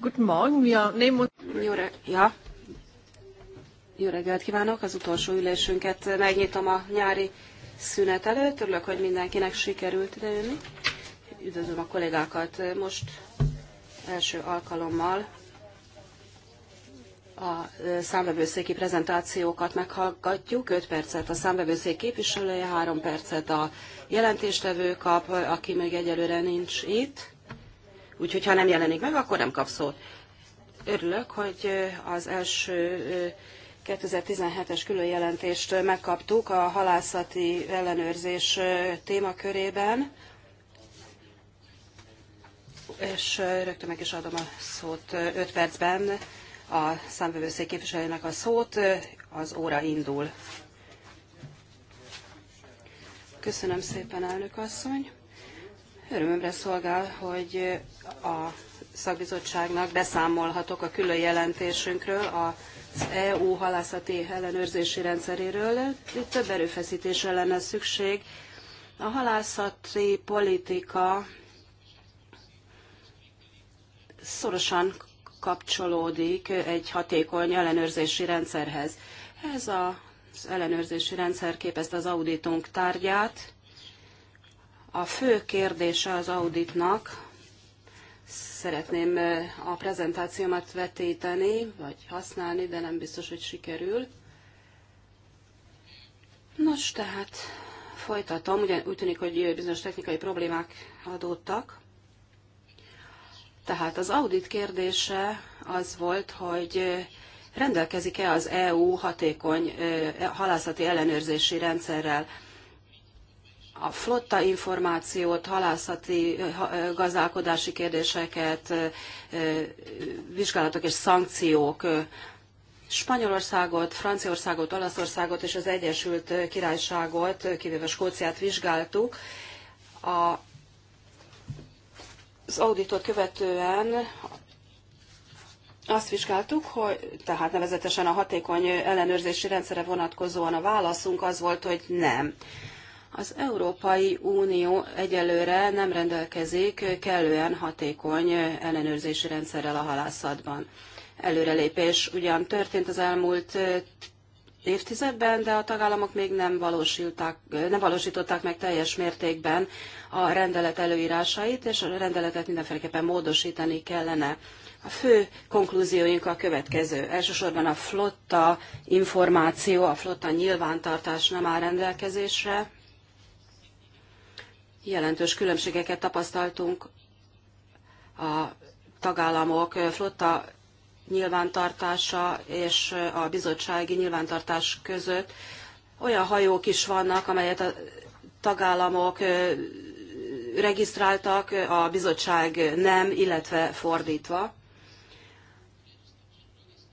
Guten Morgen, wir nehmen uns... Jó, re- ja. Jó reggelt kívánok! Az utolsó ülésünket megnyitom a nyári szünet előtt. Örülök, hogy mindenkinek sikerült idejönni. Üdvözlöm a kollégákat. Most első alkalommal a számvevőszéki prezentációkat meghallgatjuk. 5 percet a számvevőszék képviselője, 3 percet a jelentéstevő kap, aki még egyelőre nincs itt. Úgyhogy ha nem jelenik meg, akkor nem kap szót. Örülök, hogy az első 2017-es különjelentést megkaptuk a halászati ellenőrzés témakörében, és rögtön meg is adom a szót 5 percben a számvevőszék képviselőjének a szót, az óra indul. Köszönöm szépen, elnök asszony. Örömömre szolgál, hogy a szakbizottságnak beszámolhatok a külön jelentésünkről, az EU halászati ellenőrzési rendszeréről. Itt több erőfeszítésre lenne szükség. A halászati politika szorosan kapcsolódik egy hatékony ellenőrzési rendszerhez. Ez az ellenőrzési rendszer képezte az auditunk tárgyát, a fő kérdése az auditnak, szeretném a prezentációmat vetíteni, vagy használni, de nem biztos, hogy sikerül. Nos, tehát folytatom, ugye úgy tűnik, hogy bizonyos technikai problémák adódtak. Tehát az audit kérdése az volt, hogy rendelkezik-e az EU hatékony halászati ellenőrzési rendszerrel a flotta információt, halászati, gazdálkodási kérdéseket, vizsgálatok és szankciók, Spanyolországot, Franciaországot, Olaszországot és az Egyesült Királyságot, kivéve Skóciát vizsgáltuk. A, az auditot követően azt vizsgáltuk, hogy tehát nevezetesen a hatékony ellenőrzési rendszere vonatkozóan a válaszunk az volt, hogy nem. Az Európai Unió egyelőre nem rendelkezik kellően hatékony ellenőrzési rendszerrel a halászatban. Előrelépés ugyan történt az elmúlt évtizedben, de a tagállamok még nem, nem valósították meg teljes mértékben a rendelet előírásait, és a rendeletet mindenféleképpen módosítani kellene. A fő konklúzióink a következő. Elsősorban a flotta információ, a flotta nyilvántartás nem áll rendelkezésre, jelentős különbségeket tapasztaltunk a tagállamok flotta nyilvántartása és a bizottsági nyilvántartás között. Olyan hajók is vannak, amelyet a tagállamok regisztráltak, a bizottság nem, illetve fordítva.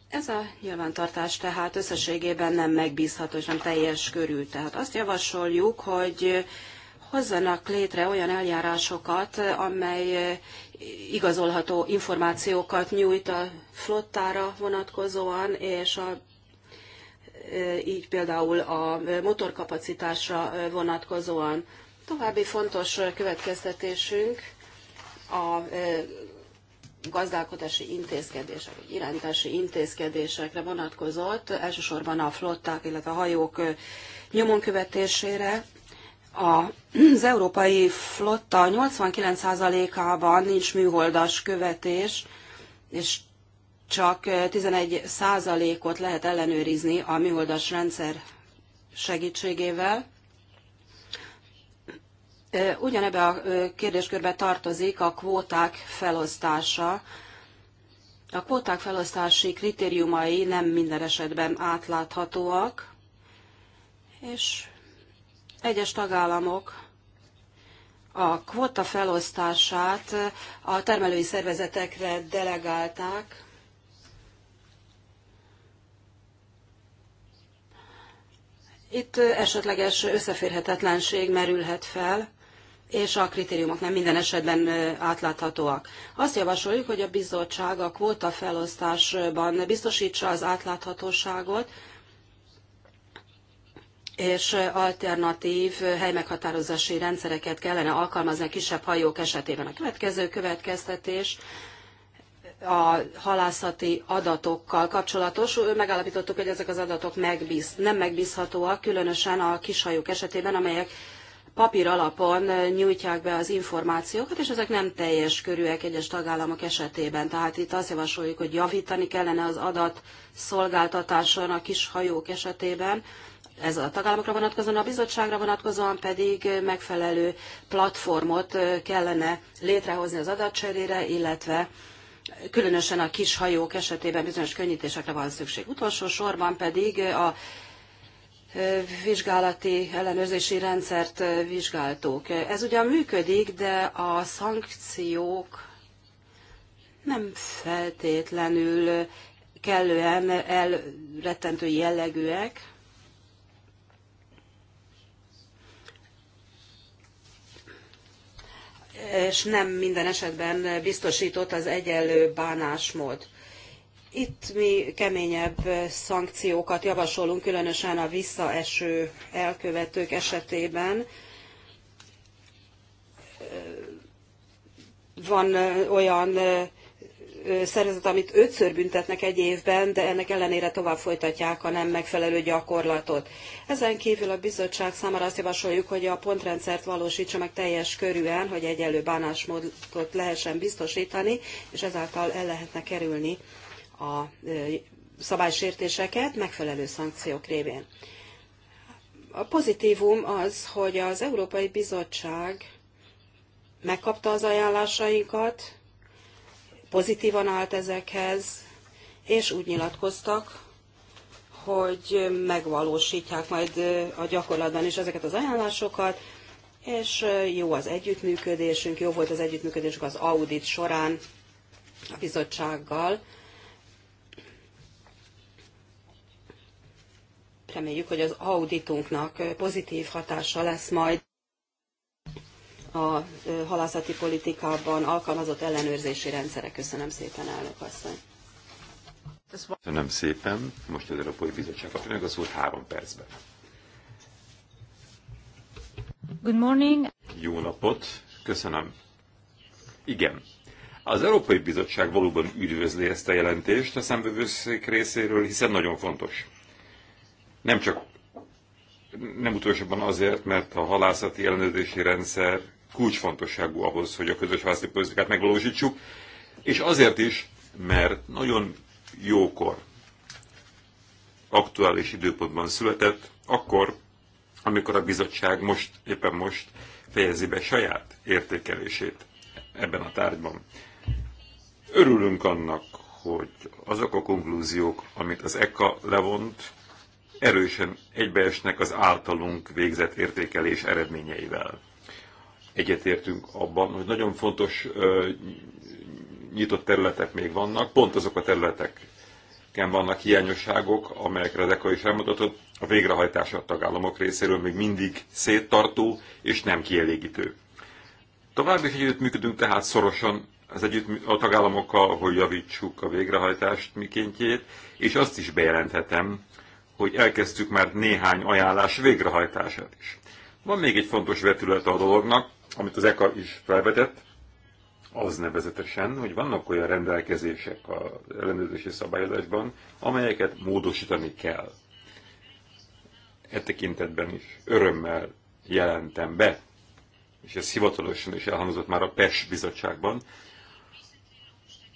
Ez a nyilvántartás tehát összességében nem megbízható és nem teljes körül. Tehát azt javasoljuk, hogy hozzanak létre olyan eljárásokat, amely eh, igazolható információkat nyújt a flottára vonatkozóan, és a, eh, így például a eh, motorkapacitásra vonatkozóan. További fontos következtetésünk a gazdálkodási intézkedések, irányítási intézkedésekre vonatkozott, elsősorban a flották, illetve a hajók nyomon követésére, az európai flotta 89%-ában nincs műholdas követés, és csak 11%-ot lehet ellenőrizni a műholdas rendszer segítségével. Ugyanebbe a kérdéskörbe tartozik a kvóták felosztása. A kvóták felosztási kritériumai nem minden esetben átláthatóak, és egyes tagállamok a kvóta felosztását a termelői szervezetekre delegálták, Itt esetleges összeférhetetlenség merülhet fel, és a kritériumok nem minden esetben átláthatóak. Azt javasoljuk, hogy a bizottság a kvóta felosztásban biztosítsa az átláthatóságot, és alternatív helymeghatározási rendszereket kellene alkalmazni a kisebb hajók esetében. A következő következtetés a halászati adatokkal kapcsolatos. Megállapítottuk, hogy ezek az adatok megbíz, nem megbízhatóak, különösen a kishajók esetében, amelyek papír alapon nyújtják be az információkat, és ezek nem teljes körűek egyes tagállamok esetében. Tehát itt azt javasoljuk, hogy javítani kellene az adat szolgáltatáson a kis hajók esetében, ez a tagállamokra vonatkozóan, a bizottságra vonatkozóan pedig megfelelő platformot kellene létrehozni az adatcserére, illetve különösen a kis hajók esetében bizonyos könnyítésekre van szükség. Utolsó sorban pedig a vizsgálati ellenőrzési rendszert vizsgáltuk. Ez ugyan működik, de a szankciók nem feltétlenül kellően elrettentő jellegűek. és nem minden esetben biztosított az egyenlő bánásmód. Itt mi keményebb szankciókat javasolunk, különösen a visszaeső elkövetők esetében. Van olyan szervezet, amit ötször büntetnek egy évben, de ennek ellenére tovább folytatják a nem megfelelő gyakorlatot. Ezen kívül a bizottság számára azt javasoljuk, hogy a pontrendszert valósítsa meg teljes körűen, hogy egyenlő bánásmódot lehessen biztosítani, és ezáltal el lehetne kerülni a szabálysértéseket megfelelő szankciók révén. A pozitívum az, hogy az Európai Bizottság megkapta az ajánlásainkat, pozitívan állt ezekhez, és úgy nyilatkoztak, hogy megvalósítják majd a gyakorlatban is ezeket az ajánlásokat, és jó az együttműködésünk, jó volt az együttműködésünk az audit során a bizottsággal. Reméljük, hogy az auditunknak pozitív hatása lesz majd a halászati politikában alkalmazott ellenőrzési rendszere. Köszönöm szépen, elnök asszony. Köszönöm szépen. Most az Európai Bizottság kapja meg a szót három percben. Good morning. Jó napot. Köszönöm. Igen. Az Európai Bizottság valóban üdvözli ezt a jelentést a szemvevőszék részéről, hiszen nagyon fontos. Nem csak nem utolsóban azért, mert a halászati ellenőrzési rendszer kulcsfontosságú ahhoz, hogy a közös választói politikát megvalósítsuk, és azért is, mert nagyon jókor, aktuális időpontban született, akkor, amikor a bizottság most, éppen most fejezi be saját értékelését ebben a tárgyban. Örülünk annak, hogy azok a konklúziók, amit az ECA levont, erősen egybeesnek az általunk végzett értékelés eredményeivel egyetértünk abban, hogy nagyon fontos nyitott területek még vannak, pont azok a területek vannak hiányosságok, amelyekre Deka is elmutatott, a végrehajtása a tagállamok részéről még mindig széttartó és nem kielégítő. Tovább is együttműködünk tehát szorosan az együtt a tagállamokkal, hogy javítsuk a végrehajtást mikéntjét, és azt is bejelenthetem, hogy elkezdtük már néhány ajánlás végrehajtását is. Van még egy fontos vetülete a dolognak, amit az ECA is felvetett, az nevezetesen, hogy vannak olyan rendelkezések a ellenőrzési szabályozásban, amelyeket módosítani kell. E tekintetben is örömmel jelentem be, és ez hivatalosan is elhangzott már a PES bizottságban,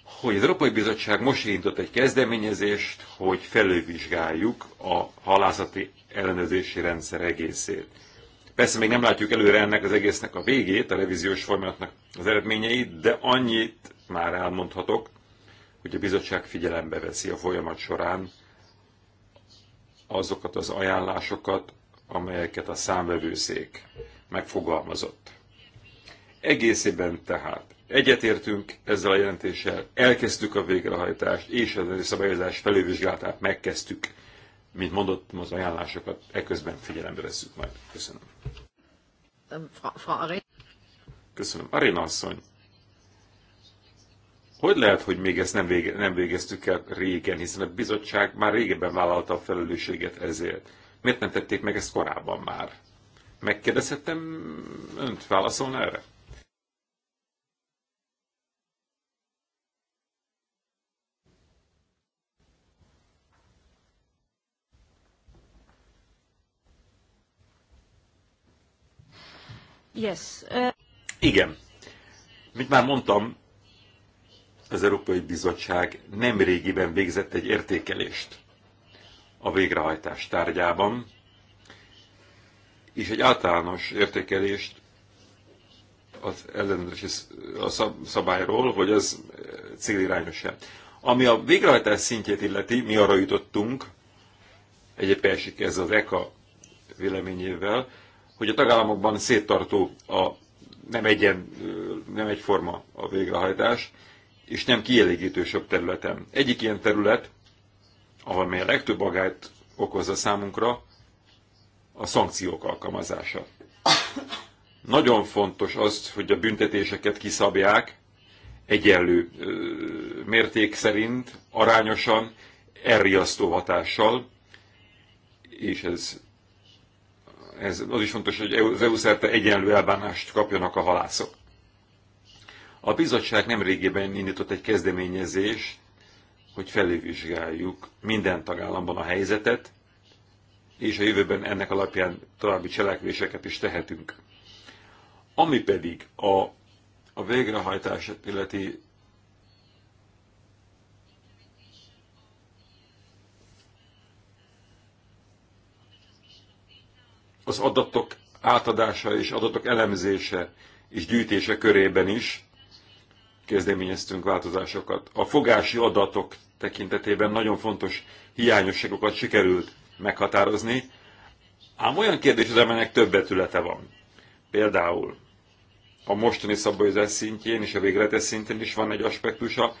hogy az Európai Bizottság most indított egy kezdeményezést, hogy felővizsgáljuk a halászati ellenőrzési rendszer egészét. Persze még nem látjuk előre ennek az egésznek a végét, a revíziós folyamatnak az eredményeit, de annyit már elmondhatok, hogy a bizottság figyelembe veszi a folyamat során azokat az ajánlásokat, amelyeket a számvevőszék megfogalmazott. Egészében tehát egyetértünk ezzel a jelentéssel, elkezdtük a végrehajtást, és az szabályozás felővizsgálatát megkezdtük. Mint mondottam, az ajánlásokat eközben figyelembe veszük majd. Köszönöm. Köszönöm. Aréna asszony. Hogy lehet, hogy még ezt nem, vége, nem végeztük el régen, hiszen a bizottság már régebben vállalta a felelősséget ezért. Miért nem tették meg ezt korábban már? Megkérdezhetem önt, válaszolna erre? Igen. Mint már mondtam, az Európai Bizottság nem régiben végzett egy értékelést a végrehajtás tárgyában, és egy általános értékelést az ellenőrzési szabályról, hogy az célirányos-e. Ami a végrehajtás szintjét illeti, mi arra jutottunk, egyébként ez az ECA véleményével, hogy a tagállamokban széttartó a nem, egyen, nem egyforma a végrehajtás, és nem kielégítő sok területen. Egyik ilyen terület, ahol a legtöbb agályt okozza számunkra, a szankciók alkalmazása. Nagyon fontos az, hogy a büntetéseket kiszabják egyenlő mérték szerint, arányosan, elriasztó hatással, és ez ez az is fontos, hogy az EU szerte egyenlő elbánást kapjanak a halászok. A bizottság nemrégiben indított egy kezdeményezést, hogy felülvizsgáljuk minden tagállamban a helyzetet, és a jövőben ennek alapján további cselekvéseket is tehetünk. Ami pedig a, a végrehajtását illeti az adatok átadása és adatok elemzése és gyűjtése körében is kezdeményeztünk változásokat. A fogási adatok tekintetében nagyon fontos hiányosságokat sikerült meghatározni, ám olyan kérdés, emelnek több betülete van. Például a mostani szabályozás szintjén és a végletes szinten is van egy aspektusa,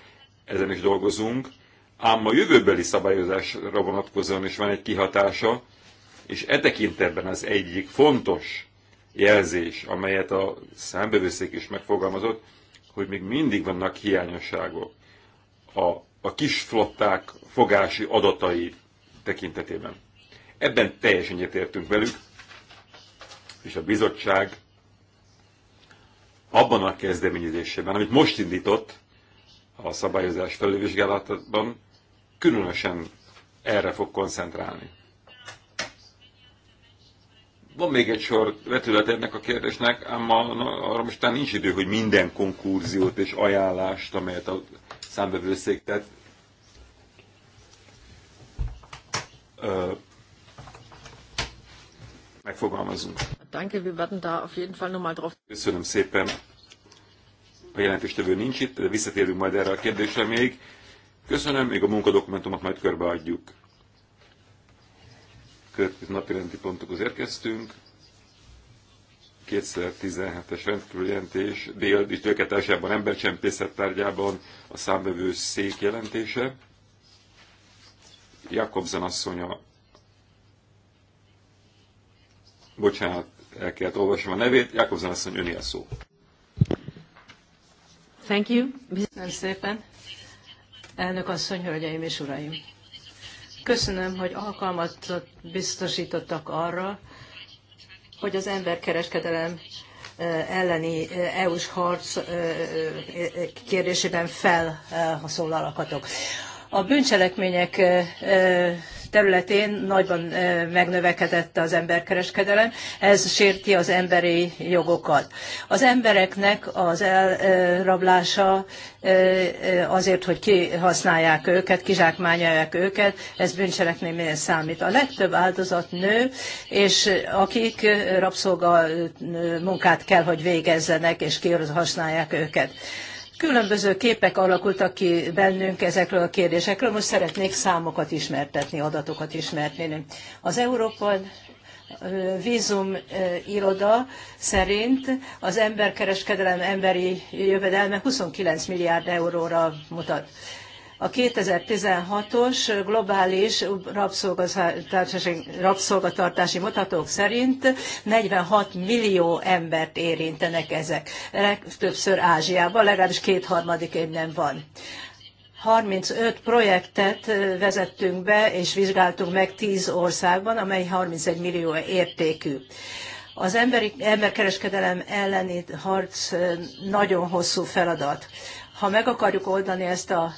ezen is dolgozunk, ám a jövőbeli szabályozásra vonatkozóan is van egy kihatása, és e tekintetben az egyik fontos jelzés, amelyet a számbevőszék is megfogalmazott, hogy még mindig vannak hiányosságok a, a kis flották fogási adatai tekintetében. Ebben teljesen egyetértünk velük, és a bizottság abban a kezdeményezésében, amit most indított a szabályozás felülvizsgálatban, különösen erre fog koncentrálni. Van még egy sor vetület ennek a kérdésnek, ám arra most már nincs idő, hogy minden konkurziót és ajánlást, amelyet a számbevőszék tett, megfogalmazunk. Danke, wir werden da auf jeden Fall nochmal drauf. Köszönöm szépen. A jelentéstevő nincs itt, de visszatérünk majd erre a kérdésre még. Köszönöm, még a munkadokumentumot majd körbeadjuk következő napirendi pontokhoz érkeztünk. 2017-es rendkívül jelentés dél tőketársában, embercsempészet tárgyában a számbevő szék jelentése. Jakobsen asszonya, bocsánat, el kellett olvasom a nevét, Jakobsen asszony öné a szó. Thank you. Köszönöm szépen. Elnök asszony, hölgyeim és uraim! Köszönöm, hogy alkalmat biztosítottak arra, hogy az emberkereskedelem elleni EU-s harc kérdésében felszólalakatok. A bűncselekmények területén nagyban megnövekedett az emberkereskedelem, ez sérti az emberi jogokat. Az embereknek az elrablása azért, hogy kihasználják őket, kizsákmányolják őket, ez bűncselekményben számít. A legtöbb áldozat nő, és akik rabszolga munkát kell, hogy végezzenek, és kihasználják őket. Különböző képek alakultak ki bennünk ezekről a kérdésekről. Most szeretnék számokat ismertetni, adatokat ismertetni. Az Európai vízum iroda szerint az emberkereskedelem emberi jövedelme 29 milliárd euróra mutat. A 2016-os globális rabszolgatartási mutatók szerint 46 millió embert érintenek ezek, legtöbbször Ázsiában, legalábbis kétharmadik innen van. 35 projektet vezettünk be, és vizsgáltunk meg 10 országban, amely 31 millió értékű. Az emberi, emberkereskedelem elleni harc nagyon hosszú feladat. Ha meg akarjuk oldani ezt a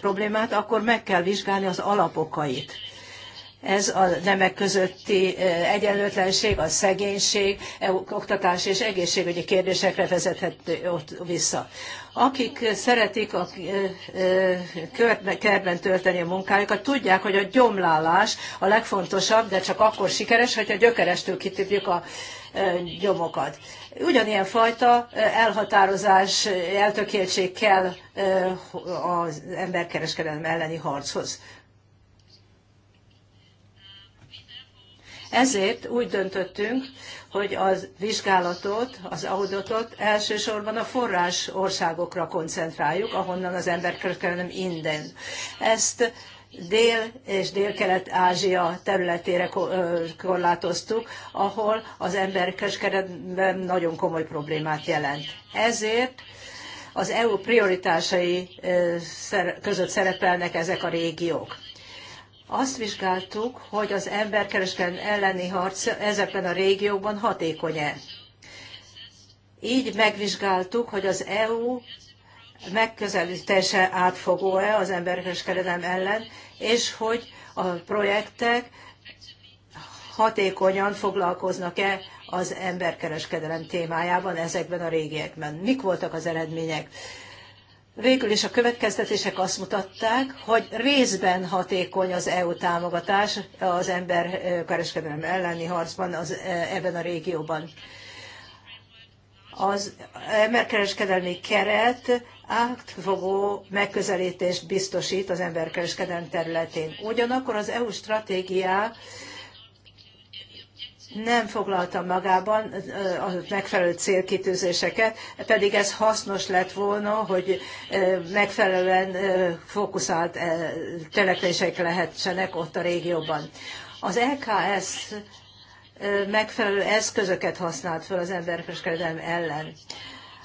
problémát, akkor meg kell vizsgálni az alapokait ez a nemek közötti egyenlőtlenség, a szegénység, e, oktatás és egészségügyi kérdésekre vezethető ott vissza. Akik szeretik a kertben tölteni a munkájukat, tudják, hogy a gyomlálás a legfontosabb, de csak akkor sikeres, hogyha gyökerestől kitépjük a gyomokat. Ugyanilyen fajta elhatározás, eltökéltség kell az emberkereskedelem elleni harchoz. Ezért úgy döntöttünk, hogy az vizsgálatot, az auditot elsősorban a forrás országokra koncentráljuk, ahonnan az emberkereskedelem innen. Ezt Dél- és Dél-Kelet-Ázsia területére korlátoztuk, ahol az emberkereskedelem nagyon komoly problémát jelent. Ezért az EU prioritásai között szerepelnek ezek a régiók. Azt vizsgáltuk, hogy az emberkereskedelem elleni harc ezekben a régiókban hatékony-e. Így megvizsgáltuk, hogy az EU megközelítése átfogó-e az emberkereskedelem ellen, és hogy a projektek hatékonyan foglalkoznak-e az emberkereskedelem témájában ezekben a régiekben. Mik voltak az eredmények? Végül is a következtetések azt mutatták, hogy részben hatékony az EU támogatás az emberkereskedelem elleni harcban az, e, ebben a régióban. Az eh, emberkereskedelmi keret átfogó megközelítést biztosít az emberkereskedelem területén. Ugyanakkor az EU stratégiá nem foglalta magában eh, a megfelelő célkitűzéseket, pedig ez hasznos lett volna, hogy eh, megfelelően fókuszált telekvések lehetsenek ott a régióban. Az EKS megfelelő eszközöket használt fel az emberkereskedelem ellen.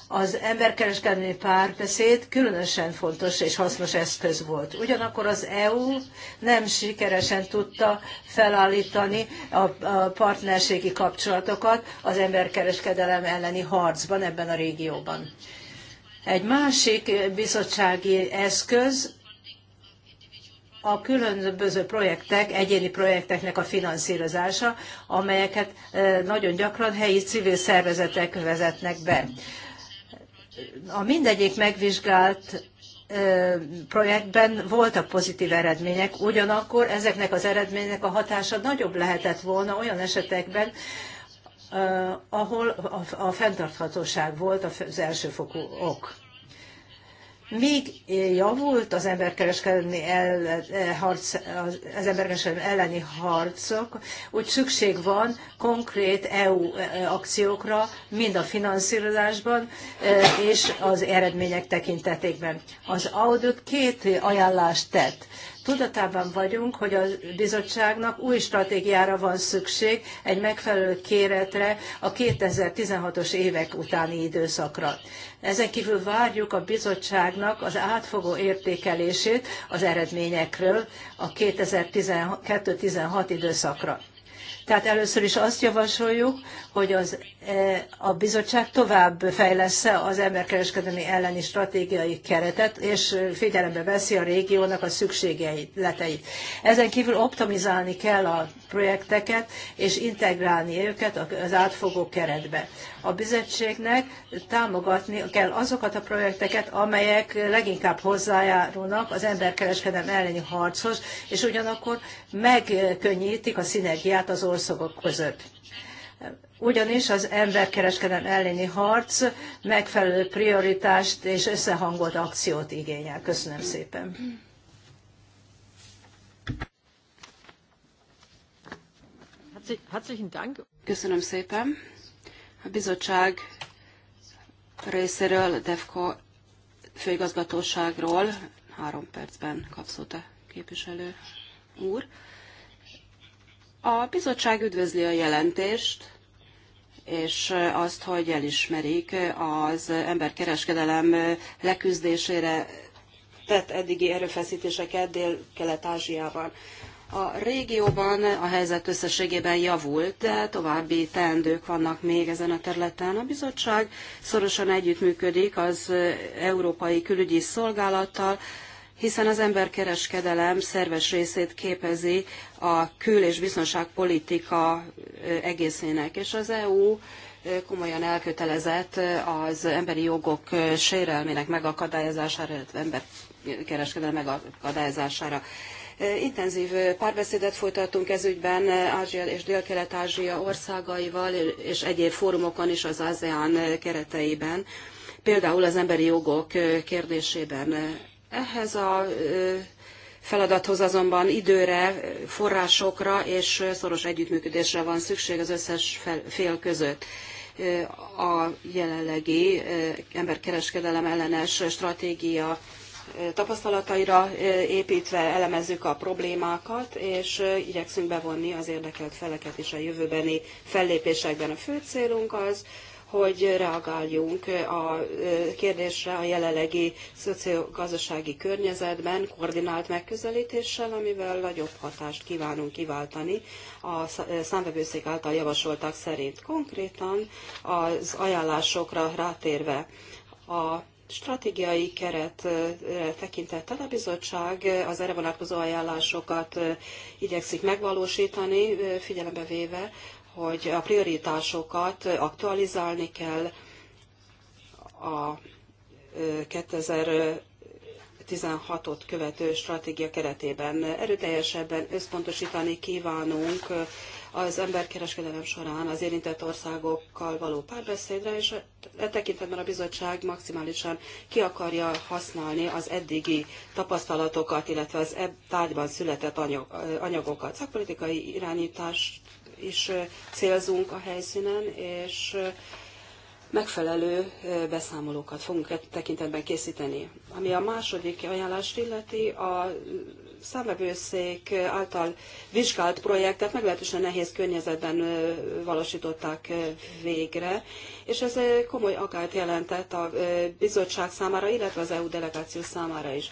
Az emberkereskedelmi párbeszéd különösen fontos és hasznos eszköz volt. Ugyanakkor az EU nem sikeresen tudta felállítani a, partnerségi kapcsolatokat az emberkereskedelem elleni harcban ebben a régióban. Egy másik bizottsági eszköz a különböző projektek, egyéni projekteknek a finanszírozása, amelyeket nagyon gyakran helyi civil szervezetek vezetnek be. A mindegyik megvizsgált projektben voltak pozitív eredmények, ugyanakkor ezeknek az eredmények a hatása nagyobb lehetett volna olyan esetekben, ahol a fenntarthatóság volt az elsőfokú ok. Míg javult az emberkereskedelmi e, az emberkereskedelmi elleni harcok, úgy szükség van konkrét EU e, akciókra, mind a finanszírozásban e, és az eredmények tekintetében. Az audit két ajánlást tett Tudatában vagyunk, hogy a bizottságnak új stratégiára van szükség, egy megfelelő kéretre a 2016-os évek utáni időszakra. Ezen kívül várjuk a bizottságnak az átfogó értékelését az eredményekről a 2012-16 időszakra. Tehát először is azt javasoljuk, hogy az, e, a bizottság tovább fejlesz-e az emberkereskedelmi elleni stratégiai keretet, és figyelembe veszi a régiónak a szükségleteit. Ezen kívül optimizálni kell a projekteket, és integrálni őket az átfogó keretbe. A bizottságnek támogatni kell azokat a projekteket, amelyek leginkább hozzájárulnak az emberkereskedelmi elleni harchoz, és ugyanakkor megkönnyítik a szinergiát az országok között. Ugyanis az emberkereskedelem elleni harc megfelelő prioritást és összehangolt akciót igényel. Köszönöm szépen. Köszönöm szépen. A bizottság részéről, DEFCO főigazgatóságról három percben kapszott a képviselő úr. A bizottság üdvözli a jelentést, és azt, hogy elismerik az emberkereskedelem leküzdésére tett eddigi erőfeszítéseket Dél-Kelet-Ázsiában. A régióban a helyzet összességében javult, de további teendők vannak még ezen a területen. A bizottság szorosan együttműködik az Európai Külügyi Szolgálattal, hiszen az emberkereskedelem szerves részét képezi a kül- és biztonságpolitika egészének, és az EU komolyan elkötelezett az emberi jogok sérelmének megakadályozására, illetve emberkereskedelem megakadályozására. Intenzív párbeszédet folytatunk ez ügyben Ázsia és Dél-Kelet-Ázsia országaival és egyéb fórumokon is az ASEAN kereteiben, például az emberi jogok kérdésében ehhez a feladathoz azonban időre, forrásokra és szoros együttműködésre van szükség az összes fél között. A jelenlegi emberkereskedelem ellenes stratégia tapasztalataira építve elemezzük a problémákat, és igyekszünk bevonni az érdekelt feleket is a jövőbeni fellépésekben. A fő célunk az, hogy reagáljunk a e, kérdésre a jelenlegi szociogazdasági környezetben koordinált megközelítéssel, amivel nagyobb hatást kívánunk kiváltani a e, számvevőszék által javasoltak szerint. Konkrétan az ajánlásokra rátérve a stratégiai keret tekintettel a bizottság az erre vonatkozó ajánlásokat e, igyekszik megvalósítani, figyelembe véve hogy a prioritásokat aktualizálni kell a 2016-ot követő stratégia keretében. Erőteljesebben összpontosítani kívánunk az emberkereskedelem során az érintett országokkal való párbeszédre, és e tekintetben a bizottság maximálisan ki akarja használni az eddigi tapasztalatokat, illetve az e tárgyban született anyagokat. Szakpolitikai irányítást is célzunk a helyszínen, és megfelelő beszámolókat fogunk e tekintetben készíteni. Ami a második ajánlást illeti, a számvevőszék által vizsgált projektet meglehetősen nehéz környezetben valósították végre, és ez komoly akárt jelentett a bizottság számára, illetve az EU delegáció számára is.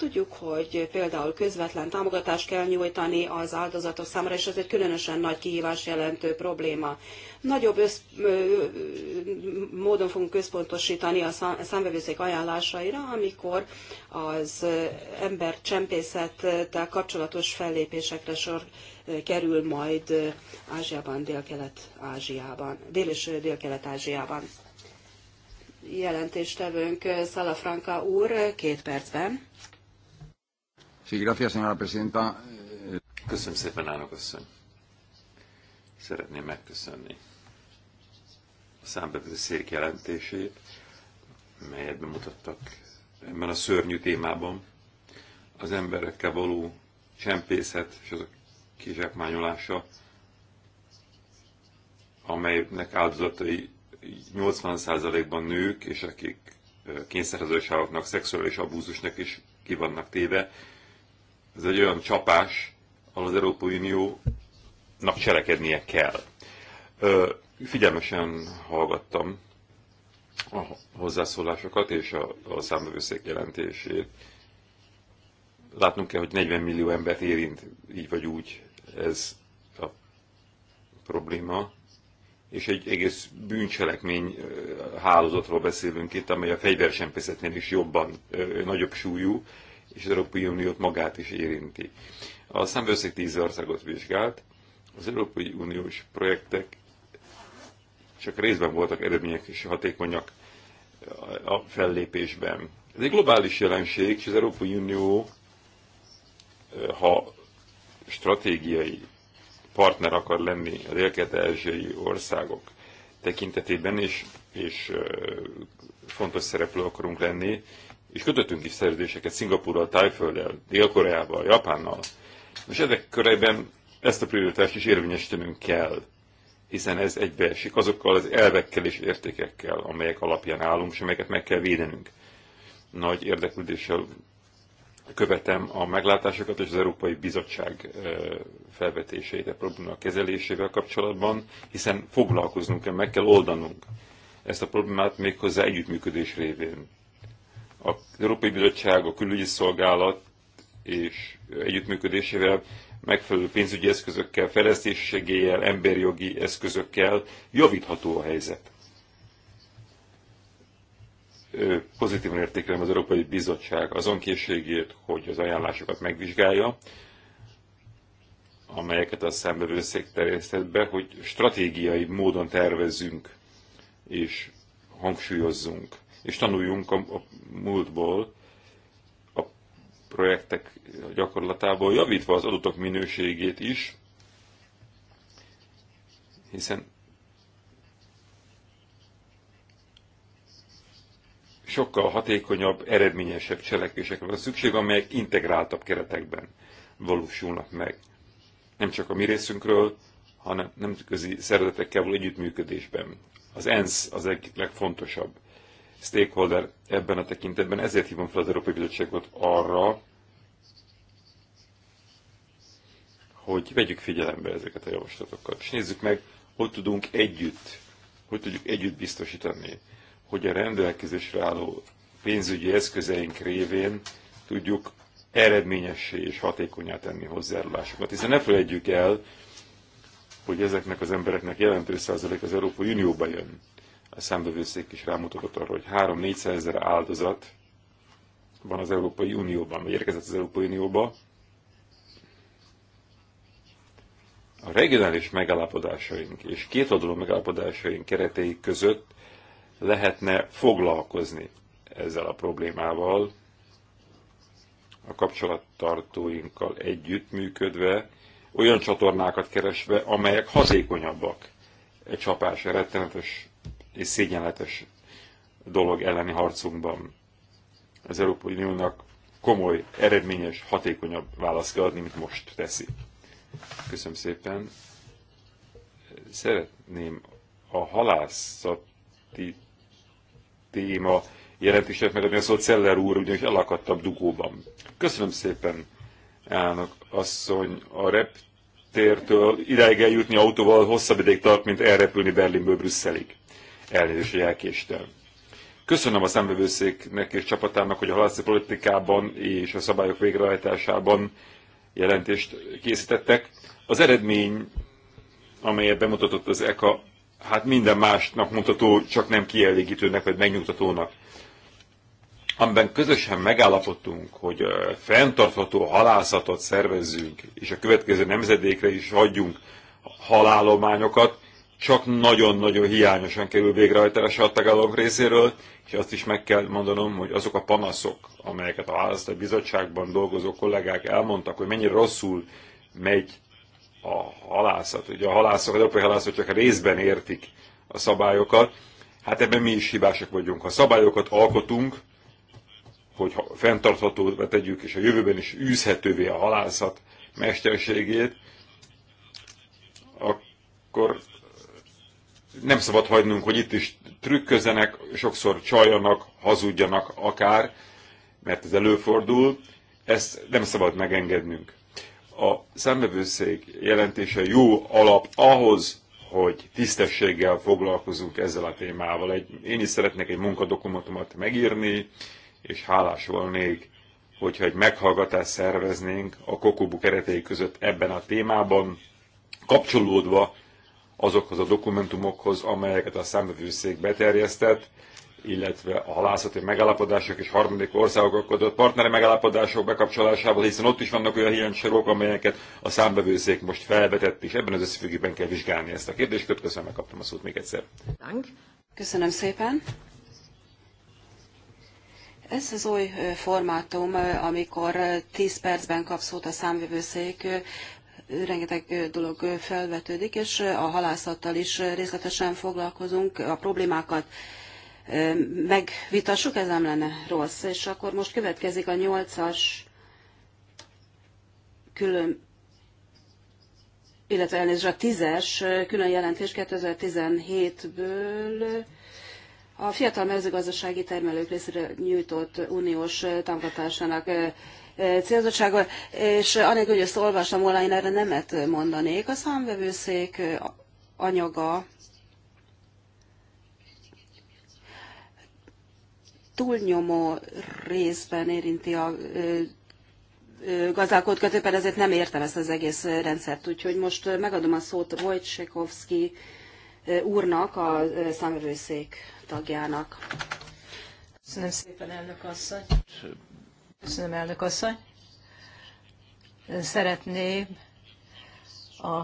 Tudjuk, hogy például közvetlen támogatást kell nyújtani az áldozatok számára, és ez egy különösen nagy kihívás jelentő probléma. Nagyobb össz, módon fogunk központosítani a számvevőszék ajánlásaira, amikor az ember csempészettel kapcsolatos fellépésekre sor kerül majd Ázsiában, Dél-Kelet-Ázsiában, Dél- és Dél-Kelet-Ázsiában jelentéstevőnk Szalafranka úr két percben. Köszönöm szépen, állok asszony. Szeretném megköszönni a számbevő szék jelentését, melyet bemutattak ebben a szörnyű témában. Az emberekkel való csempészet és azok kizsákmányolása, amelynek áldozatai 80%-ban nők, és akik kényszerhezőságoknak, szexuális abúzusnak is ki vannak téve, ez egy olyan csapás, ahol az Európai Uniónak cselekednie kell. figyelmesen hallgattam a hozzászólásokat és a, a számbevőszék jelentését. Látnunk kell, hogy 40 millió embert érint így vagy úgy ez a probléma, és egy egész bűncselekmény hálózatról beszélünk itt, amely a fegyversempészetnél is jobban, nagyobb súlyú, és az Európai Uniót magát is érinti. A szemvőszék 10 országot vizsgált, az Európai Uniós projektek csak részben voltak eredmények és hatékonyak a fellépésben. Ez egy globális jelenség, és az Európai Unió, ha stratégiai partner akar lenni az élkelet-ázsiai országok tekintetében, és, és fontos szereplő akarunk lenni, és kötöttünk is szerződéseket Szingapurral, Tájfölddel, Dél-Koreával, Japánnal. És ezek körében ezt a prioritást is érvényesítenünk kell, hiszen ez egybeesik azokkal az elvekkel és értékekkel, amelyek alapján állunk, és amelyeket meg kell védenünk. Nagy érdeklődéssel követem a meglátásokat és az Európai Bizottság felvetéseit a e probléma kezelésével kapcsolatban, hiszen foglalkoznunk kell, meg kell oldanunk ezt a problémát méghozzá együttműködés révén a Európai Bizottság, a Külügyi Szolgálat és együttműködésével megfelelő pénzügyi eszközökkel, fejlesztési segéllyel, emberjogi eszközökkel javítható a helyzet. Pozitívan értékelem az Európai Bizottság azon készségét, hogy az ajánlásokat megvizsgálja, amelyeket a szembevőszék terjesztett be, hogy stratégiai módon tervezzünk és hangsúlyozzunk és tanuljunk a, a múltból, a projektek gyakorlatából, javítva az adatok minőségét is, hiszen sokkal hatékonyabb, eredményesebb cselekvésekre van szükség, amelyek integráltabb keretekben valósulnak meg. Nem csak a mi részünkről, hanem nemzetközi szervezetekkel való együttműködésben. Az ENSZ az egyik legfontosabb stakeholder ebben a tekintetben, ezért hívom fel az Európai Bizottságot arra, hogy vegyük figyelembe ezeket a javaslatokat, és nézzük meg, hogy tudunk együtt, hogy tudjuk együtt biztosítani, hogy a rendelkezésre álló pénzügyi eszközeink révén tudjuk eredményessé és hatékonyá tenni hozzájárulásokat. Hiszen ne felejtjük el, hogy ezeknek az embereknek jelentős százalék az Európai Unióba jön a számbevőszék is rámutatott arra, hogy 3-400 ezer áldozat van az Európai Unióban, vagy érkezett az Európai Unióba. A regionális megállapodásaink és kétoldalú megállapodásaink keretei között lehetne foglalkozni ezzel a problémával, a kapcsolattartóinkkal együttműködve, olyan csatornákat keresve, amelyek hatékonyabbak egy csapás rettenetes és szégyenletes dolog elleni harcunkban. Az Európai Uniónak komoly, eredményes, hatékonyabb választ kell adni, mint most teszi. Köszönöm szépen. Szeretném a halászati téma jelentését megadni a szót Szeller úr, ugyanis elakadtabb dugóban. Köszönöm szépen, elnök asszony, a reptértől ideig eljutni autóval hosszabb ideig tart, mint elrepülni Berlinből Brüsszelig. Elnézést, hogy elkéstem. Köszönöm a szembevőszéknek és csapatának, hogy a halászati politikában és a szabályok végrehajtásában jelentést készítettek. Az eredmény, amelyet bemutatott az ECA, hát minden másnak mutató, csak nem kielégítőnek vagy megnyugtatónak. Amiben közösen megállapodtunk, hogy fenntartható halászatot szervezzünk, és a következő nemzedékre is hagyjunk halálományokat, csak nagyon-nagyon hiányosan kerül végrehajtásra a tagállamok részéről, és azt is meg kell mondanom, hogy azok a panaszok, amelyeket a választói bizottságban dolgozó kollégák elmondtak, hogy mennyire rosszul megy a halászat. Ugye a halászok, az európai halászok csak részben értik a szabályokat. Hát ebben mi is hibásak vagyunk. Ha szabályokat alkotunk, hogy fenntarthatóvá tegyük, és a jövőben is űzhetővé a halászat mesterségét, akkor nem szabad hagynunk, hogy itt is trükközenek, sokszor csaljanak, hazudjanak akár, mert ez előfordul, ezt nem szabad megengednünk. A szembevőszék jelentése jó alap ahhoz, hogy tisztességgel foglalkozunk ezzel a témával. Egy, én is szeretnék egy munkadokumentumot megírni, és hálás volnék, hogyha egy meghallgatást szerveznénk a Kokobu keretei között ebben a témában, kapcsolódva azokhoz a dokumentumokhoz, amelyeket a számvevőszék beterjesztett, illetve a halászati megállapodások és harmadik országok kötött partneri megállapodások bekapcsolásával, hiszen ott is vannak olyan hiányosságok, amelyeket a számbevőszék most felvetett, és ebben az összefüggésben kell vizsgálni ezt a kérdést. Köszönöm, megkaptam a szót még egyszer. Köszönöm szépen. Ez az új formátum, amikor 10 percben kap szót a számvevőszék, rengeteg dolog felvetődik, és a halászattal is részletesen foglalkozunk, a problémákat megvitassuk, ez nem lenne rossz. És akkor most következik a nyolcas külön, illetve elnézést a tízes külön jelentés 2017-ből a fiatal mezőgazdasági termelők részére nyújtott uniós támogatásának célzottsága, és anélkül, hogy ezt olvastam volna, én erre nemet mondanék. A számvevőszék anyaga túlnyomó részben érinti a gazdálkodókat, éppen ezért nem értem ezt az egész rendszert. Úgyhogy most megadom a szót Wojciechowski úrnak, a számvevőszék tagjának. Köszönöm szépen, elnök asszony. Köszönöm, elnök asszony. Szeretném a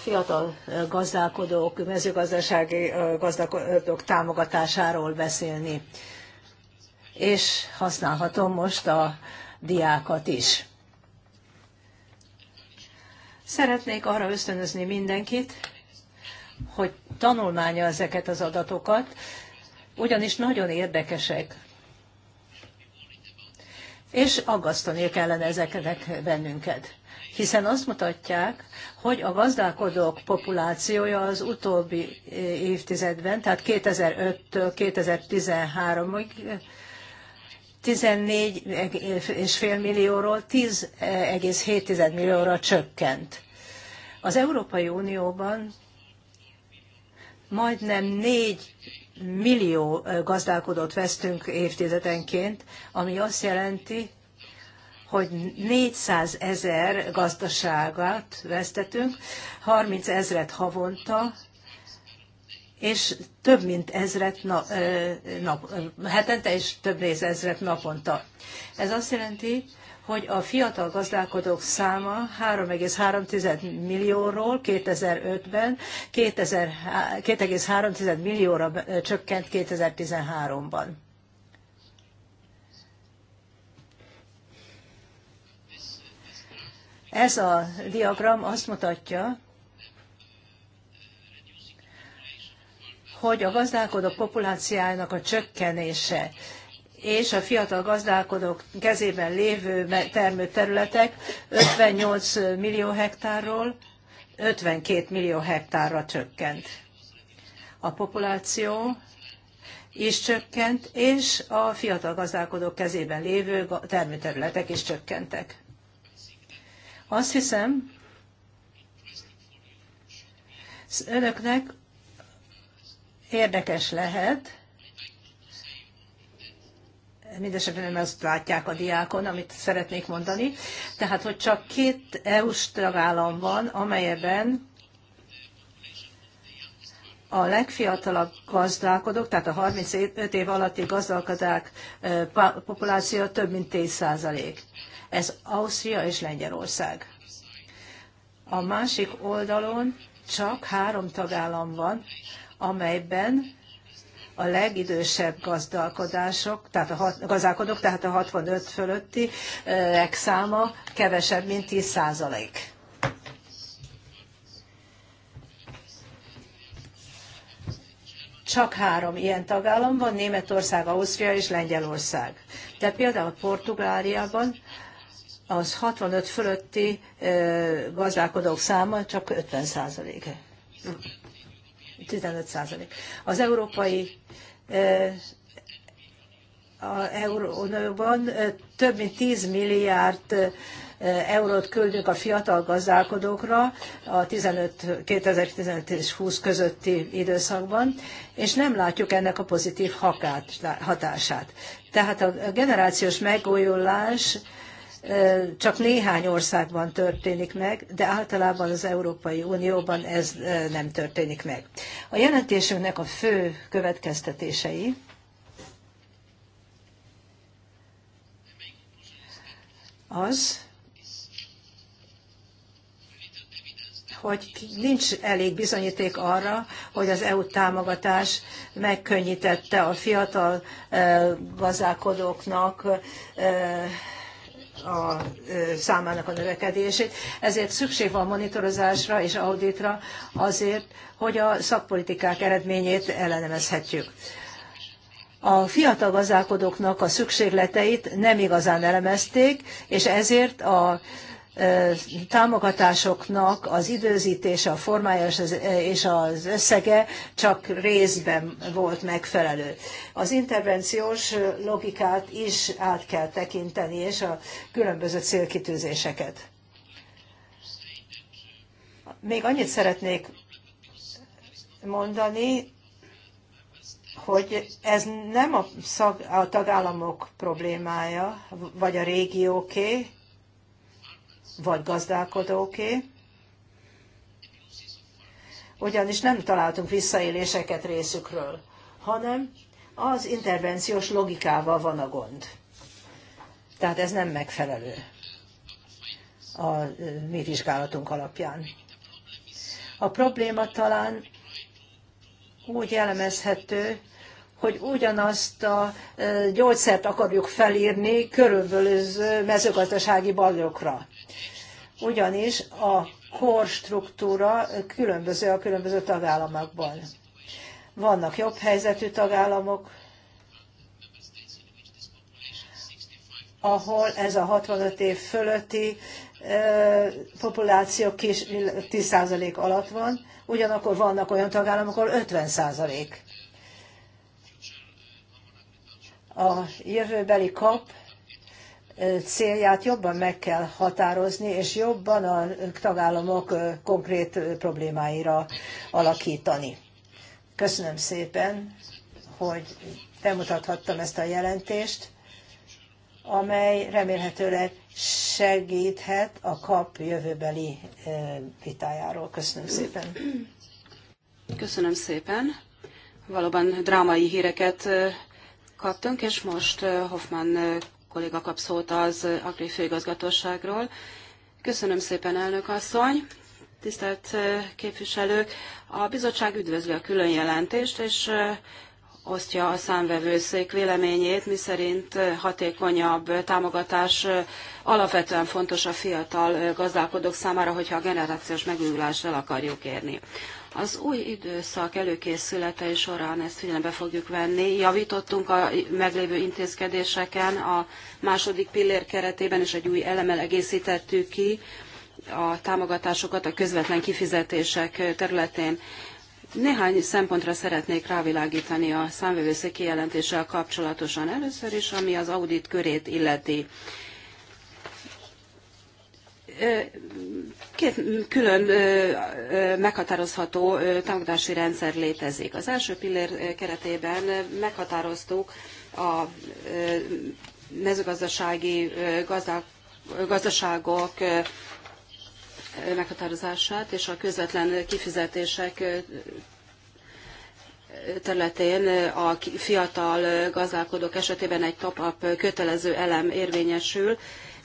fiatal gazdálkodók, mezőgazdasági gazdálkodók támogatásáról beszélni. És használhatom most a diákat is. Szeretnék arra ösztönözni mindenkit, hogy tanulmánya ezeket az adatokat, ugyanis nagyon érdekesek és aggasztani kellene ezeknek bennünket hiszen azt mutatják, hogy a gazdálkodók populációja az utóbbi eh, évtizedben, tehát 2005-től 2013-ig 14,5 millióról 10,7 millióra csökkent. Az Európai Unióban majdnem 4 millió gazdálkodót vesztünk évtizedenként, ami azt jelenti, hogy 400 ezer gazdaságát vesztetünk, 30 ezret havonta, és több mint ezret nap, nap, hetente, és több mint ezret naponta. Ez azt jelenti, hogy a fiatal gazdálkodók száma 3,3 millióról 2005-ben 2,3 millióra csökkent 2013-ban. Ez a diagram azt mutatja, hogy a gazdálkodók populációjának a csökkenése és a fiatal gazdálkodók kezében lévő termőterületek 58 millió hektárról 52 millió hektárra csökkent. A populáció is csökkent, és a fiatal gazdálkodók kezében lévő termőterületek is csökkentek. Azt hiszem, önöknek érdekes lehet, mindesetre nem azt látják a diákon, amit szeretnék mondani. Tehát, hogy csak két EU-s tagállam van, amelyben a legfiatalabb gazdálkodók, tehát a 35 év alatti gazdálkodák populáció több mint 10%. Ez Ausztria és Lengyelország. A másik oldalon csak három tagállam van, amelyben a legidősebb gazdálkodások, tehát a gazdálkodók, tehát a 65 fölötti száma kevesebb, mint 10 százalék. Csak három ilyen tagállam van, Németország, Ausztria és Lengyelország. De például Portugáliában az 65 fölötti gazdálkodók száma csak 50 százaléke. 15 százalék. Az európai a Euróban több mint 10 milliárd eurót küldünk a fiatal gazdálkodókra a 15, 2015 és 20 közötti időszakban, és nem látjuk ennek a pozitív hatását. Tehát a generációs megújulás csak néhány országban történik meg, de általában az Európai Unióban ez nem történik meg. A jelentésünknek a fő következtetései az, hogy nincs elég bizonyíték arra, hogy az EU támogatás megkönnyítette a fiatal gazdálkodóknak a számának a növekedését, ezért szükség van monitorozásra és auditra azért, hogy a szakpolitikák eredményét ellenemezhetjük. A fiatal gazdálkodóknak a szükségleteit nem igazán elemezték, és ezért a támogatásoknak az időzítése, a formája és az összege csak részben volt megfelelő. Az intervenciós logikát is át kell tekinteni, és a különböző célkitűzéseket. Még annyit szeretnék mondani, hogy ez nem a, szag, a tagállamok problémája, vagy a régióké, vagy gazdálkodóké, ugyanis nem találtunk visszaéléseket részükről, hanem az intervenciós logikával van a gond. Tehát ez nem megfelelő a mi vizsgálatunk alapján. A probléma talán úgy jellemezhető, hogy ugyanazt a gyógyszert akarjuk felírni körülbelül mezőgazdasági bajokra ugyanis a korstruktúra különböző a különböző tagállamokban. Vannak jobb helyzetű tagállamok, ahol ez a 65 év fölötti populáció kis 10% alatt van, ugyanakkor vannak olyan tagállamok, ahol 50%. A jövőbeli kap célját jobban meg kell határozni, és jobban a tagállamok konkrét problémáira alakítani. Köszönöm szépen, hogy bemutathattam ezt a jelentést, amely remélhetőleg segíthet a kap jövőbeli vitájáról. Köszönöm szépen. Köszönöm szépen. Valóban drámai híreket kaptunk, és most Hoffman kolléga kap szót az Agri főigazgatóságról. Köszönöm szépen, elnök asszony! Tisztelt képviselők! A bizottság üdvözli a külön jelentést, és osztja a számvevőszék véleményét, miszerint hatékonyabb támogatás alapvetően fontos a fiatal gazdálkodók számára, hogyha a generációs megújulást el akarjuk érni. Az új időszak előkészületei során ezt figyelembe fogjuk venni. Javítottunk a meglévő intézkedéseken, a második pillér keretében is egy új elemmel egészítettük ki a támogatásokat a közvetlen kifizetések területén. Néhány szempontra szeretnék rávilágítani a számvevőszék kijelentéssel kapcsolatosan. Először is, ami az audit körét illeti két külön meghatározható támogatási rendszer létezik. Az első pillér keretében meghatároztuk a mezőgazdasági gazdaságok meghatározását és a közvetlen kifizetések területén a fiatal gazdálkodók esetében egy top-up kötelező elem érvényesül,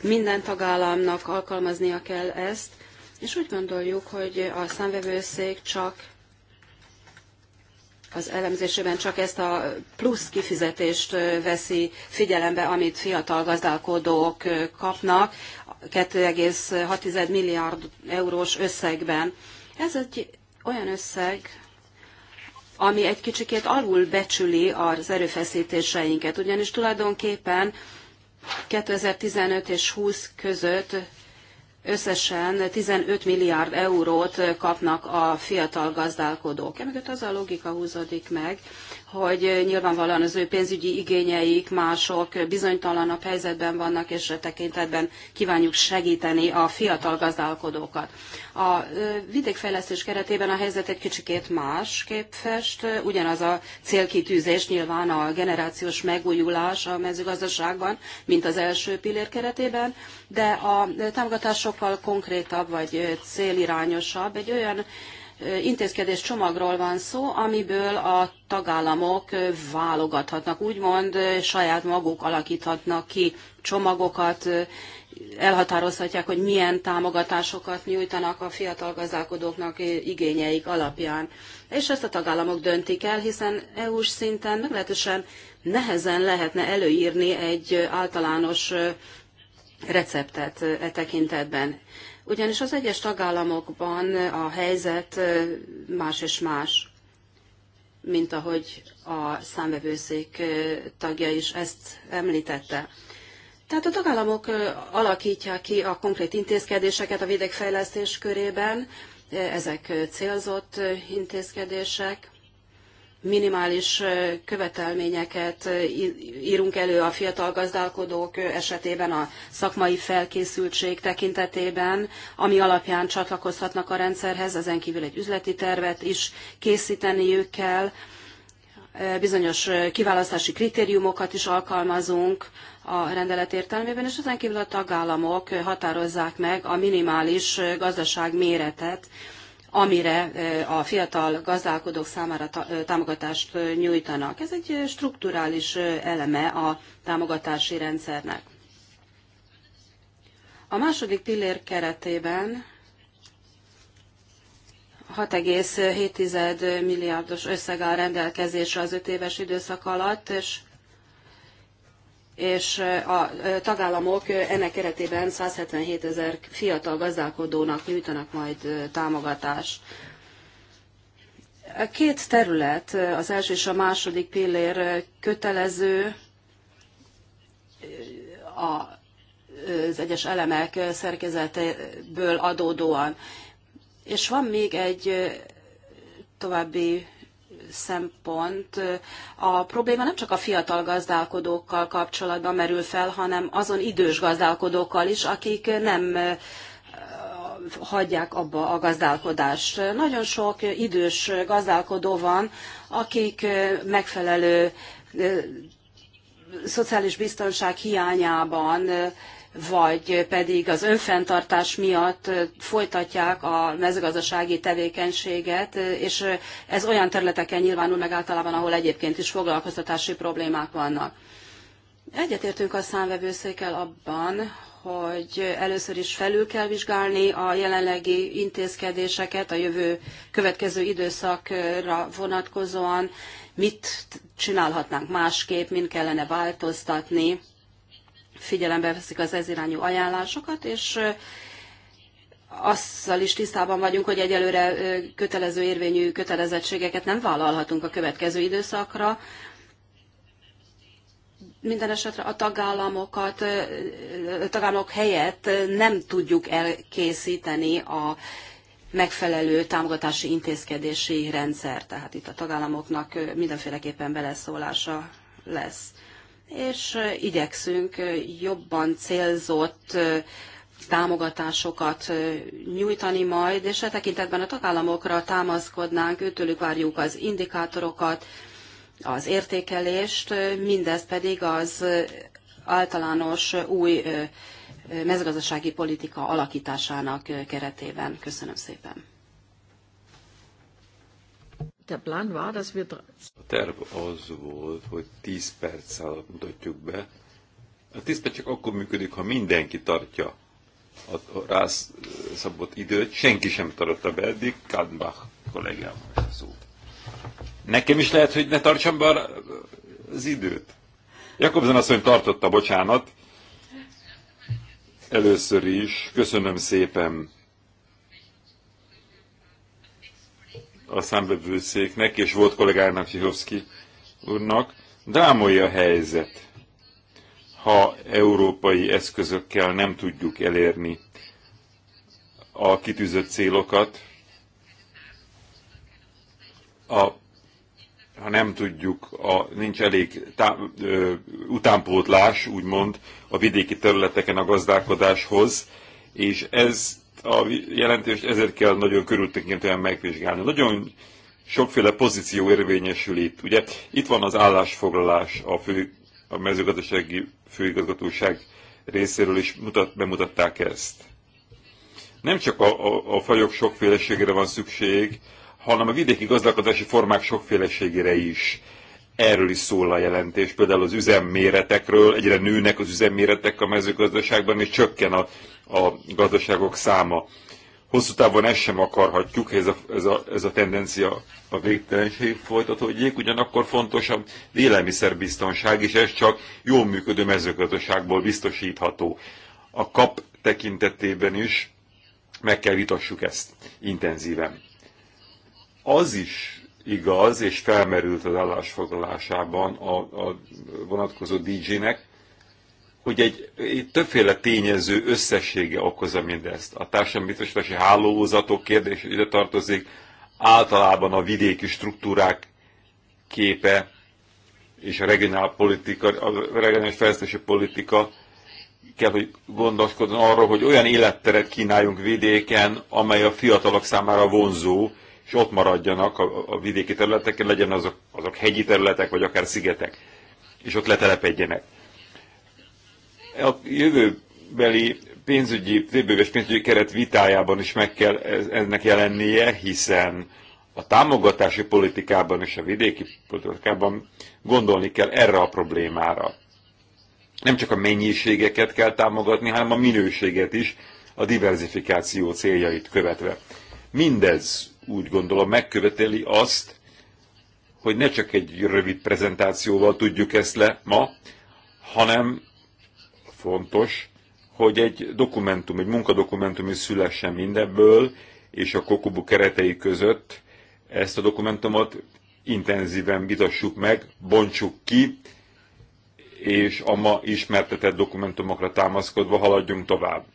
minden tagállamnak alkalmaznia kell ezt, és úgy gondoljuk, hogy a számvevőszék csak az elemzésében csak ezt a plusz kifizetést veszi figyelembe, amit fiatal gazdálkodók kapnak 2,6 milliárd eurós összegben. Ez egy olyan összeg, ami egy kicsikét alul becsüli az erőfeszítéseinket, ugyanis tulajdonképpen 2015 és 20 között összesen 15 milliárd eurót kapnak a fiatal gazdálkodók. Emögött az a logika húzódik meg, hogy nyilvánvalóan az ő pénzügyi igényeik mások bizonytalanabb helyzetben vannak, és e tekintetben kívánjuk segíteni a fiatal gazdálkodókat. A vidékfejlesztés keretében a helyzet egy kicsikét más fest, ugyanaz a célkitűzés nyilván a generációs megújulás a mezőgazdaságban, mint az első pillér keretében, de a támogatás sokkal konkrétabb vagy célirányosabb, egy olyan intézkedéscsomagról csomagról van szó, amiből a tagállamok válogathatnak, úgymond saját maguk alakíthatnak ki csomagokat, elhatározhatják, hogy milyen támogatásokat nyújtanak a fiatal gazdálkodóknak igényeik alapján. És ezt a tagállamok döntik el, hiszen EU-s szinten meglehetősen nehezen lehetne előírni egy általános receptet e tekintetben ugyanis az egyes tagállamokban a helyzet más és más, mint ahogy a számvevőszék tagja is ezt említette. Tehát a tagállamok alakítják ki a konkrét intézkedéseket a vidékfejlesztés körében, ezek célzott intézkedések, minimális követelményeket írunk elő a fiatal gazdálkodók esetében a szakmai felkészültség tekintetében, ami alapján csatlakozhatnak a rendszerhez, ezen kívül egy üzleti tervet is készíteniük kell, bizonyos kiválasztási kritériumokat is alkalmazunk a rendelet értelmében, és ezen kívül a tagállamok határozzák meg a minimális gazdaság méretet, amire a fiatal gazdálkodók számára támogatást nyújtanak. Ez egy strukturális eleme a támogatási rendszernek. A második pillér keretében 6,7 milliárdos összeg áll rendelkezésre az öt éves időszak alatt, és és eh, a eh, tagállamok eh, ennek keretében 177 ezer fiatal gazdálkodónak nyújtanak majd támogatást. a Két terület, az első és a második pillér kötelező, az egyes elemek szerkezetből adódóan. És van még egy további szempont. A probléma nem csak a fiatal gazdálkodókkal kapcsolatban merül fel, hanem azon idős gazdálkodókkal is, akik nem hagyják abba a gazdálkodást. Nagyon sok idős gazdálkodó van, akik megfelelő szociális biztonság hiányában vagy pedig az önfenntartás miatt folytatják a mezőgazdasági tevékenységet, és ez olyan területeken nyilvánul meg általában, ahol egyébként is foglalkoztatási problémák vannak. Egyetértünk a számvevőszékkel abban, hogy először is felül kell vizsgálni a jelenlegi intézkedéseket a jövő következő időszakra vonatkozóan, mit csinálhatnánk másképp, mint kellene változtatni figyelembe veszik az ezirányú ajánlásokat, és azzal is tisztában vagyunk, hogy egyelőre kötelező érvényű kötelezettségeket nem vállalhatunk a következő időszakra. Minden esetre a tagállamokat, a tagállamok helyett nem tudjuk elkészíteni a megfelelő támogatási intézkedési rendszer. Tehát itt a tagállamoknak mindenféleképpen beleszólása lesz és igyekszünk jobban célzott támogatásokat nyújtani majd, és e tekintetben a tagállamokra támaszkodnánk, őtőlük várjuk az indikátorokat, az értékelést, mindez pedig az általános új mezőgazdasági politika alakításának keretében. Köszönöm szépen. Der Plan war, dass wir... A terv az volt, hogy 10 perc alatt mutatjuk be. A 10 perc csak akkor működik, ha mindenki tartja a rászabott időt. Senki sem tartotta be eddig. Kadbach kollégám szólt. Nekem is lehet, hogy ne tartsam be az időt. Jakobzen mondja, tartotta, bocsánat. Először is köszönöm szépen a számbevőszéknek és volt kollégának Csihovszki úrnak, drámai a helyzet, ha európai eszközökkel nem tudjuk elérni a kitűzött célokat, a, ha nem tudjuk, a, nincs elég tá, ö, utánpótlás, úgymond, a vidéki területeken a gazdálkodáshoz, és ez a jelentést ezért kell nagyon körültekintően megvizsgálni. Nagyon sokféle pozíció érvényesül itt. Ugye itt van az állásfoglalás a, fő, a mezőgazdasági főigazgatóság részéről is mutat, bemutatták ezt. Nem csak a, a, a fajok sokféleségére van szükség, hanem a vidéki gazdálkodási formák sokféleségére is. Erről is szól a jelentés, például az üzemméretekről, egyre nőnek az üzemméretek a mezőgazdaságban, és csökken a, a gazdaságok száma. Hosszú távon ezt sem akarhatjuk, hogy ez a, ez a, ez a tendencia a végtelenség folytatódjék, ugyanakkor fontos a élelmiszerbiztonság, és ez csak jól működő mezőgazdaságból biztosítható. A kap tekintetében is meg kell vitassuk ezt intenzíven. Az is igaz, és felmerült az állásfoglalásában a, a vonatkozó DJ-nek, hogy egy, egy többféle tényező összessége okozza mindezt. A társadalombiztosítási hálózatok kérdés ide tartozik, általában a vidéki struktúrák képe és a regionálpolitika, a regionális fejlesztési politika kell, hogy gondoskodjon arról, hogy olyan életteret kínáljunk vidéken, amely a fiatalok számára vonzó, és ott maradjanak a, a vidéki területeken, legyen azok, azok hegyi területek, vagy akár szigetek, és ott letelepedjenek. A jövőbeli pénzügyi, többéves pénzügyi keret vitájában is meg kell ennek jelennie, hiszen a támogatási politikában és a vidéki politikában gondolni kell erre a problémára. Nem csak a mennyiségeket kell támogatni, hanem a minőséget is, a diversifikáció céljait követve. Mindez úgy gondolom megköveteli azt, hogy ne csak egy rövid prezentációval tudjuk ezt le ma, hanem fontos, hogy egy dokumentum, egy munkadokumentum is szülessen mindebből, és a kokubu keretei között ezt a dokumentumot intenzíven vitassuk meg, bontsuk ki, és a ma ismertetett dokumentumokra támaszkodva haladjunk tovább.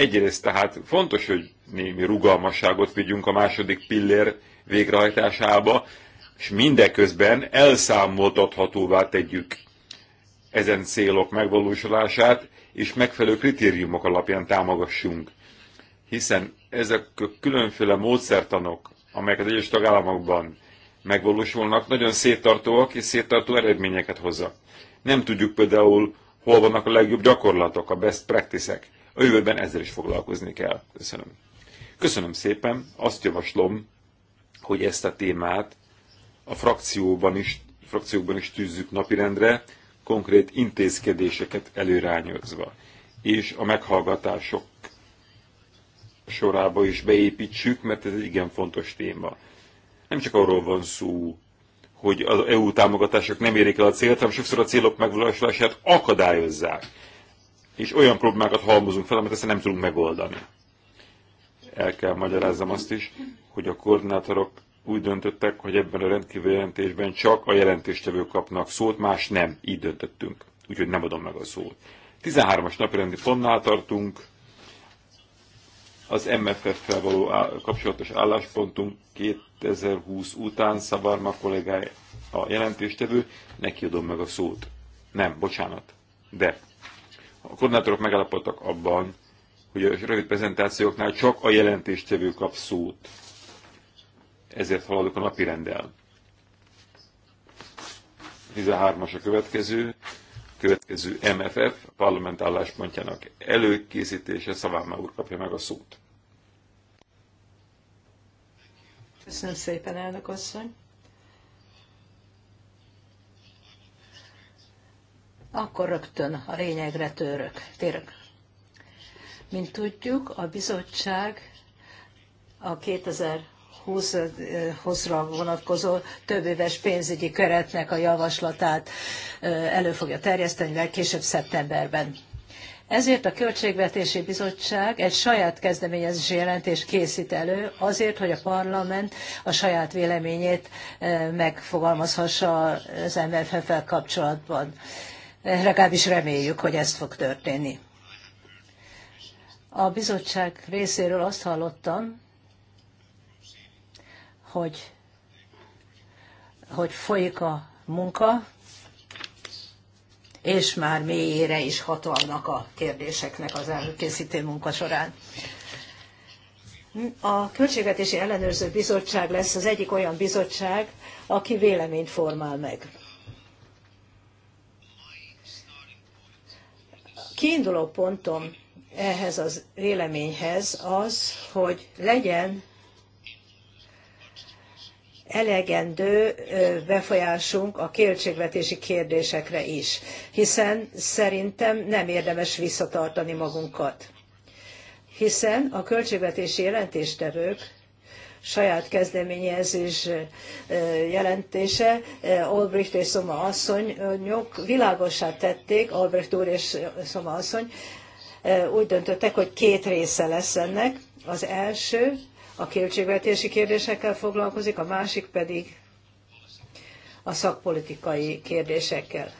Egyrészt tehát fontos, hogy némi rugalmasságot vigyünk a második pillér végrehajtásába, és mindeközben elszámoltathatóvá tegyük ezen célok megvalósulását, és megfelelő kritériumok alapján támogassunk. Hiszen ezek a különféle módszertanok, amelyek az egyes tagállamokban megvalósulnak, nagyon széttartóak és széttartó eredményeket hozza. Nem tudjuk például, hol vannak a legjobb gyakorlatok, a best practices-ek. A jövőben ezzel is foglalkozni kell. Köszönöm. Köszönöm szépen. Azt javaslom, hogy ezt a témát a frakcióban is, frakciókban is tűzzük napirendre, konkrét intézkedéseket előrányozva, és a meghallgatások sorába is beépítsük, mert ez egy igen fontos téma. Nem csak arról van szó, hogy az EU támogatások nem érik el a célt, hanem sokszor a célok megvalósulását akadályozzák és olyan problémákat halmozunk fel, amit ezt nem tudunk megoldani. El kell magyarázzam azt is, hogy a koordinátorok úgy döntöttek, hogy ebben a rendkívül jelentésben csak a jelentéstevők kapnak szót, más nem. Így döntöttünk. Úgyhogy nem adom meg a szót. 13-as napirendi pontnál tartunk. Az MFF-fel való kapcsolatos álláspontunk 2020 után Szabarma kollégája a jelentéstevő, neki adom meg a szót. Nem, bocsánat. De a koordinátorok megállapodtak abban, hogy a rövid prezentációknál csak a jelentéstevő kap szót. Ezért haladok a napi rendel. 13-as a következő, következő MFF, a parlament álláspontjának előkészítése, Szavámá úr kapja meg a szót. Köszönöm szépen, elnök asszony. Akkor rögtön a lényegre török, térök. Mint tudjuk, a bizottság a 2020-ra vonatkozó több éves pénzügyi keretnek a javaslatát elő fogja terjeszteni később szeptemberben. Ezért a Költségvetési Bizottság egy saját kezdeményezési jelentést készít elő, azért, hogy a parlament a saját véleményét megfogalmazhassa az mff el kapcsolatban legalábbis reméljük, hogy ez fog történni. A bizottság részéről azt hallottam, hogy, hogy folyik a munka, és már mélyére is hatalnak a kérdéseknek az előkészítő munka során. A Költségvetési Ellenőrző Bizottság lesz az egyik olyan bizottság, aki véleményt formál meg. kiinduló pontom ehhez az véleményhez az, hogy legyen elegendő befolyásunk a költségvetési kérdésekre is, hiszen szerintem nem érdemes visszatartani magunkat. Hiszen a költségvetési jelentéstevők saját kezdeményezés jelentése. Albrecht és Szoma asszonyok világosá tették, Albrecht úr és Szoma asszony, úgy döntöttek, hogy két része lesz ennek. Az első a költségvetési kérdésekkel foglalkozik, a másik pedig a szakpolitikai kérdésekkel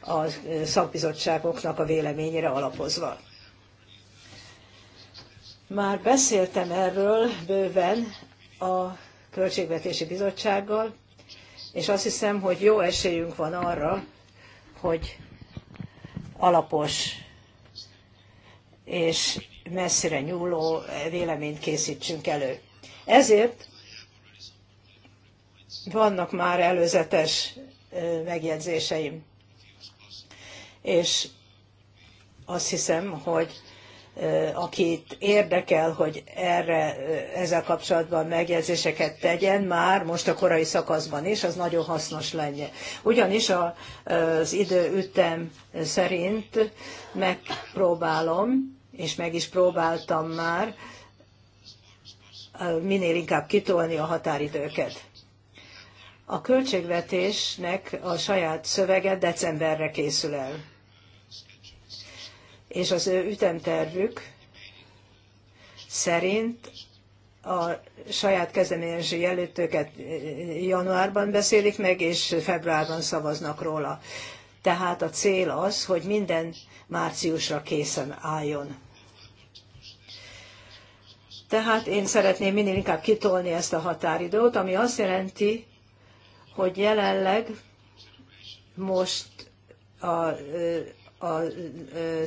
a szakbizottságoknak a véleményére alapozva. Már beszéltem erről bőven a Költségvetési Bizottsággal, és azt hiszem, hogy jó esélyünk van arra, hogy alapos és messzire nyúló véleményt készítsünk elő. Ezért vannak már előzetes megjegyzéseim, és azt hiszem, hogy akit érdekel, hogy erre ezzel kapcsolatban megjegyzéseket tegyen, már most a korai szakaszban is, az nagyon hasznos lenne. Ugyanis a, az időütem szerint megpróbálom, és meg is próbáltam már, minél inkább kitolni a határidőket. A költségvetésnek a saját szövege decemberre készül el és az ő ütemtervük szerint a saját kezdeményezési jelöltőket eh, januárban beszélik meg, és februárban szavaznak róla. Tehát a cél az, hogy minden márciusra készen álljon. Tehát én szeretném minél inkább kitolni ezt a határidőt, ami azt jelenti, hogy jelenleg most a eh, az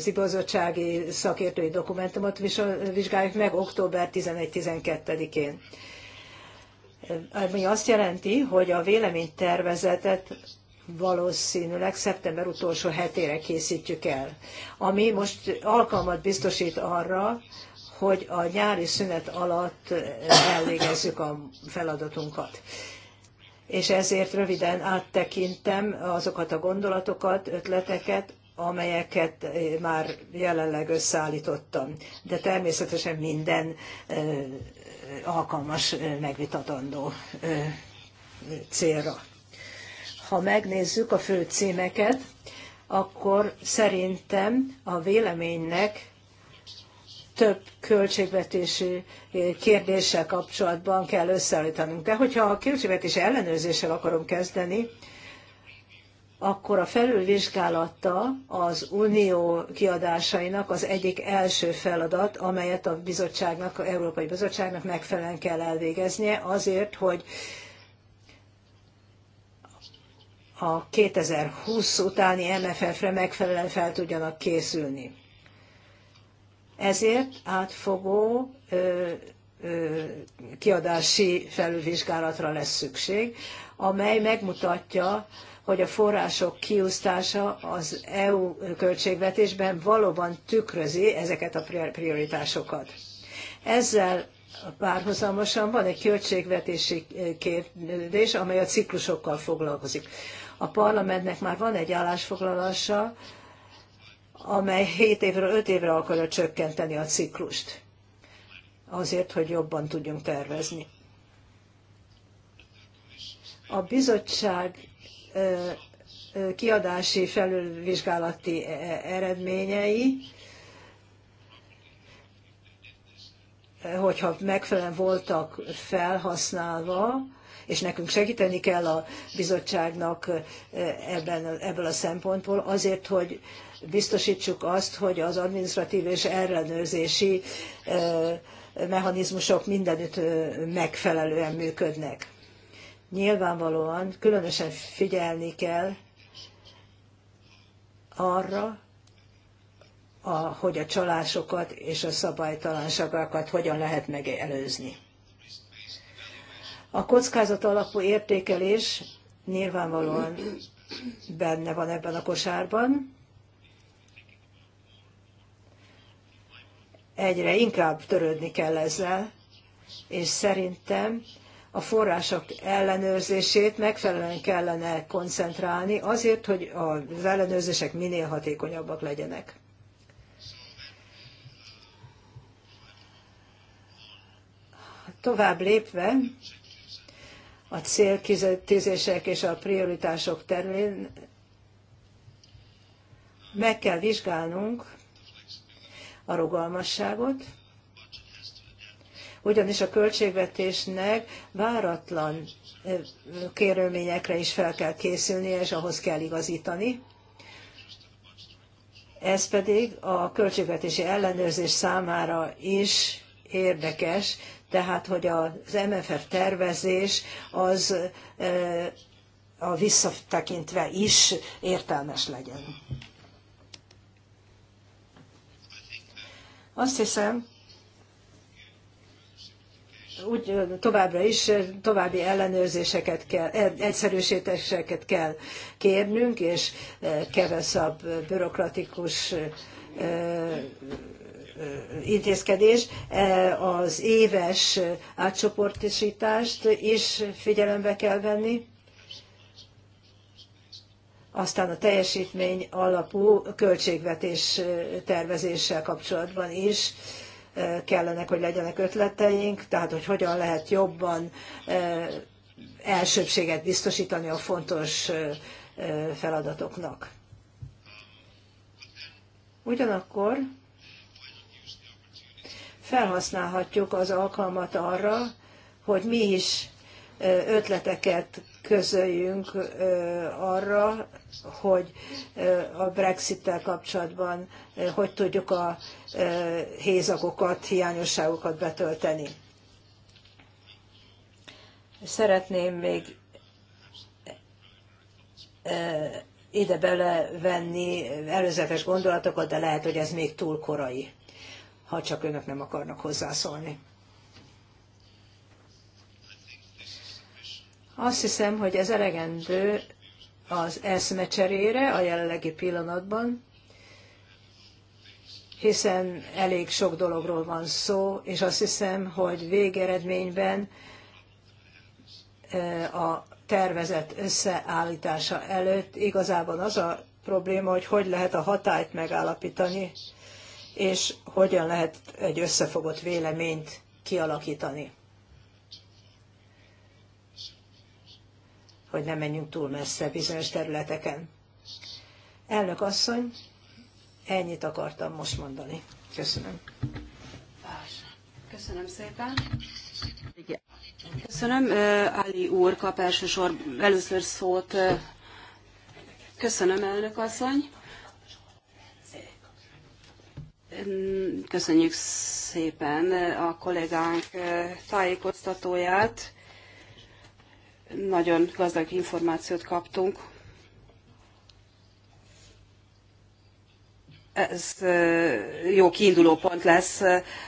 igazgatósági szakértői dokumentumot vizsgáljuk meg október 11-12-én. Ami azt jelenti, hogy a véleménytervezetet valószínűleg szeptember utolsó hetére készítjük el, ami most alkalmat biztosít arra, hogy a nyári szünet alatt elvégezzük a feladatunkat. És ezért röviden áttekintem azokat a gondolatokat, ötleteket, amelyeket eh, már jelenleg összeállítottam. De természetesen minden eh, alkalmas, eh, megvitatandó célra. Ha megnézzük a fő címeket, akkor szerintem a véleménynek több költségvetési kérdéssel kapcsolatban kell összeállítanunk. De hogyha a költségvetési ellenőrzéssel akarom kezdeni, akkor a felülvizsgálata az unió kiadásainak az egyik első feladat, amelyet a bizottságnak, a Európai Bizottságnak megfelelően kell elvégeznie azért, hogy a 2020 utáni MFF-re megfelelően fel tudjanak készülni. Ezért átfogó ö, ö, kiadási felülvizsgálatra lesz szükség, amely megmutatja, hogy a források kiusztása az EU költségvetésben valóban tükrözi ezeket a prioritásokat. Ezzel párhuzamosan van egy költségvetési eh, kérdés, amely a ciklusokkal foglalkozik. A parlamentnek már van egy állásfoglalása, amely 7 évről 5 évre akarja csökkenteni a ciklust, azért, hogy jobban tudjunk tervezni. A bizottság kiadási felülvizsgálati e, e, eredményei, hogyha megfelelően voltak felhasználva, és nekünk segíteni kell a bizottságnak ebben, ebből a szempontból, azért, hogy biztosítsuk azt, hogy az administratív és ellenőrzési mechanizmusok mindenütt megfelelően működnek nyilvánvalóan különösen figyelni kell arra, a, hogy a csalásokat és a szabálytalanságokat hogyan lehet megelőzni. A kockázat alapú értékelés nyilvánvalóan benne van ebben a kosárban. Egyre inkább törődni kell ezzel, és szerintem a források ellenőrzését megfelelően kellene koncentrálni azért, hogy az ellenőrzések minél hatékonyabbak legyenek. Tovább lépve a célkizetések és a prioritások terén meg kell vizsgálnunk a rugalmasságot, ugyanis a költségvetésnek váratlan kérőményekre is fel kell készülnie, és ahhoz kell igazítani. Ez pedig a költségvetési ellenőrzés számára is érdekes, tehát hogy az MFF tervezés az a visszatekintve is értelmes legyen. Azt hiszem, úgy továbbra is további ellenőrzéseket kell, e, egyszerűsítéseket kell kérnünk, és kevesebb bürokratikus intézkedés e, az éves átcsoportosítást is figyelembe kell venni, aztán a teljesítmény alapú költségvetés tervezéssel kapcsolatban is kellenek, hogy legyenek ötleteink, tehát hogy hogyan lehet jobban elsőbséget biztosítani a fontos feladatoknak. Ugyanakkor felhasználhatjuk az alkalmat arra, hogy mi is ötleteket közöljünk arra, hogy a Brexit-tel kapcsolatban hogy tudjuk a hézagokat, hiányosságokat betölteni. Szeretném még ide belevenni előzetes gondolatokat, de lehet, hogy ez még túl korai, ha csak önök nem akarnak hozzászólni. Azt hiszem, hogy ez elegendő az eszmecserére a jelenlegi pillanatban, hiszen elég sok dologról van szó, és azt hiszem, hogy végeredményben eh, a tervezet összeállítása előtt igazából az a probléma, hogy hogy lehet a hatályt megállapítani, és hogyan lehet egy összefogott véleményt kialakítani. hogy nem menjünk túl messze bizonyos területeken. Elnök asszony, ennyit akartam most mondani. Köszönöm. Köszönöm szépen. Köszönöm. Ali úr kap elsősor, először szót. Köszönöm, elnök asszony. Köszönjük szépen a kollégánk tájékoztatóját. Nagyon gazdag információt kaptunk. Ez jó kiinduló pont lesz,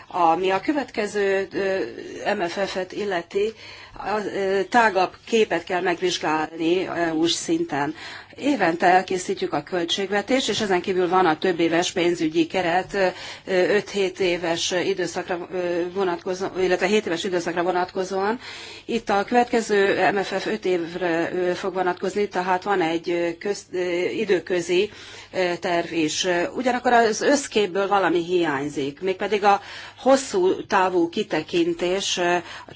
ami a következő MFF-et illeti. Tágabb képet kell megvizsgálni EU-s szinten. Évente elkészítjük a költségvetést, és ezen kívül van a több éves pénzügyi keret 5-7 éves időszakra vonatkozóan, illetve 7 éves időszakra vonatkozóan. Itt a következő MFF 5 évre fog vonatkozni, tehát van egy köz, időközi terv is. Ugyanakkor az összképből valami hiányzik, mégpedig a hosszú távú kitekintés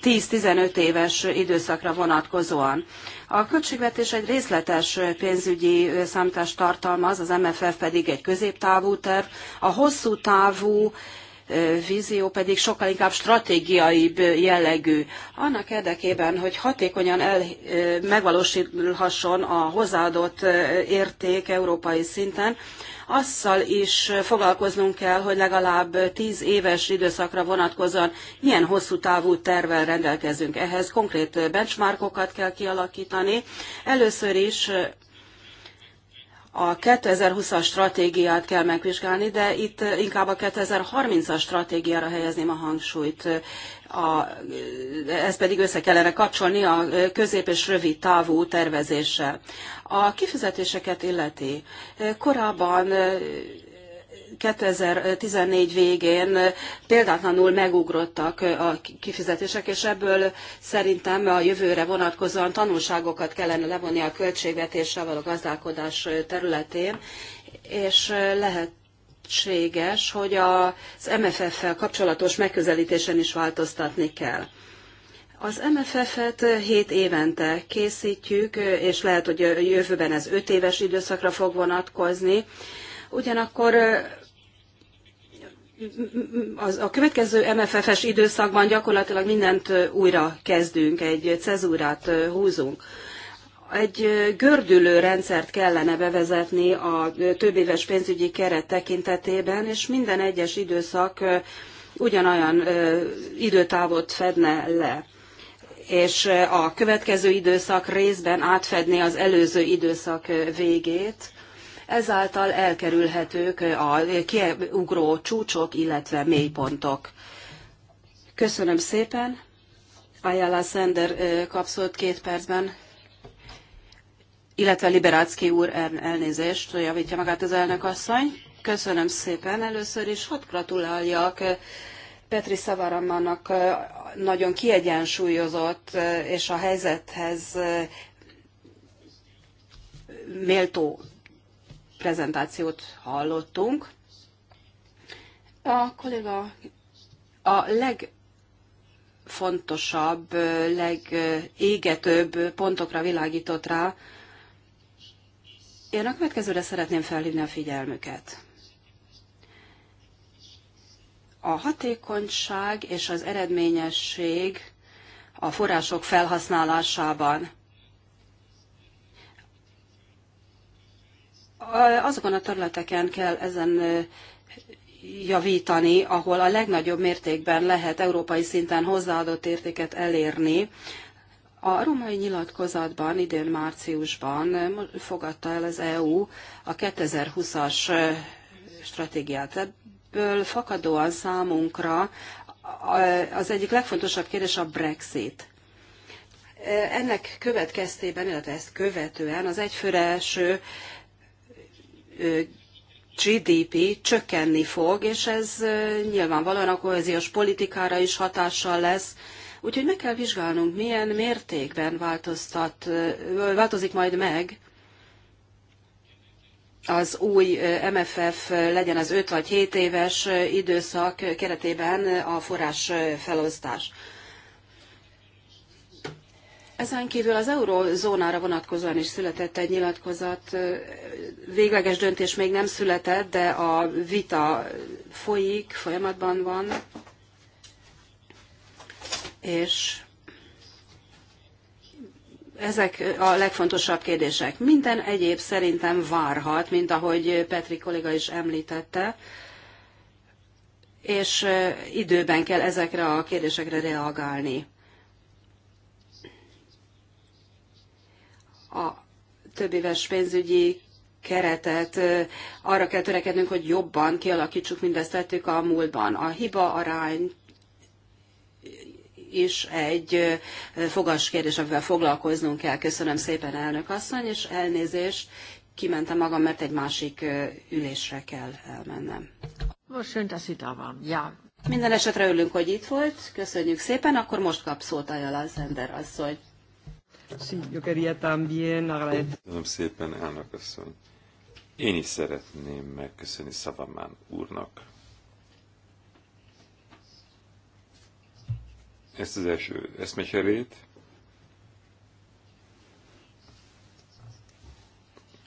10-15 éves időszakra vonatkozóan. A költségvetés egy részletes pénzügyi számítást tartalmaz, az MFF pedig egy középtávú terv. A hosszú távú vízió pedig sokkal inkább stratégiaibb jellegű. Annak érdekében, hogy hatékonyan el, megvalósulhasson a hozzáadott érték európai szinten, azzal is foglalkoznunk kell, hogy legalább tíz éves időszakra vonatkozóan milyen hosszú távú tervel rendelkezünk. Ehhez konkrét benchmarkokat kell kialakítani. Először is a 2020-as stratégiát kell megvizsgálni, de itt inkább a 2030-as stratégiára helyezném a hangsúlyt. A, ez pedig össze kellene kapcsolni a közép- és rövid távú tervezéssel. A kifizetéseket illeti. Korábban 2014 végén példátlanul megugrottak a kifizetések, és ebből szerintem a jövőre vonatkozóan tanulságokat kellene levonni a költségvetéssel való gazdálkodás területén, és lehet lehetséges, hogy az MFF-fel kapcsolatos megközelítésen is változtatni kell. Az MFF-et 7 évente készítjük, és lehet, hogy jövőben ez 5 éves időszakra fog vonatkozni. Ugyanakkor az, a következő MFF-es időszakban gyakorlatilag mindent újra kezdünk, egy cezúrát húzunk. Egy gördülő rendszert kellene bevezetni a többéves pénzügyi keret tekintetében, és minden egyes időszak ugyanolyan időtávot fedne le és a következő időszak részben átfedné az előző időszak végét, ezáltal elkerülhetők a kiugró csúcsok, illetve mélypontok. Köszönöm szépen. Ayala Sender kapszolt két percben, illetve Liberácki úr elnézést, javítja magát az elnök asszony. Köszönöm szépen. Először is hadd gratuláljak Petri Szavaramannak nagyon kiegyensúlyozott és a helyzethez méltó prezentációt hallottunk. A kolléga a legfontosabb, legégetőbb pontokra világított rá. Én a következőre szeretném felhívni a figyelmüket. A hatékonyság és az eredményesség a források felhasználásában. azokon a területeken kell ezen javítani, ahol a legnagyobb mértékben lehet európai szinten hozzáadott értéket elérni. A római nyilatkozatban idén márciusban fogadta el az EU a 2020-as stratégiát. Ebből fakadóan számunkra az egyik legfontosabb kérdés a Brexit. Ennek következtében, illetve ezt követően az egyfőre első GDP csökkenni fog, és ez nyilvánvalóan a kohéziós politikára is hatással lesz. Úgyhogy meg kell vizsgálnunk, milyen mértékben változtat, változik majd meg az új MFF, legyen az 5 vagy 7 éves időszak keretében a forrás felosztás. Ezen kívül az eurózónára vonatkozóan is született egy nyilatkozat. Végleges döntés még nem született, de a vita folyik, folyamatban van. És ezek a legfontosabb kérdések. Minden egyéb szerintem várhat, mint ahogy Petri kolléga is említette, és időben kell ezekre a kérdésekre reagálni. a éves pénzügyi keretet, arra kell törekednünk, hogy jobban kialakítsuk, mint ezt tettük a múltban. A hiba arány is egy fogas kérdés, amivel foglalkoznunk kell. Köszönöm szépen, elnök asszony, és elnézést, kimentem magam, mert egy másik ülésre kell elmennem. Most schön, dass Sie Ja. Minden esetre örülünk, hogy itt volt. Köszönjük szépen. Akkor most kap szót Ajala Zender asszony. Sí, yo quería también agradecer. Köszönöm szépen, elnök asszony. Én is szeretném megköszönni Szavamán úrnak. Ezt az első eszmecserét,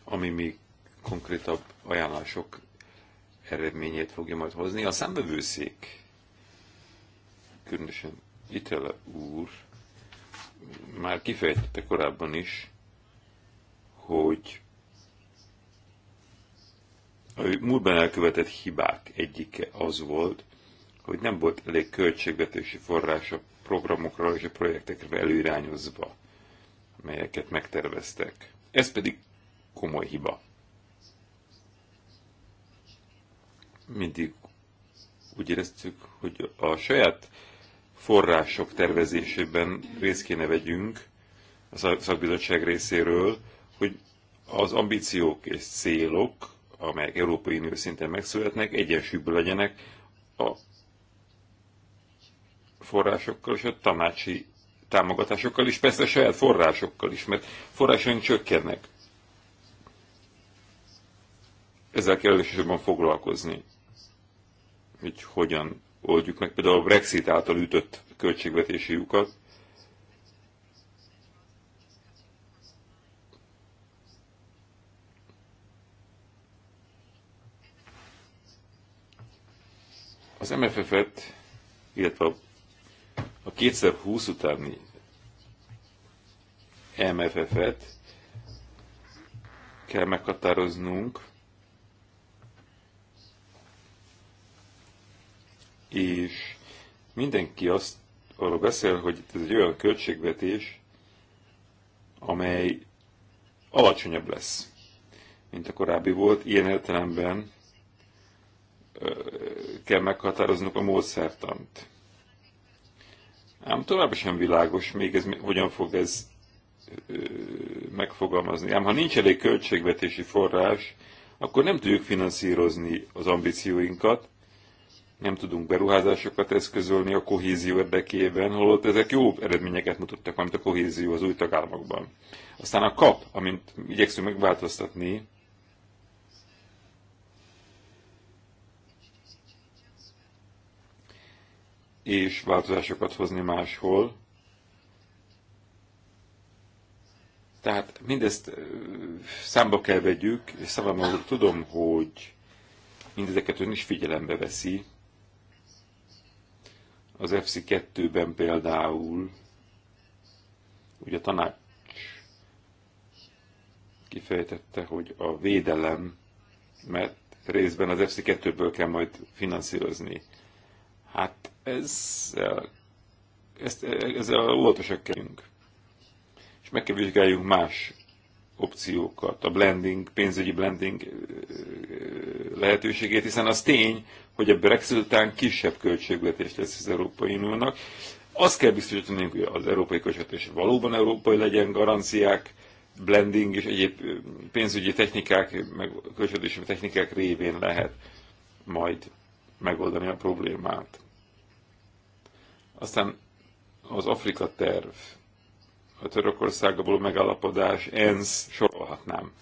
ami még konkrétabb ajánlások eredményét fogja majd hozni. A számbevőszék, különösen Itele úr, már kifejtette korábban is, hogy a múltban elkövetett hibák egyike az volt, hogy nem volt elég költségvetési forrás a programokra és a projektekre előirányozva, melyeket megterveztek. Ez pedig komoly hiba. Mindig úgy éreztük, hogy a saját források tervezésében részt kéne vegyünk a szakbizottság részéről, hogy az ambíciók és célok, amelyek Európai Unió szinten megszületnek, egyensúlyban legyenek a forrásokkal és a tanácsi támogatásokkal is, persze a saját forrásokkal is, mert forrásaink csökkennek. Ezzel kell elsősorban foglalkozni, hogy hogyan oldjuk meg például a Brexit által ütött költségvetési lyukat. Az MFF-et, illetve a 2020 utáni MFF-et kell meghatároznunk, és mindenki azt arról beszél, hogy ez egy olyan költségvetés, amely alacsonyabb lesz, mint a korábbi volt. Ilyen értelemben kell meghatároznunk a módszertant. Ám továbbra sem világos, még ez, hogyan fog ez megfogalmazni. Ám ha nincs elég költségvetési forrás, akkor nem tudjuk finanszírozni az ambícióinkat, nem tudunk beruházásokat eszközölni a kohézió érdekében, holott ezek jó eredményeket mutattak, amit a kohézió az új tagállamokban. Aztán a kap, amint igyekszünk megváltoztatni, és változásokat hozni máshol. Tehát mindezt számba kell vegyük, és szavamon tudom, hogy mindezeket ön is figyelembe veszi, az FC2-ben például ugye a tanács kifejtette, hogy a védelem, mert részben az FC2-ből kell majd finanszírozni. Hát ez, ez ezzel óvatosak kellünk. És meg kell vizsgáljunk más opciókat, a blending, pénzügyi blending lehetőségét, hiszen az tény, hogy a Brexit után kisebb költségvetés lesz az Európai Uniónak. Azt kell biztosítani, hogy az európai költségvetés valóban európai legyen, garanciák, blending és egyéb pénzügyi technikák, meg költségvetési technikák révén lehet majd megoldani a problémát. Aztán az Afrika terv a Törökországa való megállapodás, ENSZ, sorolhatnám.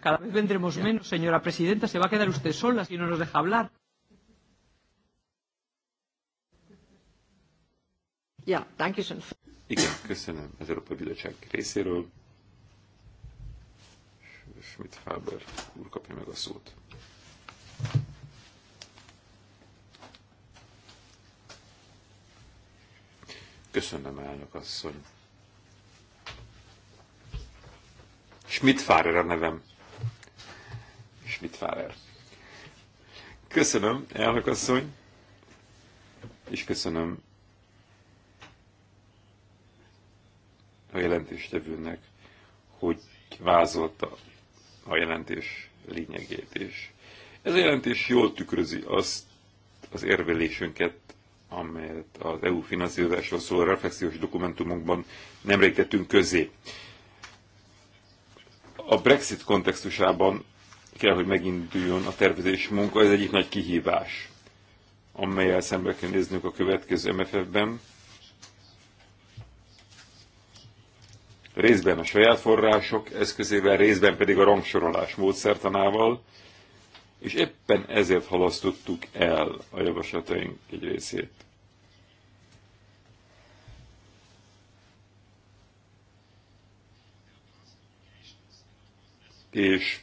Cada vez vendremos menos, señora presidenta. Se va a quedar usted sola si no nos deja hablar. Ja, danke schön. Igen, köszönöm az Európai Bizottság részéről. Schmidt Faber úr kapja meg a szót. Köszönöm, elnök asszony. Schmidfárer a nevem. Schmidfárer. Köszönöm, elnök asszony, és köszönöm a jelentéstevőnek, hogy vázolta a jelentés lényegét, és ez a jelentés jól tükrözi azt az érvelésünket, amelyet az EU finanszírozásról szóló reflexiós dokumentumunkban nemrég tettünk közé. A Brexit kontextusában kell, hogy meginduljon a tervezés munka, ez egyik nagy kihívás, amelyel szembe kell néznünk a következő MFF-ben. Részben a saját források eszközével, részben pedig a rangsorolás módszertanával, és éppen ezért halasztottuk el a javaslataink egy részét. és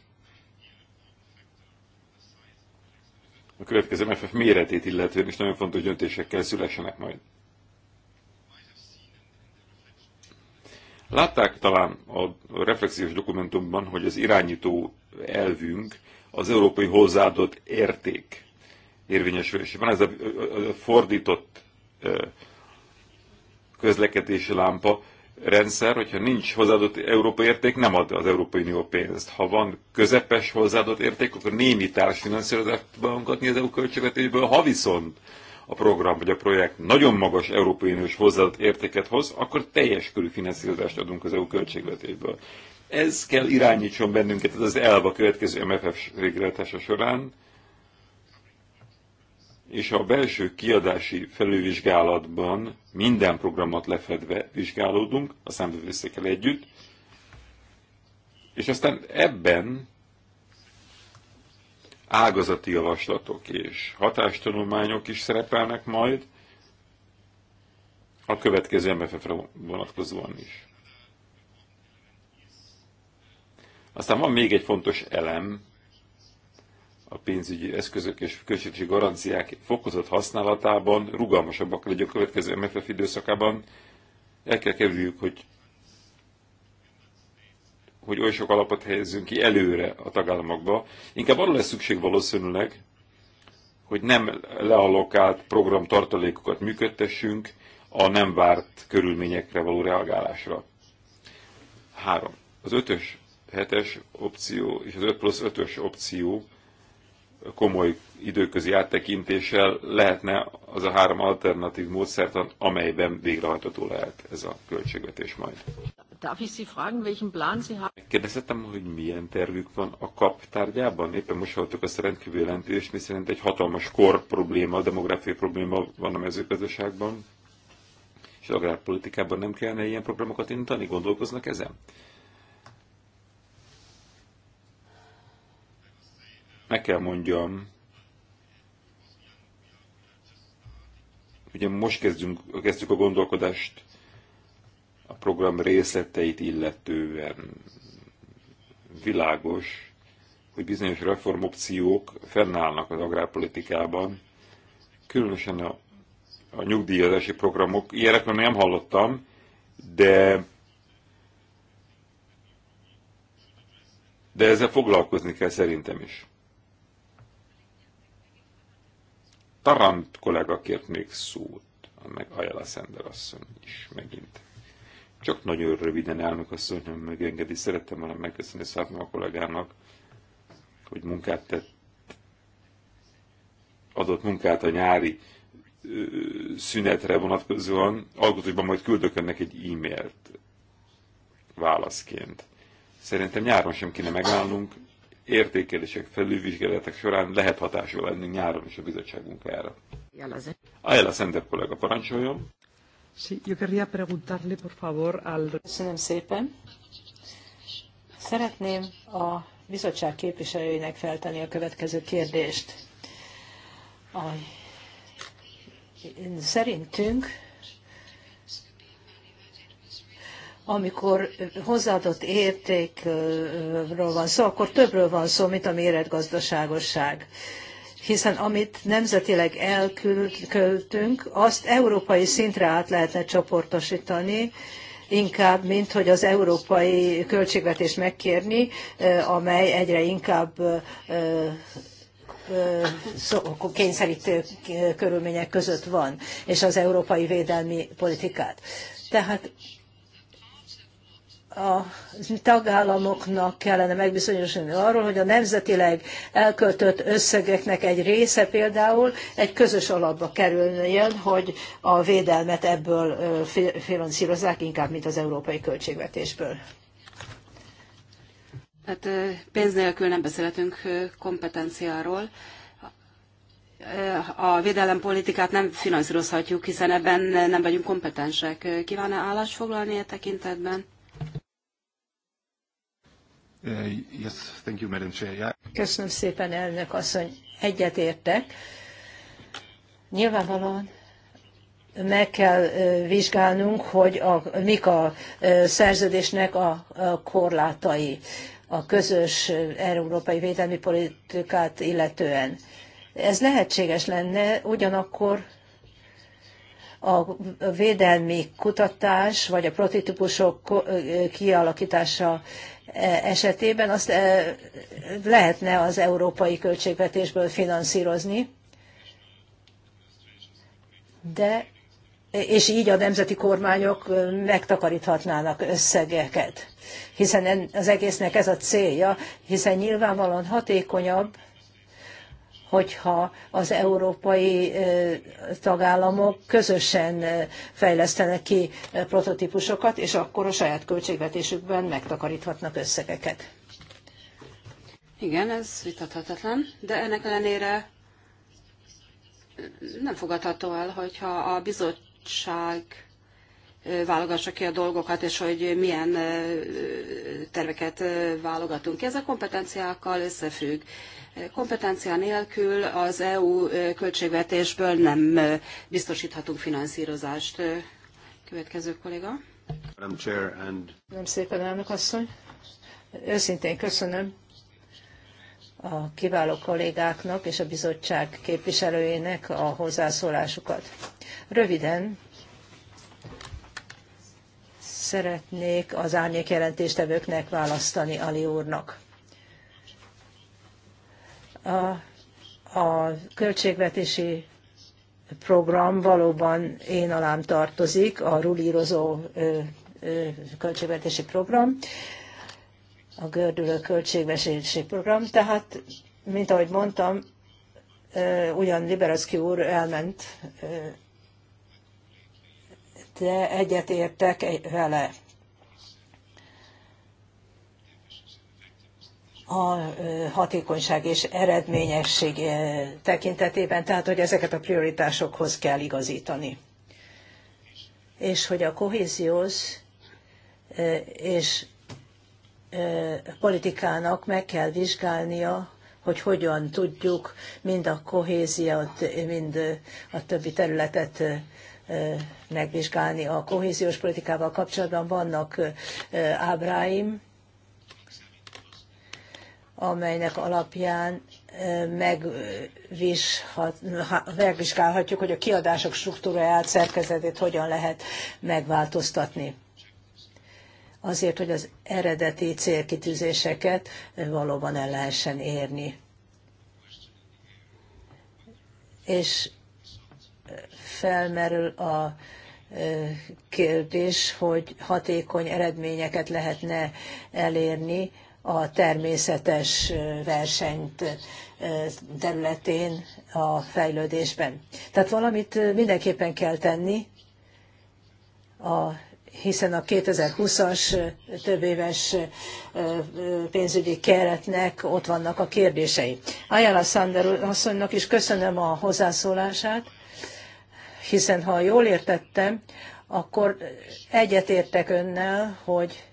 a következő MFF méretét illetően is nagyon fontos döntésekkel szülessenek majd. Látták talán a reflexiós dokumentumban, hogy az irányító elvünk az európai hozzáadott érték érvényesülésében. Ez a fordított közlekedési lámpa rendszer, hogyha nincs hozzáadott európai érték, nem ad az Európai Unió pénzt. Ha van közepes hozzáadott érték, akkor némi társfinanszírozást tudunk adni az EU költségvetésből. Ha viszont a program vagy a projekt nagyon magas Európai Uniós hozzáadott értéket hoz, akkor teljes körű finanszírozást adunk az EU költségvetésből. Ez kell irányítson bennünket, ez az elv a következő MFF végrehajtása során, és a belső kiadási felülvizsgálatban minden programot lefedve vizsgálódunk, a számvevőszékkel együtt, és aztán ebben ágazati javaslatok és hatástanulmányok is szerepelnek majd, a következő MFF-re vonatkozóan is. Aztán van még egy fontos elem, a pénzügyi eszközök és költségvetési garanciák fokozott használatában rugalmasabbak legyünk a következő MFF időszakában. El kell kerüljük, hogy, hogy oly sok alapot helyezzünk ki előre a tagállamokba. Inkább arra lesz szükség valószínűleg, hogy nem lealokált programtartalékokat működtessünk a nem várt körülményekre való reagálásra. 3. Az ötös hetes opció és az 5 plusz ötös opció komoly időközi áttekintéssel lehetne az a három alternatív módszertan, amelyben végrehajtható lehet ez a költségvetés majd. Megkérdezhetem, hogy milyen tervük van a kap tárgyában? Éppen most hallottuk azt a rendkívül jelentést, mi szerint egy hatalmas kor probléma, demográfiai probléma van a mezőgazdaságban, és az agrárpolitikában nem kellene ilyen programokat indítani? Gondolkoznak ezen? meg kell mondjam, ugye most kezdünk, kezdtük a gondolkodást a program részleteit illetően. Világos, hogy bizonyos reformopciók fennállnak az agrárpolitikában, különösen a, a nyugdíjazási programok. Ilyenekről nem hallottam, de de ezzel foglalkozni kell szerintem is. Tarant kollega kért még szót, meg Ajala Szender asszony is megint. Csak nagyon röviden elnök asszony, nem megengedi. Szerettem volna megköszönni Szátma a kollégának, hogy munkát tett, adott munkát a nyári ö, szünetre vonatkozóan. Alkotóban majd küldök önnek egy e-mailt válaszként. Szerintem nyáron sem kéne megállnunk, értékelések, felülvizsgálatok során lehet hatású lenni nyáron is a bizottság munkájára. Ajla Szenter kollega, parancsoljon! Sí, yo querría preguntarle, por favor, al... Köszönöm szépen. Szeretném a bizottság képviselőinek feltenni a következő kérdést. A... Szerintünk amikor hozzáadott értékről van szó, akkor többről van szó, mint a méretgazdaságosság. Hiszen amit nemzetileg elköltünk, azt európai szintre át lehetne csoportosítani, inkább, mint hogy az európai költségvetés megkérni, eh, amely egyre inkább eh, eh, kényszerítő körülmények között van, és az európai védelmi politikát. Tehát a tagállamoknak kellene megbizonyosodni arról, hogy a nemzetileg elköltött összegeknek egy része például egy közös alapba kerüljön, hogy a védelmet ebből finanszírozzák inkább, mint az európai költségvetésből. Hát pénz nélkül nem beszélhetünk kompetenciáról. A védelempolitikát nem finanszírozhatjuk, hiszen ebben nem vagyunk kompetensek. Kíván-e állást foglalni e tekintetben? Uh, yes, thank you, Madam Chair. Yeah. Köszönöm szépen, elnök asszony. Egyetértek. Nyilvánvalóan meg kell uh, vizsgálnunk, hogy a, mik a uh, szerződésnek a korlátai a közös európai védelmi politikát illetően. Ez lehetséges lenne, ugyanakkor a védelmi kutatás vagy a prototípusok kialakítása esetében azt e, lehetne az európai költségvetésből finanszírozni, de és így a nemzeti kormányok megtakaríthatnának összegeket, hiszen az egésznek ez a célja, hiszen nyilvánvalóan hatékonyabb hogyha az európai tagállamok közösen fejlesztenek ki prototípusokat, és akkor a saját költségvetésükben megtakaríthatnak összegeket. Igen, ez vitathatatlan, de ennek ellenére nem fogadható el, hogyha a bizottság válogassa ki a dolgokat, és hogy milyen terveket válogatunk. Ez a kompetenciákkal összefügg. Kompetencia nélkül az EU költségvetésből nem biztosíthatunk finanszírozást. Következő kolléga. Nem szépen, elnök asszony. Őszintén köszönöm a kiváló kollégáknak és a bizottság képviselőjének a hozzászólásukat. Röviden szeretnék az árnyék jelentéstevőknek választani Ali úrnak a, a költségvetési program valóban én alám tartozik, a rulírozó költségvetési program, a gördülő költségvetési program. Tehát, mint ahogy mondtam, ugyan Liberacki úr elment, de egyet értek vele. a hatékonyság és eredményesség tekintetében, tehát hogy ezeket a prioritásokhoz kell igazítani. És hogy a kohéziós és politikának meg kell vizsgálnia, hogy hogyan tudjuk mind a kohéziót, mind a többi területet megvizsgálni. A kohéziós politikával kapcsolatban vannak ábráim, amelynek alapján megvizsgálhatjuk, hogy a kiadások struktúráját, szerkezetét hogyan lehet megváltoztatni. Azért, hogy az eredeti célkitűzéseket valóban el lehessen érni. És felmerül a kérdés, hogy hatékony eredményeket lehetne elérni a természetes versenyt területén a fejlődésben. Tehát valamit mindenképpen kell tenni, a, hiszen a 2020-as többéves pénzügyi keretnek ott vannak a kérdései. Ajala Sander asszonynak is köszönöm a hozzászólását, hiszen ha jól értettem, akkor egyetértek önnel, hogy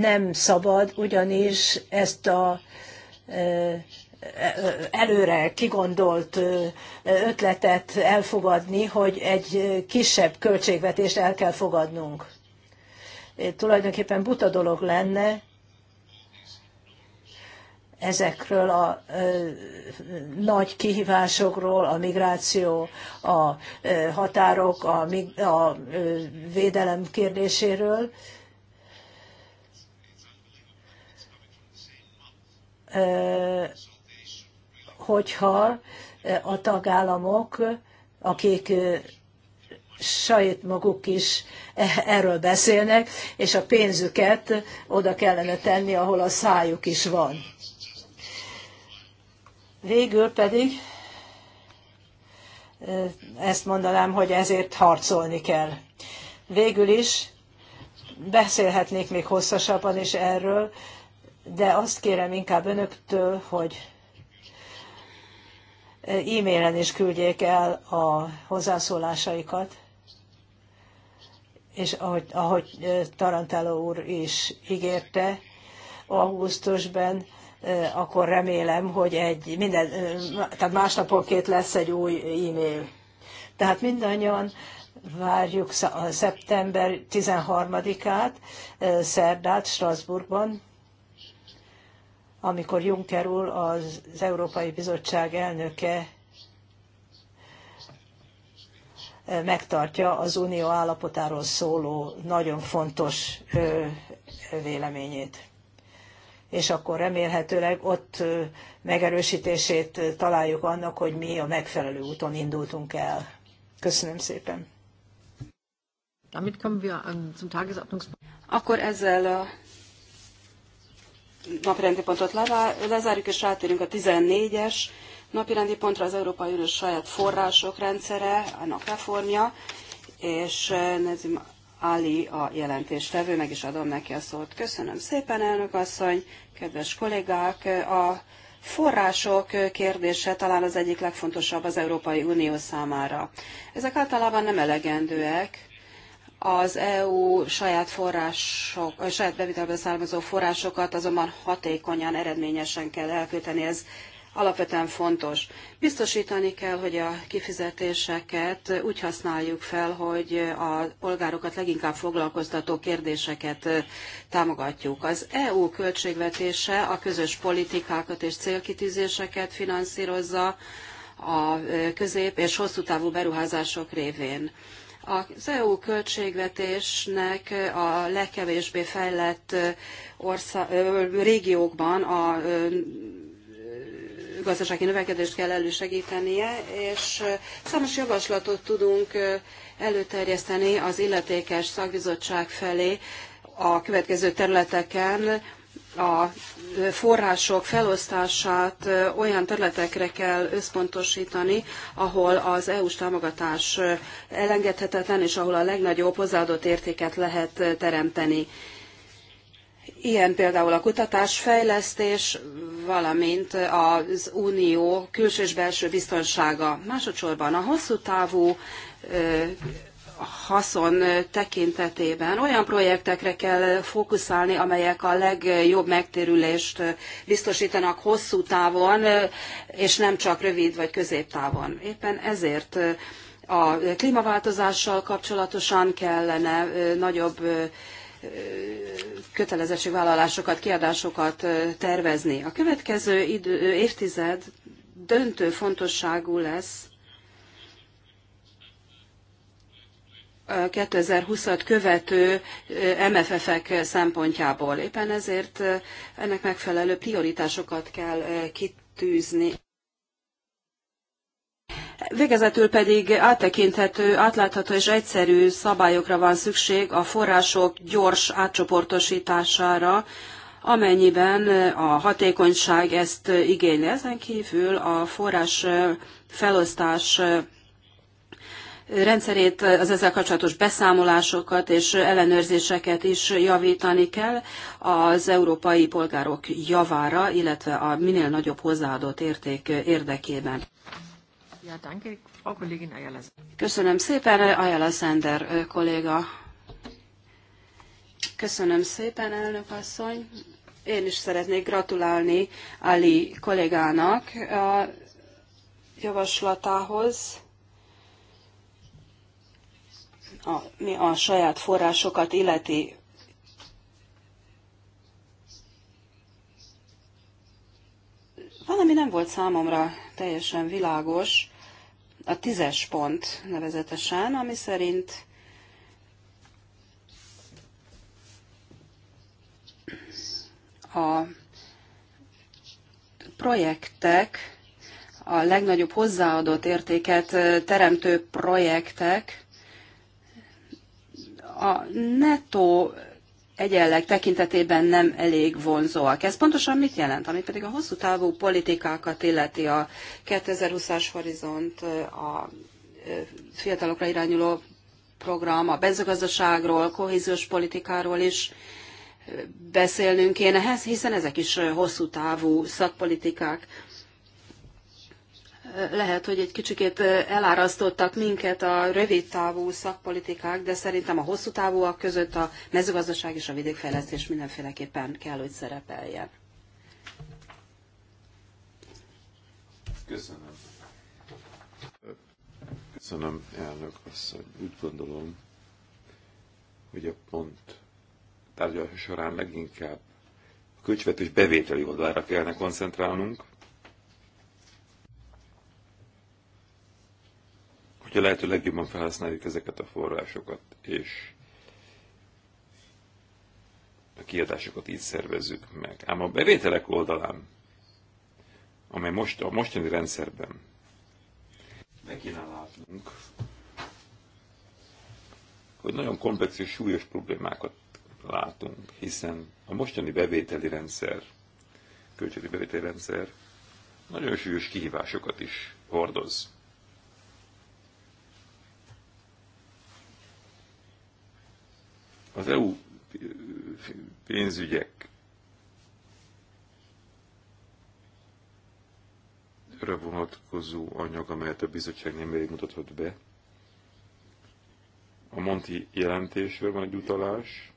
nem szabad, ugyanis ezt a előre kigondolt ötletet elfogadni, hogy egy kisebb költségvetést el kell fogadnunk. Tulajdonképpen buta dolog lenne ezekről a nagy kihívásokról, a migráció, a határok, a, a védelem kérdéséről, hogyha a tagállamok, akik saját maguk is e, erről beszélnek, és a pénzüket oda kellene tenni, ahol a szájuk is van. Végül pedig ezt mondanám, hogy ezért harcolni kell. Végül is beszélhetnék még hosszasabban is erről, de azt kérem inkább önöktől, hogy e-mailen is küldjék el a hozzászólásaikat, és ahogy, ahogy e, tarantello úr is ígérte, augusztusban, e, akkor remélem, hogy egy minden, e, tehát másnaponként lesz egy új e-mail. Tehát mindannyian várjuk szeptember 13-át, szerdát Strasbourgban, amikor Juncker úr, az Európai Bizottság elnöke megtartja az unió állapotáról szóló nagyon fontos véleményét. És akkor remélhetőleg ott megerősítését találjuk annak, hogy mi a megfelelő úton indultunk el. Köszönöm szépen. Ähm, akkor ezzel a napirendi pontot lezárjuk, és rátérünk a 14-es napirendi pontra az Európai Unió saját források rendszere, annak reformja, és eh, Nezim Ali a jelentéstevő, meg is adom neki a szót. Köszönöm szépen, elnök asszony, kedves kollégák! A források kérdése talán az egyik legfontosabb az Európai Unió számára. Ezek általában nem elegendőek, az EU saját források, a saját bevitelből származó forrásokat azonban hatékonyan, eredményesen kell elkölteni. Ez alapvetően fontos. Biztosítani kell, hogy a kifizetéseket úgy használjuk fel, hogy a polgárokat leginkább foglalkoztató kérdéseket támogatjuk. Az EU költségvetése a közös politikákat és célkitűzéseket finanszírozza a közép- és hosszú távú beruházások révén. Az EU költségvetésnek a legkevésbé fejlett régiókban a gazdasági növekedést kell elősegítenie, és számos javaslatot tudunk előterjeszteni az illetékes szakbizottság felé a következő területeken, a források felosztását olyan területekre kell összpontosítani, ahol az EU-s támogatás elengedhetetlen, és ahol a legnagyobb hozzáadott értéket lehet teremteni. Ilyen például a kutatásfejlesztés, valamint az unió külső és belső biztonsága. Másodszorban a hosszú távú haszon tekintetében olyan projektekre kell fókuszálni, amelyek a legjobb megtérülést biztosítanak hosszú távon, és nem csak rövid vagy középtávon. Éppen ezért a klímaváltozással kapcsolatosan kellene nagyobb kötelezettségvállalásokat, kiadásokat tervezni. A következő idő, évtized döntő fontosságú lesz 2020-at követő MFF-ek szempontjából. Éppen ezért ennek megfelelő prioritásokat kell kitűzni. Végezetül pedig áttekinthető, átlátható és egyszerű szabályokra van szükség a források gyors átcsoportosítására, amennyiben a hatékonyság ezt igényli. Ezen kívül a forrás felosztás rendszerét, az ezzel kapcsolatos beszámolásokat és ellenőrzéseket is javítani kell az európai polgárok javára, illetve a minél nagyobb hozzáadott érték érdekében. Köszönöm szépen, Ayala Sender kolléga. Köszönöm szépen, elnök asszony. Én is szeretnék gratulálni Ali kollégának a javaslatához mi a saját forrásokat illeti. Valami nem volt számomra teljesen világos, a tízes pont nevezetesen, ami szerint a projektek, a legnagyobb hozzáadott értéket teremtő projektek a netó egyenleg tekintetében nem elég vonzóak. Ez pontosan mit jelent? Ami pedig a hosszú távú politikákat illeti a 2020-as horizont, a fiatalokra irányuló program, a mezőgazdaságról, kohéziós politikáról is beszélnünk kéne, hiszen ezek is hosszú távú szakpolitikák lehet, hogy egy kicsikét elárasztottak minket a rövid távú szakpolitikák, de szerintem a hosszú távúak között a mezőgazdaság és a vidékfejlesztés mindenféleképpen kell, hogy szerepeljen. Köszönöm. Köszönöm, elnök asszony. Úgy gondolom, hogy a pont tárgyalása során leginkább a költségvetés bevételi oldalára kellene koncentrálnunk, hogy a lehető legjobban felhasználjuk ezeket a forrásokat, és a kiadásokat így szervezzük meg. Ám a bevételek oldalán, amely most a mostani rendszerben megkínálhatunk, hogy nagyon komplex és súlyos problémákat látunk, hiszen a mostani bevételi rendszer, költségi bevételi rendszer nagyon súlyos kihívásokat is hordoz. Az EU pénzügyek vonatkozó anyag, amelyet a bizottság nemrég mutatott be. A Monti jelentésről van egy utalás,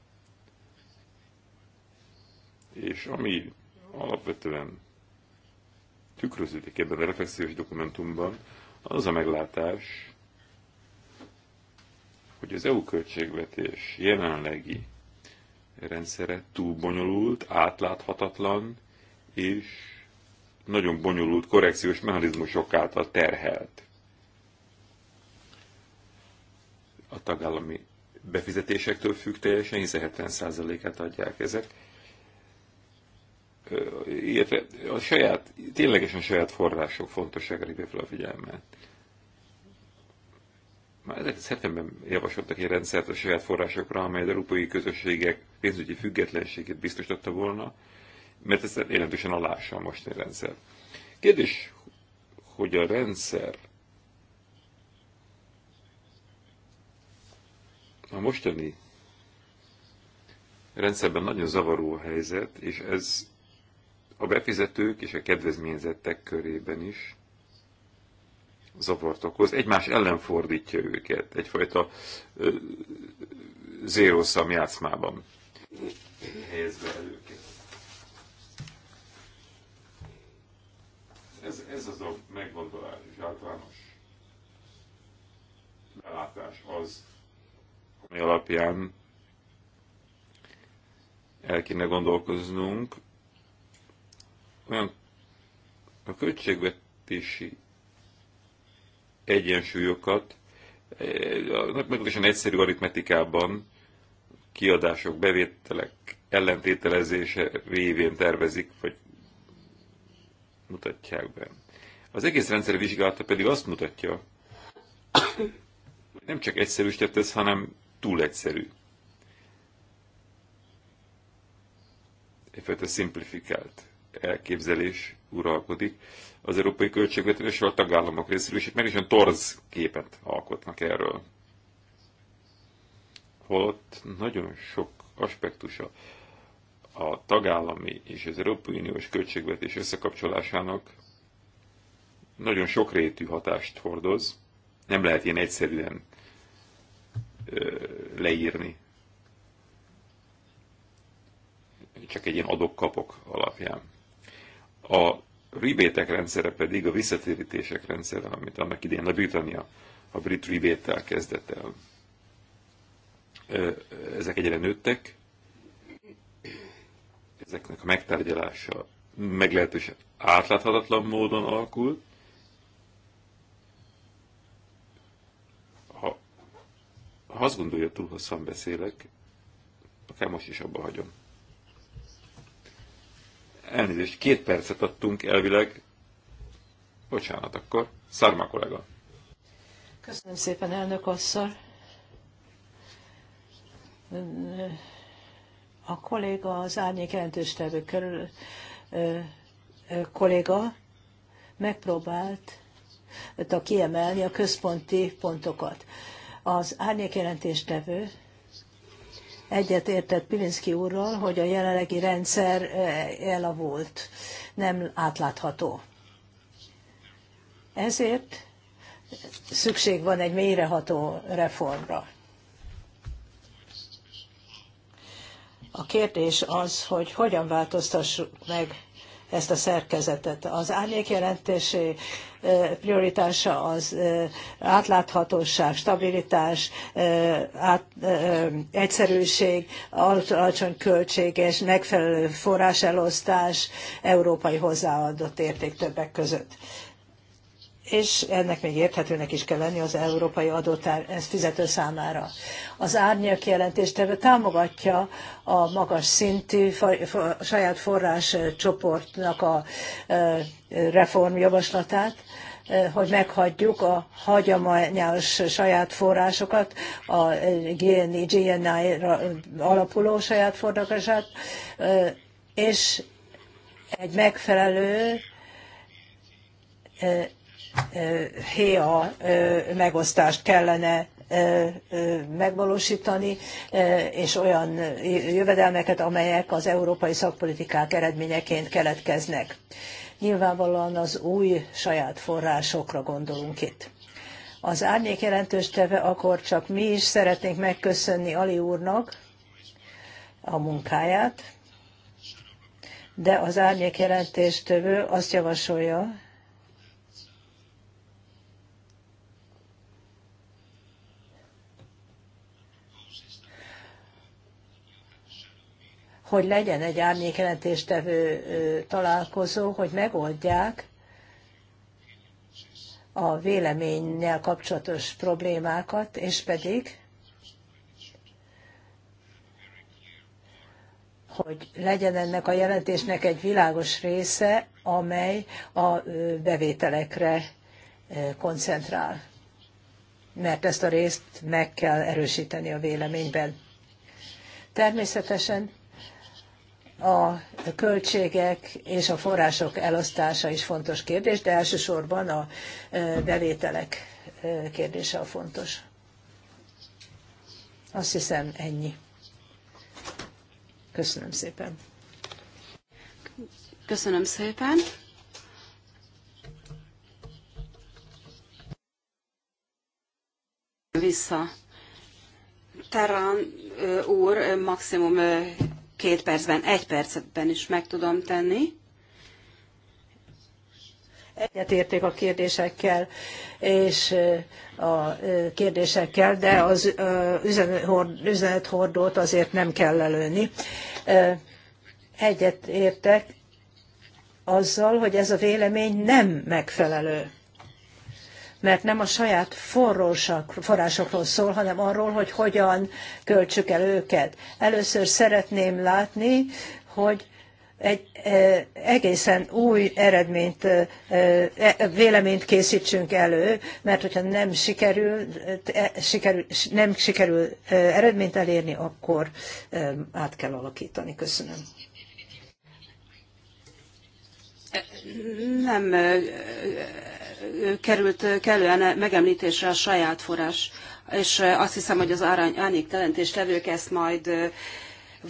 és ami alapvetően tükröződik ebben a reflexiós dokumentumban, az a meglátás, hogy az EU költségvetés jelenlegi rendszere túl bonyolult, átláthatatlan és nagyon bonyolult korrekciós mechanizmusok által terhelt. A tagállami befizetésektől függ teljesen, hiszen 70%-át adják ezek. Illetve a saját, ténylegesen saját források fontosságra hívja fel a figyelmet már 1970-ben javasoltak egy rendszert a saját forrásokra, amely az európai közösségek pénzügyi függetlenségét biztosította volna, mert ez jelentősen alássa a mostani rendszer. Kérdés, hogy a rendszer a mostani rendszerben nagyon zavaró a helyzet, és ez a befizetők és a kedvezményezettek körében is zavart okoz, egymás ellen fordítja őket egyfajta zérószám játszmában helyezve előket. Ez, ez az a meggondolás és általános belátás az, ami alapján el kéne gondolkoznunk olyan a költségvetési egyensúlyokat eh, meglehetősen egyszerű aritmetikában kiadások, bevételek ellentételezése révén tervezik, vagy mutatják be. Az egész rendszer vizsgálata pedig azt mutatja, hogy nem csak egyszerűsített ez, hanem túl egyszerű. egyfajta simplifikált elképzelés uralkodik az európai költségvetés a tagállamok részéről, és itt meg is olyan torz képet alkotnak erről. Holott nagyon sok aspektusa a tagállami és az Európai Uniós költségvetés összekapcsolásának nagyon sokrétű hatást hordoz, nem lehet ilyen egyszerűen ö, leírni. Csak egy ilyen adok-kapok alapján. A ribétek rendszere pedig a visszatérítések rendszere, amit annak idén a britannia a brit ribéttel kezdett el. Ezek egyre nőttek, ezeknek a megtárgyalása meglehetősen átláthatatlan módon alakult. Ha, ha azt gondolja, túl hosszan beszélek, akár most is abba hagyom. Elnézést, két percet adtunk elvileg. Bocsánat akkor. Szarma kollega. Köszönöm szépen, elnök asszony. A kolléga, az árnyék jelentős körül kolléga megpróbált kiemelni a központi pontokat. Az árnyék jelentéstevő egyetértett Pilinszki úrral, hogy a jelenlegi rendszer eh, elavult, nem átlátható. Ezért szükség van egy mélyreható reformra. A kérdés az, hogy hogyan változtassuk meg ezt a szerkezetet. Az árnyékjelentési prioritása az átláthatóság, stabilitás, át, egyszerűség, alacsony költséges, megfelelő forráselosztás, európai hozzáadott érték többek között és ennek még érthetőnek is kell lenni az európai adót ezt fizető számára. Az árnyék jelentéstevő támogatja a magas szintű saját forrás csoportnak a reformjavaslatát, hogy meghagyjuk a hagyományos saját forrásokat, a GNI, GNI alapuló saját forrását, és egy megfelelő héja megosztást kellene megvalósítani, és olyan jövedelmeket, amelyek az európai szakpolitikák eredményeként keletkeznek. Nyilvánvalóan az új saját forrásokra gondolunk itt. Az árnyék jelentős teve, akkor csak mi is szeretnénk megköszönni Ali úrnak a munkáját, de az árnyék jelentéstövő azt javasolja, hogy legyen egy árnyékelentéstevő találkozó, hogy megoldják a véleménynél kapcsolatos problémákat, és pedig, hogy legyen ennek a jelentésnek egy világos része, amely a bevételekre koncentrál. Mert ezt a részt meg kell erősíteni a véleményben. Természetesen a költségek és a források elosztása is fontos kérdés, de elsősorban a bevételek kérdése a fontos. Azt hiszem ennyi. Köszönöm szépen. Köszönöm szépen. Vissza. Terán úr maximum két percben, egy percben is meg tudom tenni. Egyetérték a kérdésekkel és a kérdésekkel, de az üzenethordót azért nem kell lelőni. Egyet értek azzal, hogy ez a vélemény nem megfelelő mert nem a saját forrósak, forrásokról szól, hanem arról, hogy hogyan költsük el őket. Először szeretném látni, hogy egy e, egészen új eredményt, e, e, véleményt készítsünk elő, mert hogyha nem sikerül, sikerül, nem sikerül eredményt elérni, akkor át kell alakítani. Köszönöm. Nem került kellően megemlítésre a saját forrás, és azt hiszem, hogy az arany árány, árnyéktelentéstevők ezt majd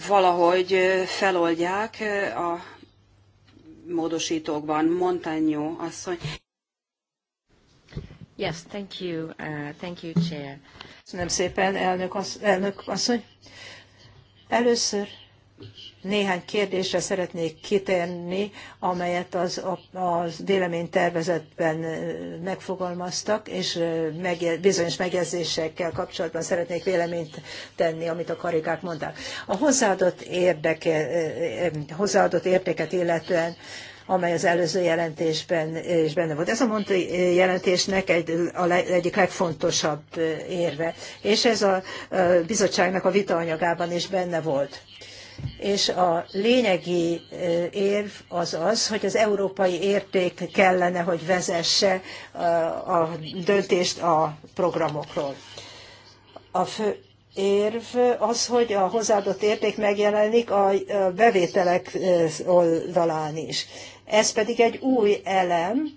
valahogy feloldják a módosítókban. Montanyó asszony. Yes, thank you. Uh, thank you, Chair. Nem szépen, elnök, assz- elnök asszony. Először néhány kérdésre szeretnék kitérni, amelyet az, a, véleménytervezetben megfogalmaztak, és bizonyos megjegyzésekkel kapcsolatban szeretnék véleményt tenni, amit a karikák mondták. A hozzáadott, érdeke, hozzáadott értéket illetően amely az előző jelentésben is benne volt. Ez a Monti jelentésnek egy, a le, egyik legfontosabb érve, és ez a bizottságnak a vitaanyagában is benne volt és a lényegi érv az az, hogy az európai érték kellene, hogy vezesse a döntést a programokról. A fő érv az, hogy a hozzáadott érték megjelenik a bevételek oldalán is. Ez pedig egy új elem,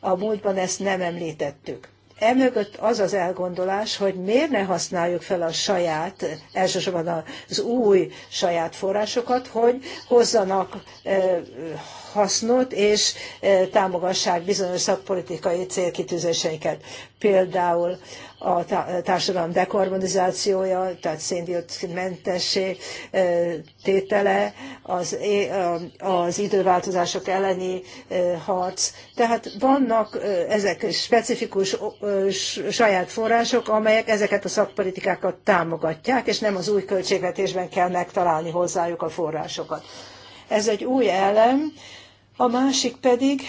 a múltban ezt nem említettük emögött az az elgondolás, hogy miért ne használjuk fel a saját, elsősorban az új saját forrásokat, hogy hozzanak hasznot és támogassák bizonyos szakpolitikai célkitűzéseiket. Például a társadalom dekarbonizációja, tehát széndiokszidmentessé e, tétele, az, az időváltozások elleni e, harc. Tehát vannak e, ezek specifikus saját források, amelyek ezeket a szakpolitikákat támogatják, és nem az új költségvetésben kell megtalálni hozzájuk a forrásokat. Ez egy új elem, a másik pedig,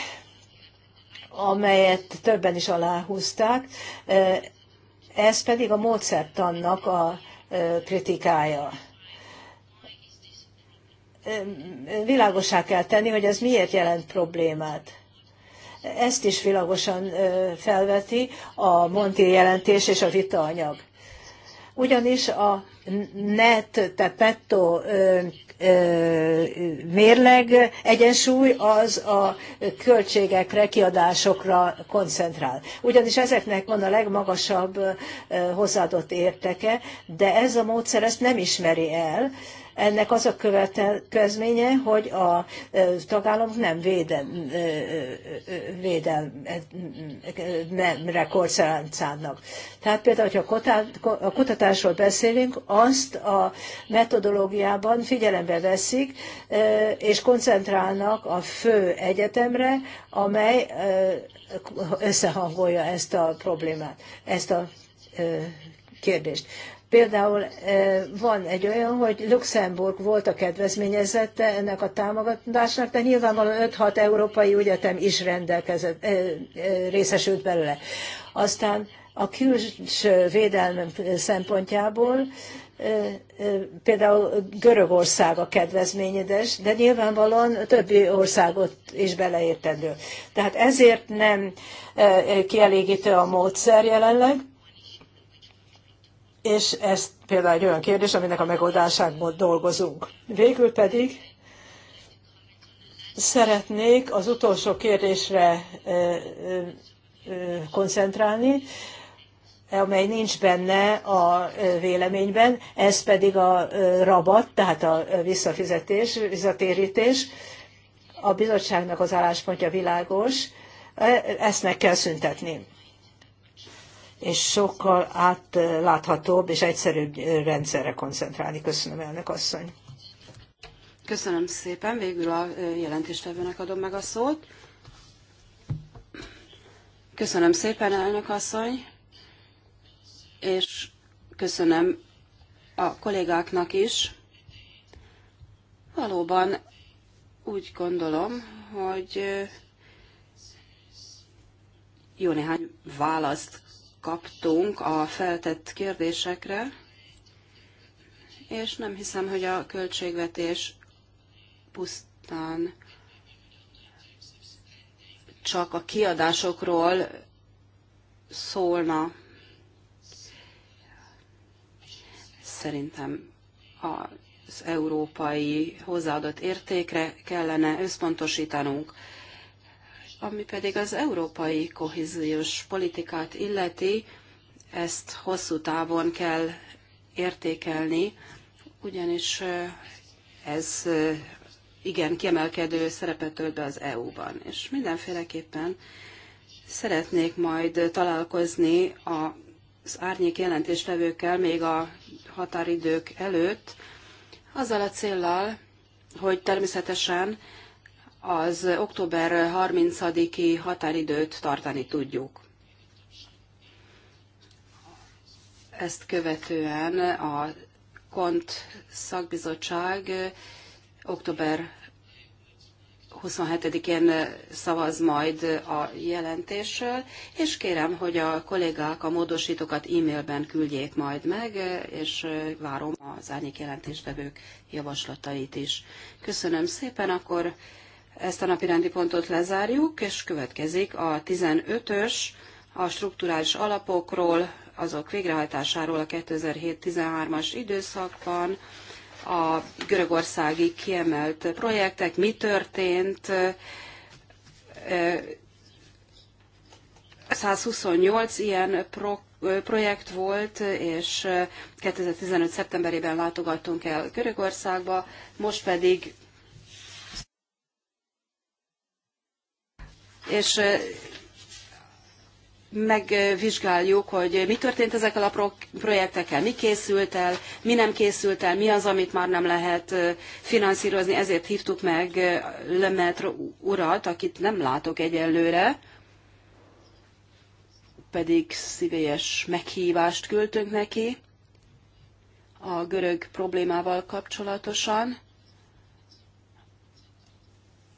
amelyet többen is aláhúzták, ez pedig a módszertannak a kritikája. Világosá kell tenni, hogy ez miért jelent problémát. Ezt is világosan felveti a Monti jelentés és a vitaanyag ugyanis a net tepetto mérleg egyensúly az a költségekre, kiadásokra koncentrál. Ugyanis ezeknek van a legmagasabb hozzáadott érteke, de ez a módszer ezt nem ismeri el, ennek az a következménye, hogy a tagállamok nem véden, védelmre koncentrálnak. Tehát például, hogyha a kutatásról beszélünk, azt a metodológiában figyelembe veszik, és koncentrálnak a fő egyetemre, amely összehangolja ezt a problémát, ezt a kérdést. Például van egy olyan, hogy Luxemburg volt a kedvezményezette ennek a támogatásnak, de nyilvánvalóan 5-6 európai ügyetem is rendelkezett, részesült belőle. Aztán a külső védelmem szempontjából például Görögország a kedvezményedes, de nyilvánvalóan többi országot is beleértendő. Tehát ezért nem kielégítő a módszer jelenleg, és ez például egy olyan kérdés, aminek a megoldásában dolgozunk. Végül pedig szeretnék az utolsó kérdésre koncentrálni, amely nincs benne a véleményben, ez pedig a rabat, tehát a visszafizetés, visszatérítés. A bizottságnak az álláspontja világos, ezt meg kell szüntetni és sokkal átláthatóbb és egyszerűbb rendszerre koncentrálni. Köszönöm, elnök asszony. Köszönöm szépen. Végül a jelentéstevőnek adom meg a szót. Köszönöm szépen, elnök asszony, és köszönöm a kollégáknak is. Valóban úgy gondolom, hogy jó néhány választ kaptunk a feltett kérdésekre, és nem hiszem, hogy a költségvetés pusztán csak a kiadásokról szólna. Szerintem az európai hozzáadott értékre kellene összpontosítanunk. Ami pedig az európai kohéziós politikát illeti, ezt hosszú távon kell értékelni, ugyanis ez igen kiemelkedő szerepet tölt be az EU-ban. És mindenféleképpen szeretnék majd találkozni az árnyék jelentéstevőkkel még a határidők előtt, azzal a céllal, hogy természetesen az október 30-i határidőt tartani tudjuk. Ezt követően a KONT szakbizottság október 27-én szavaz majd a jelentésről, és kérem, hogy a kollégák a módosítókat e-mailben küldjék majd meg, és várom az árnyék jelentéstevők javaslatait is. Köszönöm szépen, akkor ezt a napirendi pontot lezárjuk, és következik a 15-ös, a strukturális alapokról, azok végrehajtásáról a 2007-13-as időszakban, a görögországi kiemelt projektek, mi történt, 128 ilyen pro, projekt volt, és 2015. szeptemberében látogattunk el Görögországba, most pedig és megvizsgáljuk, hogy mi történt ezekkel a projektekkel, mi készült el, mi nem készült el, mi az, amit már nem lehet finanszírozni. Ezért hívtuk meg Lemetr urat, akit nem látok egyelőre, pedig szívélyes meghívást küldtünk neki a görög problémával kapcsolatosan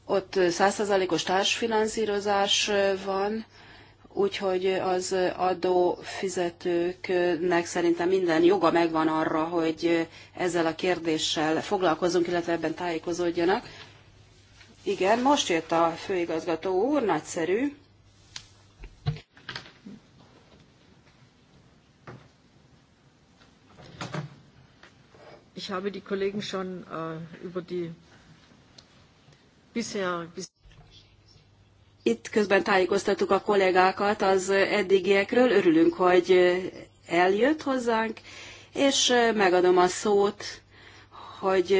ott százszerzalékos társfinanszírozás van, úgyhogy az adófizetőknek szerintem minden joga megvan arra, hogy ezzel a kérdéssel foglalkozunk, illetve ebben tájékozódjanak. Igen, most jött a főigazgató úr, nagyszerű. Ich habe die Kollegen schon uh, über die itt közben tájékoztattuk a kollégákat az eddigiekről. Örülünk, hogy eljött hozzánk, és megadom a szót, hogy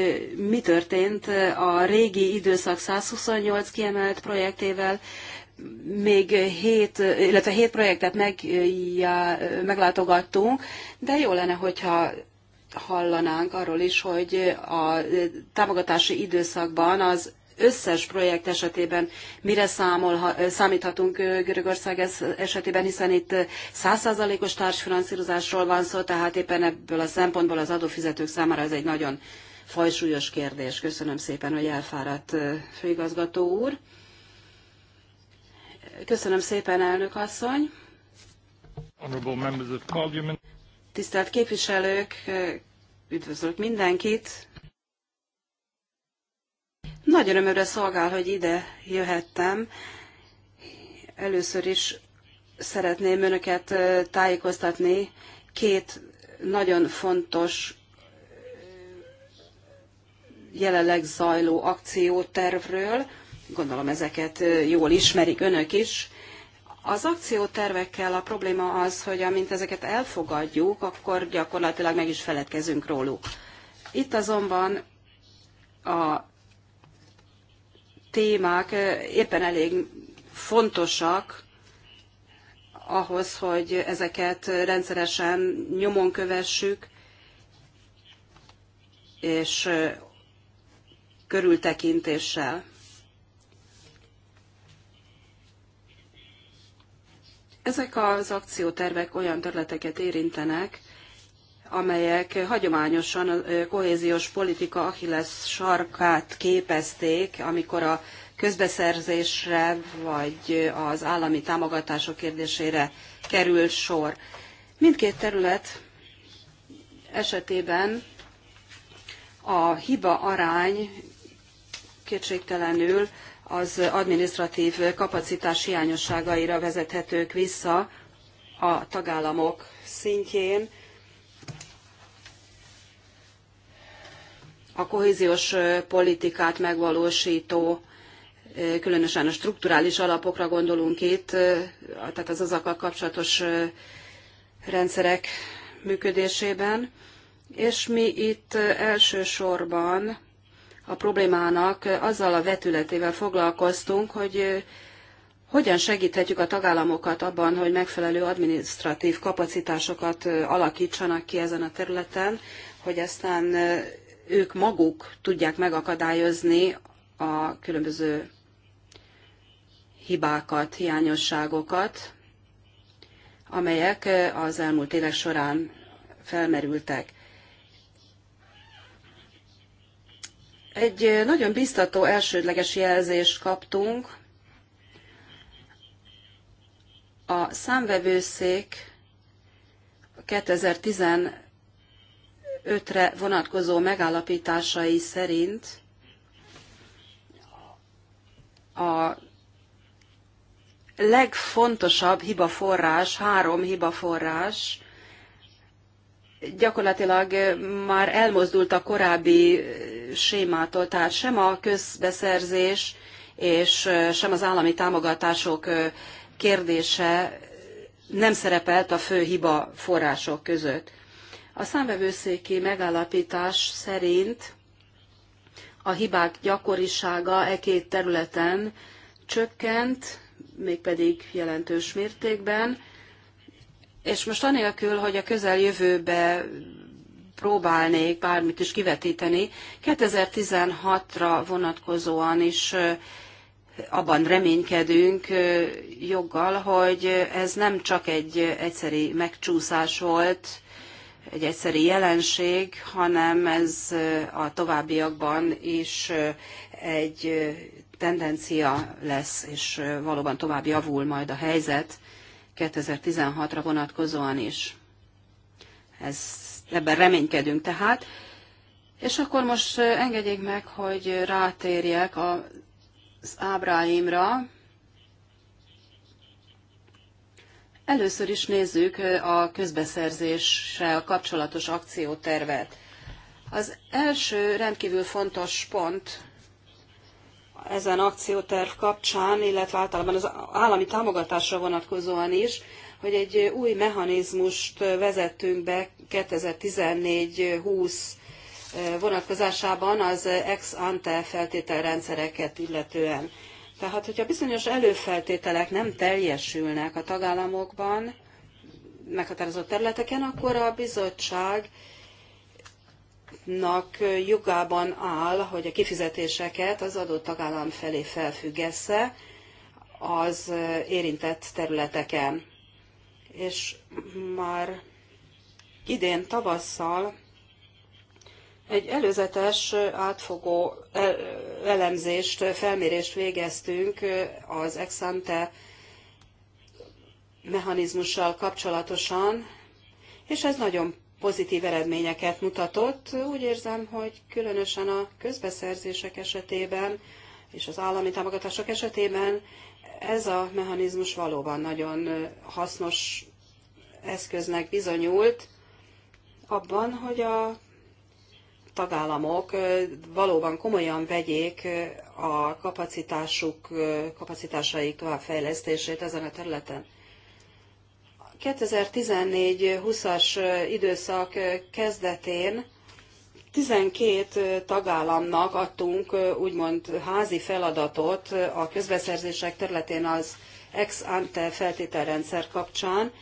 mi történt a régi időszak 128 kiemelt projektével, még hét, illetve hét projektet já, meglátogattunk, de jó lenne, hogyha hallanánk arról is, hogy a támogatási időszakban az összes projekt esetében mire számol, számíthatunk Görögország esetében, hiszen itt 100%-os társfinanszírozásról van szó, tehát éppen ebből a szempontból az adófizetők számára ez egy nagyon fajsúlyos kérdés. Köszönöm szépen, hogy elfáradt főigazgató úr. Köszönöm szépen, elnök asszony. Tisztelt képviselők, üdvözlök mindenkit. Nagyon örömömre szolgál, hogy ide jöhettem. Először is szeretném önöket tájékoztatni két nagyon fontos jelenleg zajló akciótervről. Gondolom ezeket jól ismerik önök is. Az akciótervekkel a probléma az, hogy amint ezeket elfogadjuk, akkor gyakorlatilag meg is feledkezünk róluk. Itt azonban a témák éppen elég fontosak ahhoz, hogy ezeket rendszeresen nyomon kövessük, és körültekintéssel. Ezek az akciótervek olyan területeket érintenek, amelyek hagyományosan a kohéziós politika Achilles sarkát képezték, amikor a közbeszerzésre vagy az állami támogatások kérdésére kerül sor. Mindkét terület esetében a hiba arány kétségtelenül az administratív kapacitás hiányosságaira vezethetők vissza a tagállamok szintjén, a kohéziós politikát megvalósító, különösen a strukturális alapokra gondolunk itt, tehát az azokkal kapcsolatos rendszerek működésében, és mi itt elsősorban a problémának azzal a vetületével foglalkoztunk, hogy hogyan segíthetjük a tagállamokat abban, hogy megfelelő administratív kapacitásokat alakítsanak ki ezen a területen, hogy aztán ők maguk tudják megakadályozni a különböző hibákat, hiányosságokat, amelyek eh, az elmúlt évek során felmerültek. Egy eh, nagyon biztató elsődleges jelzést kaptunk. A számvevőszék 2010 5-re vonatkozó megállapításai szerint a legfontosabb hibaforrás, három hibaforrás gyakorlatilag már elmozdult a korábbi sémától, tehát sem a közbeszerzés és sem az állami támogatások kérdése nem szerepelt a fő hiba források között. A számvevőszéki megállapítás szerint a hibák gyakorisága e két területen csökkent, mégpedig jelentős mértékben, és most anélkül, hogy a közeljövőbe próbálnék bármit is kivetíteni, 2016-ra vonatkozóan is abban reménykedünk joggal, hogy ez nem csak egy egyszeri megcsúszás volt, egy egyszeri jelenség, hanem ez a továbbiakban is egy tendencia lesz, és valóban tovább javul majd a helyzet 2016-ra vonatkozóan is. Ez, ebben reménykedünk tehát. És akkor most engedjék meg, hogy rátérjek az ábráimra, Először is nézzük a közbeszerzéssel kapcsolatos akciótervet. Az első rendkívül fontos pont ezen akcióterv kapcsán, illetve általában az állami támogatásra vonatkozóan is, hogy egy új mechanizmust vezettünk be 2014-20 vonatkozásában az ex ante feltételrendszereket illetően. Tehát, hogyha bizonyos előfeltételek nem teljesülnek a tagállamokban, meghatározott területeken, akkor a bizottságnak jogában áll, hogy a kifizetéseket az adott tagállam felé felfüggesse az érintett területeken. És már idén tavasszal egy előzetes, átfogó elemzést, felmérést végeztünk az exante mechanizmussal kapcsolatosan, és ez nagyon pozitív eredményeket mutatott. Úgy érzem, hogy különösen a közbeszerzések esetében és az állami támogatások esetében ez a mechanizmus valóban nagyon hasznos eszköznek bizonyult abban, hogy a tagállamok valóban komolyan vegyék a kapacitásuk, kapacitásaik továbbfejlesztését ezen a területen. 2014-20-as időszak kezdetén 12 tagállamnak adtunk úgymond házi feladatot a közbeszerzések területén az ex ante feltételrendszer kapcsán.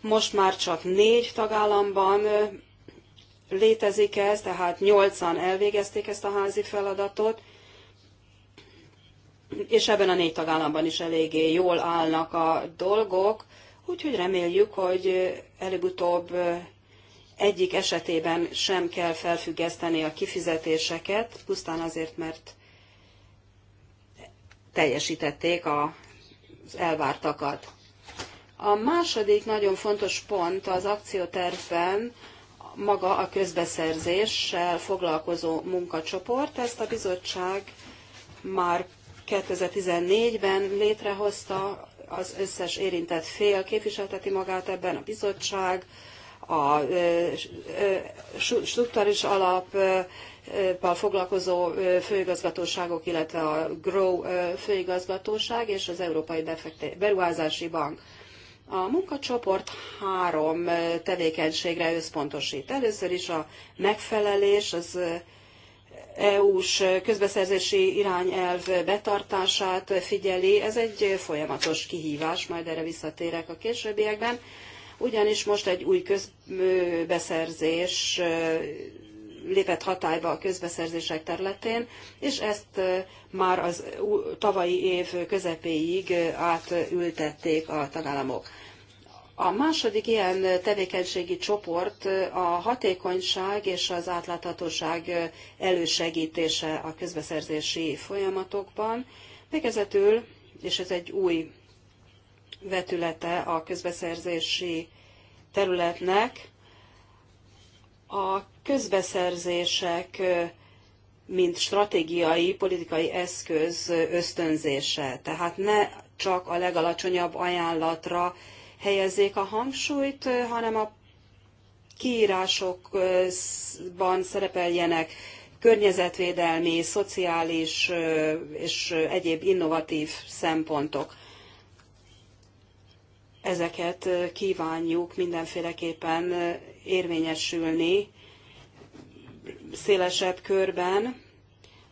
Most már csak négy tagállamban létezik ez, tehát nyolcan elvégezték ezt a házi feladatot, és ebben a négy tagállamban is eléggé jól állnak a dolgok, úgyhogy reméljük, hogy előbb-utóbb egyik esetében sem kell felfüggeszteni a kifizetéseket, pusztán azért, mert teljesítették az elvártakat. A második nagyon fontos pont az akciótervben maga a közbeszerzéssel foglalkozó munkacsoport. Ezt a bizottság már 2014-ben létrehozta, az összes érintett fél képviselteti magát ebben, a bizottság, a struktúris alappal foglalkozó főigazgatóságok, illetve a GROW főigazgatóság és az Európai Beruházási Bank. A munkacsoport három tevékenységre összpontosít. Először is a megfelelés, az EU-s közbeszerzési irányelv betartását figyeli. Ez egy folyamatos kihívás, majd erre visszatérek a későbbiekben, ugyanis most egy új közbeszerzés lépett hatályba a közbeszerzések területén, és ezt már az tavalyi év közepéig átültették a tagállamok. A második ilyen tevékenységi csoport a hatékonyság és az átláthatóság elősegítése a közbeszerzési folyamatokban. Végezetül, és ez egy új vetülete a közbeszerzési területnek, a közbeszerzések mint stratégiai, politikai eszköz ösztönzése. Tehát ne csak a legalacsonyabb ajánlatra helyezzék a hangsúlyt, hanem a kiírásokban szerepeljenek környezetvédelmi, szociális és egyéb innovatív szempontok. Ezeket kívánjuk mindenféleképpen érvényesülni szélesebb körben,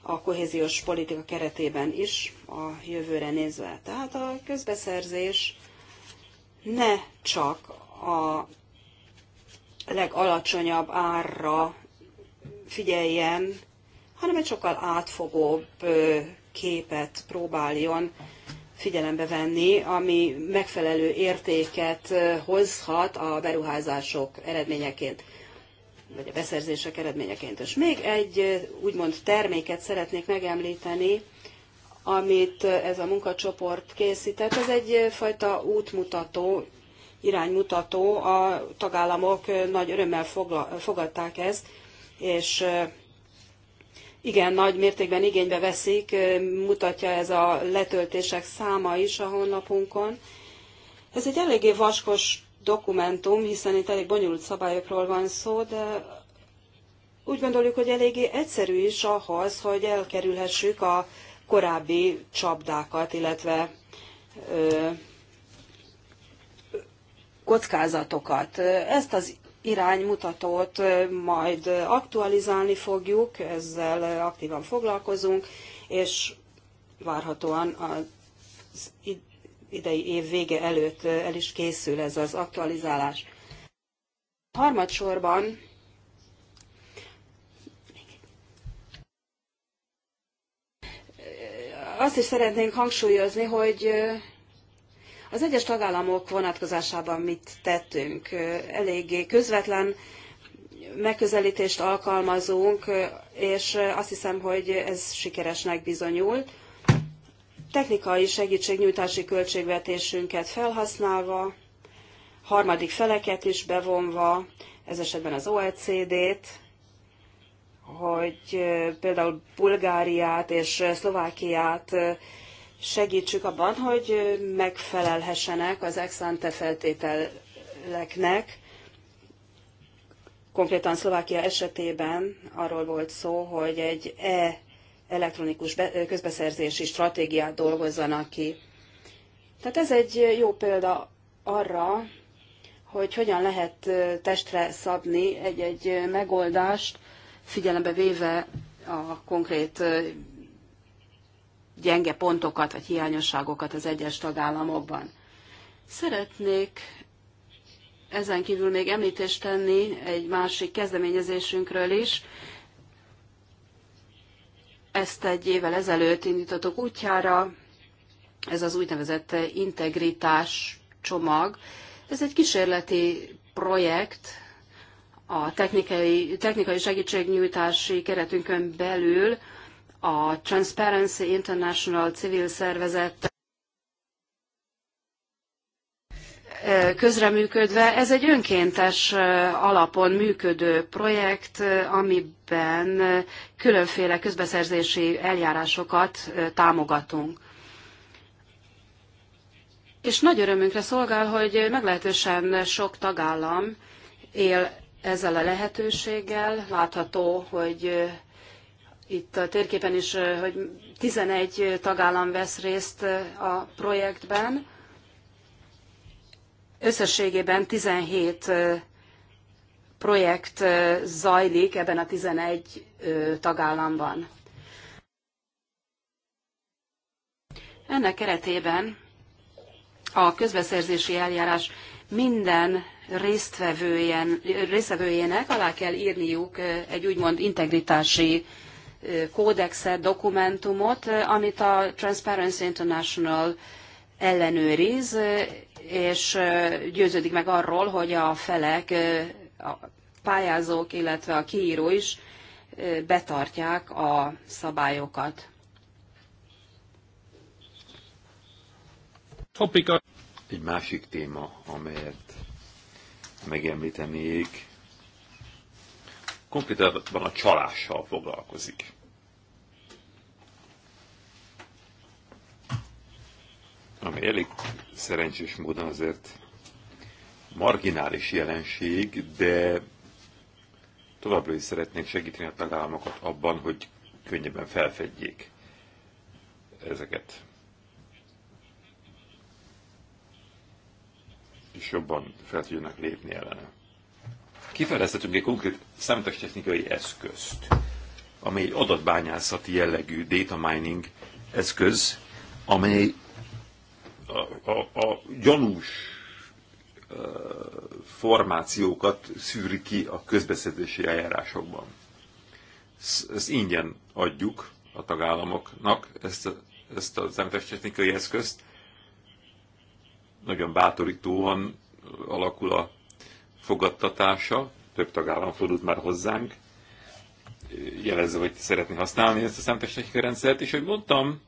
a kohéziós politika keretében is a jövőre nézve. Tehát a közbeszerzés ne csak a legalacsonyabb árra figyeljen, hanem egy sokkal átfogóbb képet próbáljon figyelembe venni, ami megfelelő értéket hozhat a beruházások eredményeként, vagy a beszerzések eredményeként. És még egy úgymond terméket szeretnék megemlíteni, amit ez a munkacsoport készített. Ez egyfajta útmutató, iránymutató, a tagállamok nagy örömmel fogadták ezt, és igen, nagy mértékben igénybe veszik, mutatja ez a letöltések száma is a honlapunkon. Ez egy eléggé vaskos dokumentum, hiszen itt elég bonyolult szabályokról van szó, de úgy gondoljuk, hogy eléggé egyszerű is ahhoz, hogy elkerülhessük a korábbi csapdákat, illetve kockázatokat. Ezt az iránymutatót majd aktualizálni fogjuk, ezzel aktívan foglalkozunk, és várhatóan az idei év vége előtt el is készül ez az aktualizálás. Harmadsorban azt is szeretnénk hangsúlyozni, hogy az egyes tagállamok vonatkozásában mit tettünk. Eléggé közvetlen megközelítést alkalmazunk, és azt hiszem, hogy ez sikeresnek bizonyul. Technikai segítségnyújtási költségvetésünket felhasználva, harmadik feleket is bevonva, ez esetben az OECD-t, hogy például Bulgáriát és Szlovákiát segítsük abban, hogy megfelelhessenek az ex ante feltételeknek. Konkrétan Szlovákia esetében arról volt szó, hogy egy e elektronikus közbeszerzési stratégiát dolgozzanak ki. Tehát ez egy jó példa arra, hogy hogyan lehet testre szabni egy-egy megoldást, figyelembe véve a konkrét gyenge pontokat vagy hiányosságokat az egyes tagállamokban. Szeretnék ezen kívül még említést tenni egy másik kezdeményezésünkről is. Ezt egy évvel ezelőtt indítottuk útjára, ez az úgynevezett integritás csomag. Ez egy kísérleti projekt, a technikai, technikai segítségnyújtási keretünkön belül a Transparency International civil szervezet közreműködve. Ez egy önkéntes alapon működő projekt, amiben különféle közbeszerzési eljárásokat támogatunk. És nagy örömünkre szolgál, hogy meglehetősen sok tagállam él ezzel a lehetőséggel. Látható, hogy itt a térképen is, hogy 11 tagállam vesz részt a projektben. Összességében 17 projekt zajlik ebben a 11 tagállamban. Ennek keretében a közbeszerzési eljárás minden résztvevőjének alá kell írniuk egy úgymond integritási kódexet, dokumentumot, amit a Transparency International ellenőriz, és győződik meg arról, hogy a felek, a pályázók, illetve a kiíró is betartják a szabályokat. Topika. Egy másik téma, amelyet megemlítenék. Konkrétan a csalással foglalkozik. Ami elég szerencsés módon azért marginális jelenség, de továbbra is szeretnék segíteni a tagállamokat abban, hogy könnyebben felfedjék ezeket. és jobban fel tudjanak lépni ellene. Kifejlesztettünk egy konkrét számítástechnikai eszközt, amely egy adatbányászati jellegű data mining eszköz, amely a, a, a gyanús formációkat szűri ki a közbeszedési eljárásokban. Ezt, ingyen adjuk a tagállamoknak, ezt, a, ezt a számítástechnikai eszközt, nagyon bátorítóan alakul a fogadtatása, több tagállam fordult már hozzánk, jelezve, hogy szeretné használni ezt a számtechnikai rendszert, és hogy mondtam,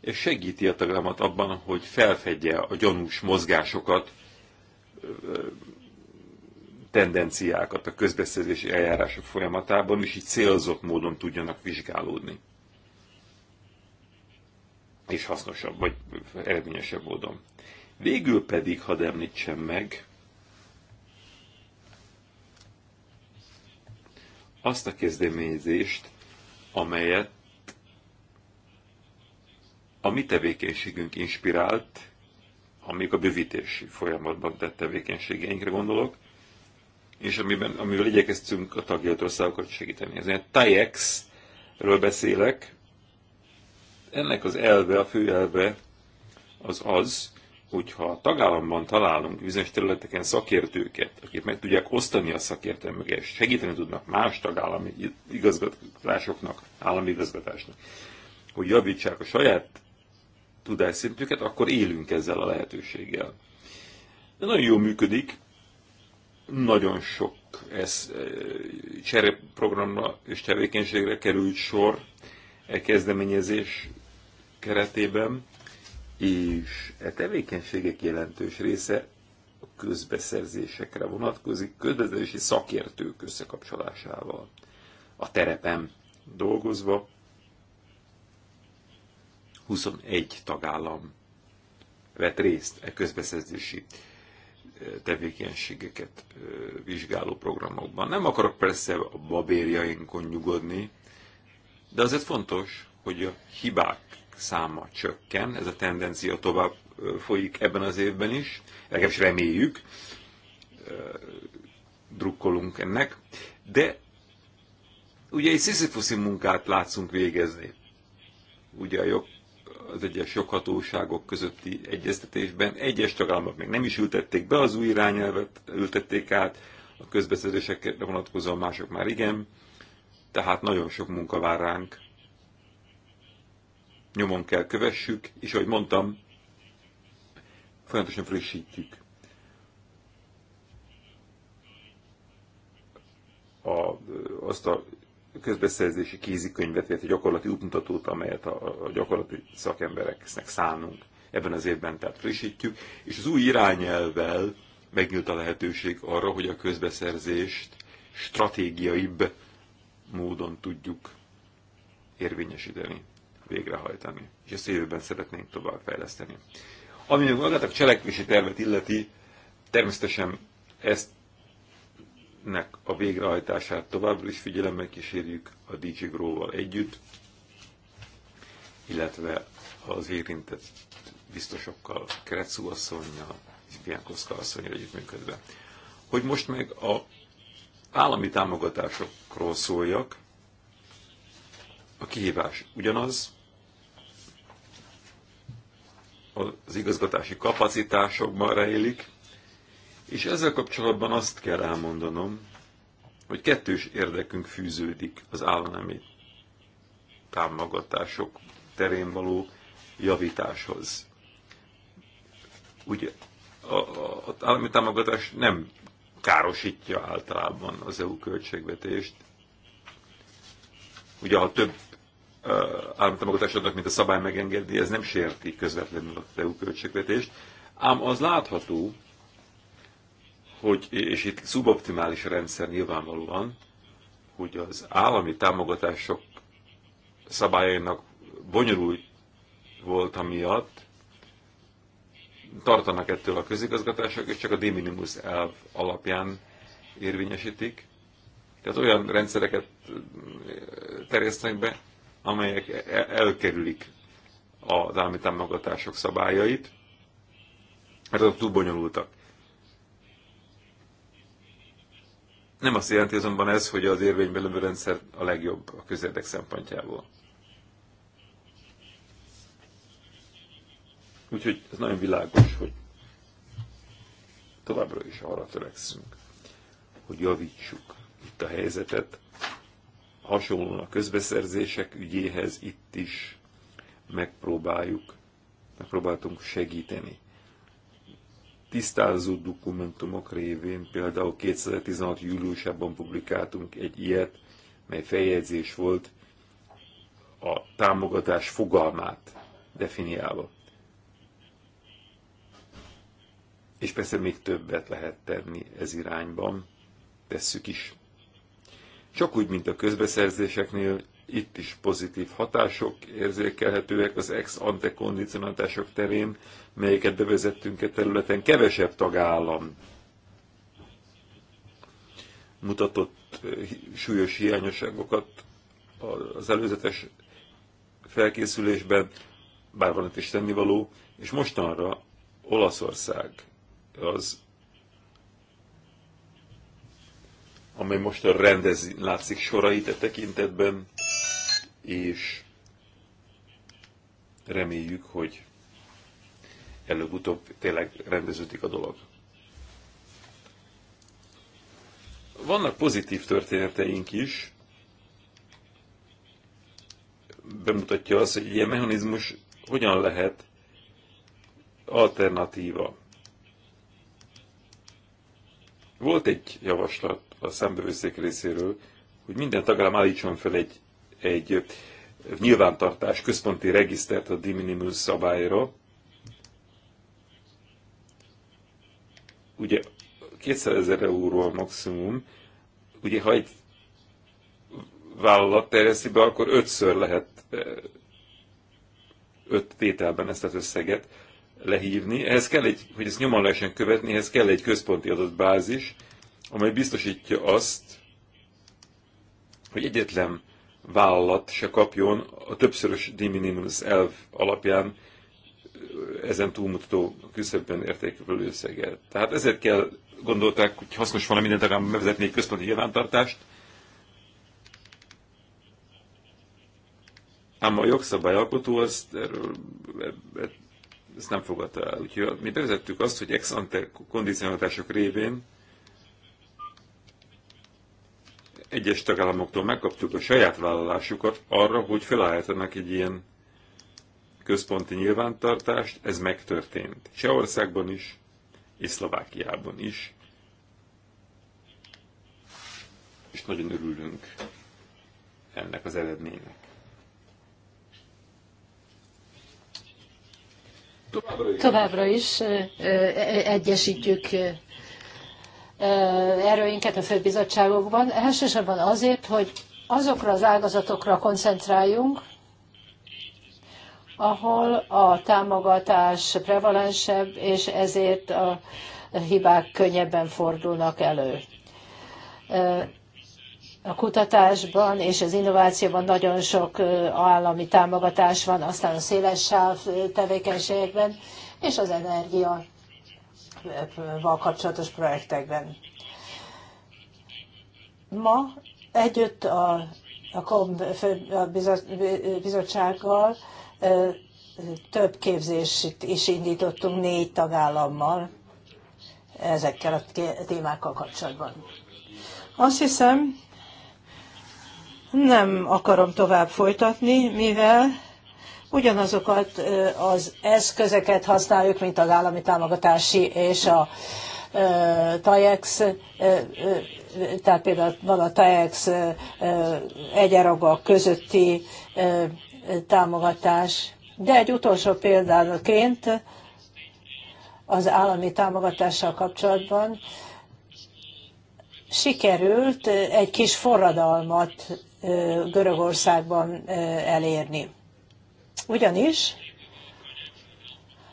ez segíti a tagállamat abban, hogy felfedje a gyanús mozgásokat, tendenciákat a közbeszerzési eljárások folyamatában, és így célzott módon tudjanak vizsgálódni. És hasznosabb, vagy eredményesebb módon. Végül pedig, hadd említsem meg, azt a kezdeményezést, amelyet a mi tevékenységünk inspirált, amik a bővítési folyamatban tett tevékenységeinkre gondolok, és amiben, amivel igyekeztünk a tagjelölt országokat segíteni. Ez TAIEX-ről beszélek. Ennek az elve, a fő elve az az, hogyha a tagállamban találunk bizonyos területeken szakértőket, akik meg tudják osztani a szakértelmüket, és segíteni tudnak más tagállami igazgatásoknak, állami igazgatásnak, hogy javítsák a saját tudásszintüket, akkor élünk ezzel a lehetőséggel. De nagyon jól működik, nagyon sok ez e, csereprogramra és tevékenységre került sor e kezdeményezés keretében és e tevékenységek jelentős része a közbeszerzésekre vonatkozik, közbeszerzési szakértők összekapcsolásával. A terepen dolgozva 21 tagállam vett részt e közbeszerzési e, tevékenységeket e, vizsgáló programokban. Nem akarok persze a babérjainkon nyugodni, de azért fontos, hogy a hibák száma csökken, ez a tendencia tovább folyik ebben az évben is, legalábbis reméljük, drukkolunk ennek, de ugye egy sziszifuszi munkát látszunk végezni. Ugye a jog, az egyes joghatóságok közötti egyeztetésben egyes tagállamok még nem is ültették be az új irányelvet, ültették át, a közbeszerzésekre vonatkozóan mások már igen, tehát nagyon sok munka vár ránk nyomon kell kövessük, és ahogy mondtam, folyamatosan frissítjük. A, azt a közbeszerzési kézikönyvet, a gyakorlati útmutatót, amelyet a, a gyakorlati szakembereknek szánunk ebben az évben, tehát frissítjük, és az új irányelvvel megnyílt a lehetőség arra, hogy a közbeszerzést stratégiaibb módon tudjuk érvényesíteni végrehajtani, és ezt jövőben szeretnénk továbbfejleszteni. Ami még magát a cselekvési tervet illeti, természetesen ezt nek a végrehajtását továbbra is figyelemmel kísérjük a DJ Grow-val együtt, illetve az érintett biztosokkal, Kretszú asszonynal, Piánkoszka asszonyra együttműködve. Hogy most meg a állami támogatásokról szóljak, a kihívás ugyanaz, az igazgatási kapacitásokban rejlik, és ezzel kapcsolatban azt kell elmondanom, hogy kettős érdekünk fűződik az állami támogatások terén való javításhoz. Ugye az állami támogatás nem károsítja általában az EU költségvetést. Ugye ha több Uh, államtámogatásoknak, mint a szabály megengedi, ez nem sérti közvetlenül a EU költségvetést, ám az látható, hogy, és itt szuboptimális a rendszer nyilvánvalóan, hogy az állami támogatások szabályainak bonyolult volt miatt tartanak ettől a közigazgatások, és csak a de minimus elv alapján érvényesítik. Tehát olyan rendszereket terjesztenek be, amelyek e- e- elkerülik az állami támogatások szabályait, mert azok túl bonyolultak. Nem azt jelenti azonban ez, hogy az érvényben lévő rendszer a legjobb a közérdek szempontjából. Úgyhogy ez nagyon világos, hogy továbbra is arra törekszünk, hogy javítsuk itt a helyzetet, hasonlóan a közbeszerzések ügyéhez itt is megpróbáljuk, megpróbáltunk segíteni. Tisztázó dokumentumok révén például 2016. júliusában publikáltunk egy ilyet, mely feljegyzés volt a támogatás fogalmát definiálva. És persze még többet lehet tenni ez irányban, tesszük is. Csak úgy, mint a közbeszerzéseknél, itt is pozitív hatások érzékelhetőek az ex-ante kondicionáltások terén, melyeket bevezettünk egy területen. Kevesebb tagállam mutatott eh, súlyos hiányosságokat az előzetes felkészülésben, bár van itt is tennivaló, és mostanra Olaszország az amely most a rendezi, látszik sorait e tekintetben, és reméljük, hogy előbb-utóbb tényleg rendeződik a dolog. Vannak pozitív történeteink is, bemutatja azt, hogy egy ilyen mechanizmus hogyan lehet alternatíva. Volt egy javaslat a számbevőszék részéről, hogy minden tagállam állítson fel egy, egy nyilvántartás, központi regisztert a de minimis szabályra. Ugye 200 ezer euró a maximum, ugye ha egy vállalat terjeszti be, akkor ötször lehet öt tételben ezt az összeget lehívni. Ehhez kell egy, hogy ezt nyomon lehessen követni, ehhez kell egy központi adatbázis, amely biztosítja azt, hogy egyetlen vállalat se kapjon a többszörös de minimis elv alapján ezen túlmutató küszöbben értékelő összeget. Tehát ezért kell, gondolták, hogy hasznos volna minden tagállamban bevezetni egy központi nyilvántartást, ám a jogszabályalkotó azt erről, e, e, ezt nem fogadta el. Úgyhogy mi bevezettük azt, hogy ex ante kondicionálatások révén egyes tagállamoktól megkaptuk a saját vállalásukat arra, hogy felállítanak egy ilyen központi nyilvántartást, ez megtörtént. Csehországban is, és Szlovákiában is. És nagyon örülünk ennek az eredménynek. Továbbra is, Továbbra is egyesítjük erőinket a főbizottságokban, elsősorban azért, hogy azokra az ágazatokra koncentráljunk, ahol a támogatás prevalensebb, és ezért a hibák könnyebben fordulnak elő. A kutatásban és az innovációban nagyon sok állami támogatás van, aztán a széles sáv tevékenységekben, és az energia val kapcsolatos projektekben. Ma együtt a, a a bizottsággal több képzést is indítottunk négy tagállammal ezekkel a témákkal kapcsolatban. Azt hiszem, nem akarom tovább folytatni, mivel ugyanazokat az eszközeket használjuk, mint az állami támogatási és a TAEX, tehát például van a TAEX egyenragak közötti támogatás. De egy utolsó példánként az állami támogatással kapcsolatban sikerült egy kis forradalmat Görögországban elérni. Ugyanis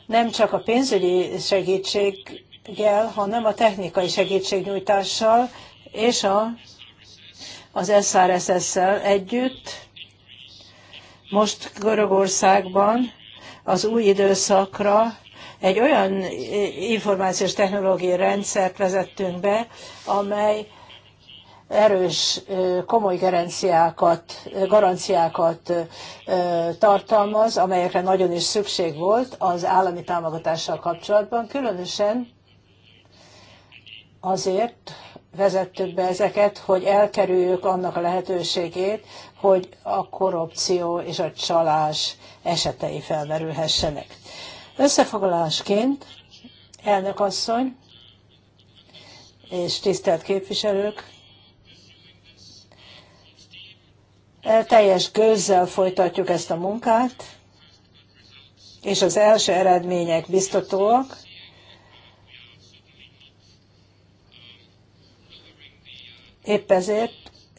nem csak a pénzügyi segítséggel, hanem a technikai segítségnyújtással és a, az SRSS-szel együtt most Görögországban az új időszakra egy olyan információs technológiai rendszert vezettünk be, amely erős, komoly garanciákat, garanciákat tartalmaz, amelyekre nagyon is szükség volt az állami támogatással kapcsolatban, különösen azért vezettük be ezeket, hogy elkerüljük annak a lehetőségét, hogy a korrupció és a csalás esetei felmerülhessenek. Összefoglalásként, elnök asszony és tisztelt képviselők, Teljes közzel folytatjuk ezt a munkát, és az első eredmények biztatóak. Épp ezért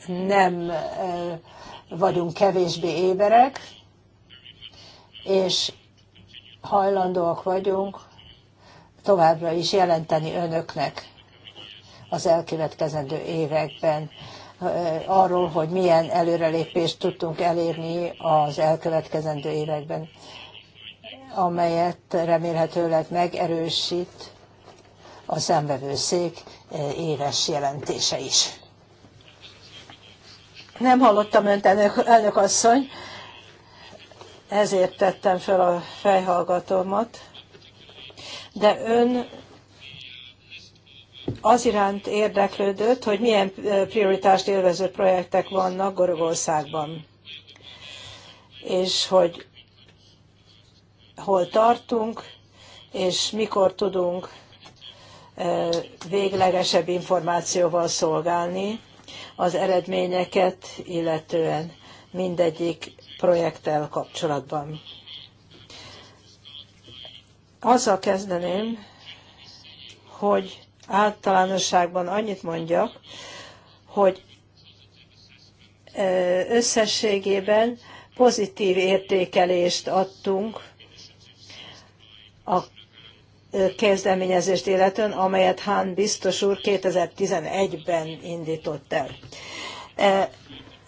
nem vagyunk kevésbé éberek, és hajlandóak vagyunk továbbra is jelenteni önöknek az elkövetkezendő években Eh, arról, hogy milyen előrelépést tudtunk elérni az elkövetkezendő években, amelyet remélhetőleg megerősít a szembevőszék eh, éves jelentése is. Nem hallottam önt, elnök, elnök asszony, ezért tettem fel a fejhallgatómat, de ön az iránt érdeklődött, hogy milyen prioritást élvező projektek vannak Görögországban, és hogy hol tartunk, és mikor tudunk véglegesebb információval szolgálni az eredményeket, illetően mindegyik projekttel kapcsolatban. Azzal kezdeném, hogy általánosságban annyit mondjak, hogy összességében pozitív értékelést adtunk a kezdeményezést életön, amelyet Hán biztos úr 2011-ben indított el. E,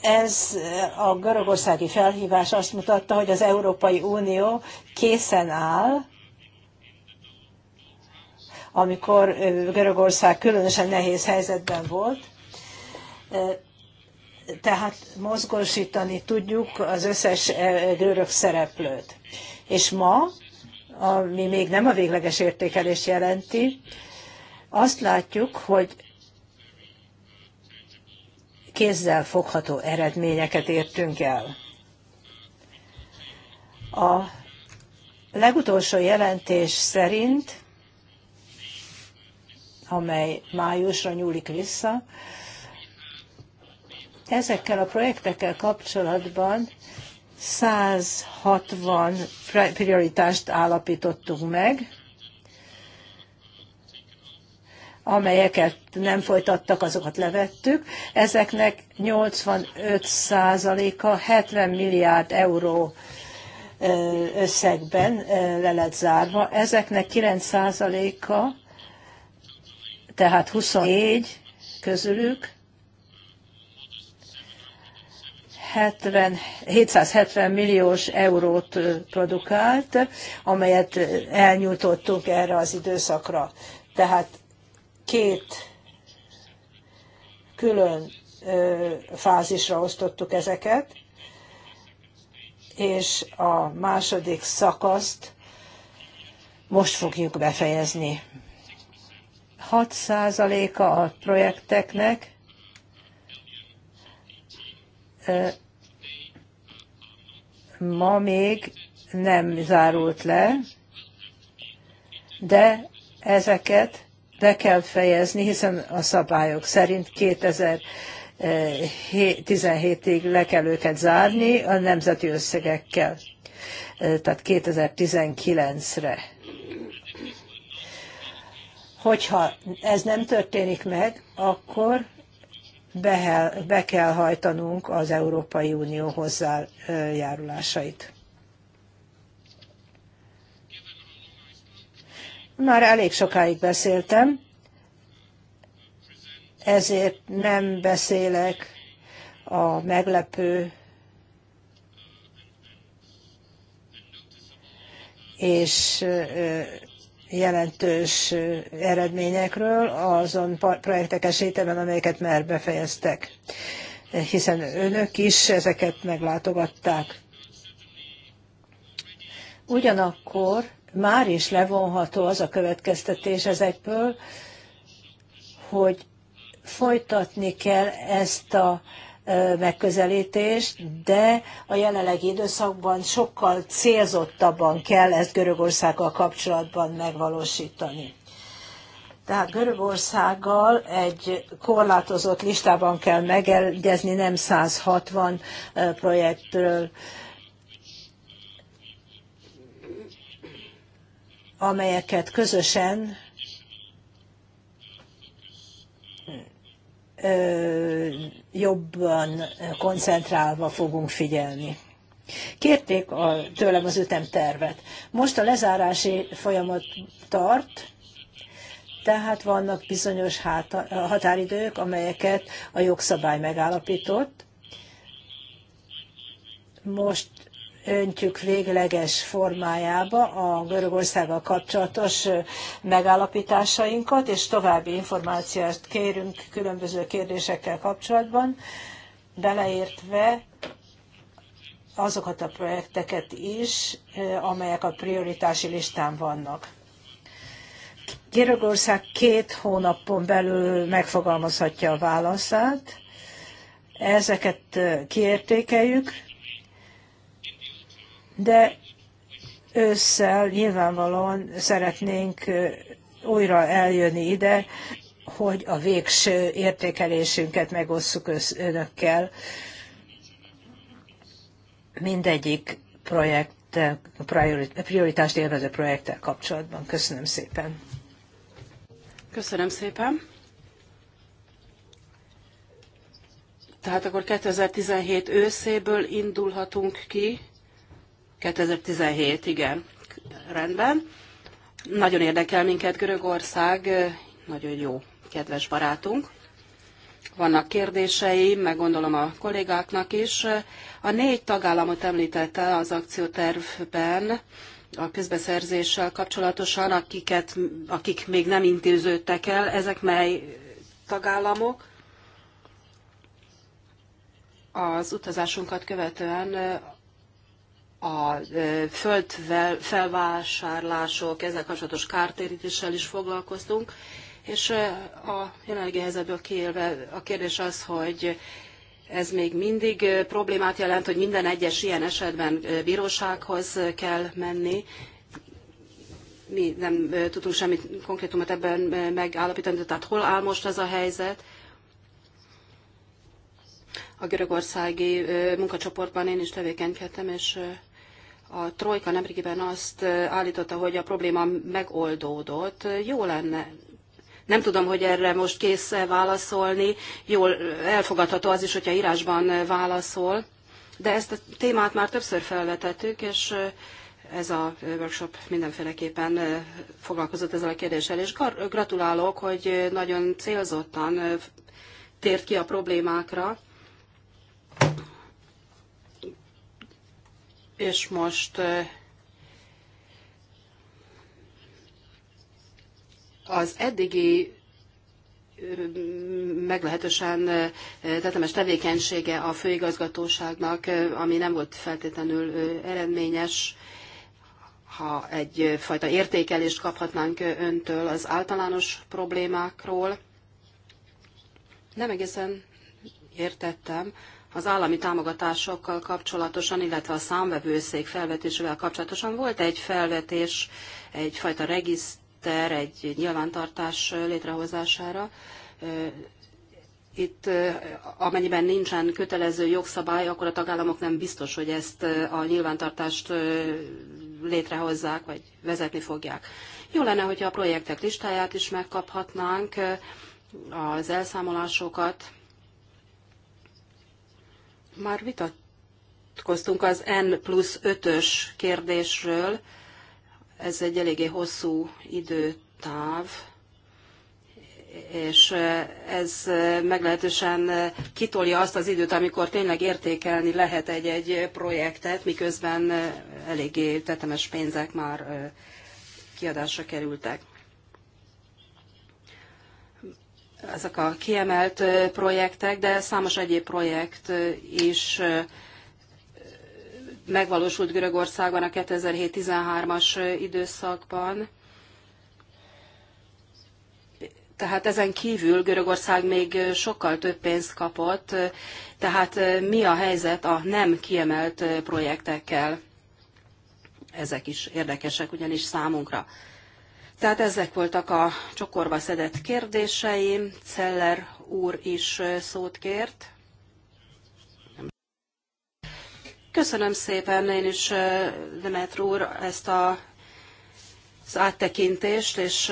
ez a görögországi felhívás azt mutatta, hogy az Európai Unió készen áll amikor Görögország különösen nehéz helyzetben volt. Tehát mozgósítani tudjuk az összes görög szereplőt. És ma, ami még nem a végleges értékelés jelenti, azt látjuk, hogy kézzel fogható eredményeket értünk el. A legutolsó jelentés szerint amely májusra nyúlik vissza. Ezekkel a projektekkel kapcsolatban 160 prioritást állapítottunk meg, amelyeket nem folytattak, azokat levettük. Ezeknek 85%-a 70 milliárd euró összegben le lett zárva. Ezeknek 9%-a tehát 24 közülük 70, 770 milliós eurót produkált, amelyet elnyújtottunk erre az időszakra. Tehát két külön fázisra osztottuk ezeket, és a második szakaszt most fogjuk befejezni. 6%-a a projekteknek ma még nem zárult le, de ezeket be kell fejezni, hiszen a szabályok szerint 2017-ig le kell őket zárni a nemzeti összegekkel, tehát 2019-re. Hogyha ez nem történik meg, akkor behel, be kell hajtanunk az Európai Unió hozzájárulásait. Már elég sokáig beszéltem, ezért nem beszélek a meglepő és jelentős eredményekről azon projektek esetében, amelyeket már befejeztek, hiszen önök is ezeket meglátogatták. Ugyanakkor már is levonható az a következtetés ezekből, hogy folytatni kell ezt a megközelítést, de a jelenlegi időszakban sokkal célzottabban kell ezt Görögországgal kapcsolatban megvalósítani. Tehát Görögországgal egy korlátozott listában kell megegyezni, nem 160 projektről, amelyeket közösen jobban koncentrálva fogunk figyelni. Kérték a, tőlem az ütemtervet. Most a lezárási folyamat tart, tehát vannak bizonyos háta, határidők, amelyeket a jogszabály megállapított. Most öntjük végleges formájába a Görögországgal kapcsolatos megállapításainkat, és további információt kérünk különböző kérdésekkel kapcsolatban, beleértve azokat a projekteket is, amelyek a prioritási listán vannak. Görögország két hónapon belül megfogalmazhatja a válaszát, ezeket kiértékeljük, de ősszel nyilvánvalóan szeretnénk újra eljönni ide, hogy a végső értékelésünket megosszuk önökkel mindegyik projekt, prioritást élvező projekttel kapcsolatban. Köszönöm szépen. Köszönöm szépen. Tehát akkor 2017 őszéből indulhatunk ki, 2017, igen, rendben. Nagyon érdekel minket Görögország, nagyon jó, kedves barátunk. Vannak kérdései, meg gondolom a kollégáknak is. A négy tagállamot említette az akciótervben a közbeszerzéssel kapcsolatosan, akiket, akik még nem intéződtek el. Ezek mely tagállamok? Az utazásunkat követően a föld felvásárlások, ezzel kapcsolatos kártérítéssel is foglalkoztunk, és a jelenlegi helyzetből kiélve a kérdés az, hogy ez még mindig problémát jelent, hogy minden egyes ilyen esetben bírósághoz kell menni. Mi nem tudunk semmit konkrétumot ebben megállapítani, tehát hol áll most ez a helyzet. A görögországi munkacsoportban én is tevékenykedtem, és a Trojka nemrégiben azt állította, hogy a probléma megoldódott. Jó lenne. Nem tudom, hogy erre most kész válaszolni. Jól elfogadható az is, hogyha írásban válaszol. De ezt a témát már többször felvetettük, és ez a workshop mindenféleképpen foglalkozott ezzel a kérdéssel, és gratulálok, hogy nagyon célzottan tért ki a problémákra, és most az eddigi meglehetősen tetemes tevékenysége a főigazgatóságnak, ami nem volt feltétlenül eredményes, ha egyfajta értékelést kaphatnánk öntől az általános problémákról. Nem egészen értettem, az állami támogatásokkal kapcsolatosan, illetve a számvevőszék felvetésével kapcsolatosan volt egy felvetés, egyfajta regiszter, egy nyilvántartás létrehozására. Itt amennyiben nincsen kötelező jogszabály, akkor a tagállamok nem biztos, hogy ezt a nyilvántartást létrehozzák, vagy vezetni fogják. Jó lenne, hogyha a projektek listáját is megkaphatnánk, az elszámolásokat, már vitatkoztunk az N plusz 5-ös kérdésről. Ez egy eléggé hosszú időtáv, és ez meglehetősen kitolja azt az időt, amikor tényleg értékelni lehet egy-egy projektet, miközben eléggé tetemes pénzek már kiadásra kerültek. ezek a kiemelt projektek, de számos egyéb projekt is megvalósult Görögországban a 2007-13-as időszakban. Tehát ezen kívül Görögország még sokkal több pénzt kapott, tehát mi a helyzet a nem kiemelt projektekkel? Ezek is érdekesek ugyanis számunkra. Tehát ezek voltak a csokorba szedett kérdéseim. Celler úr is szót kért. Köszönöm szépen én is, Demetr úr, ezt a, az áttekintést, és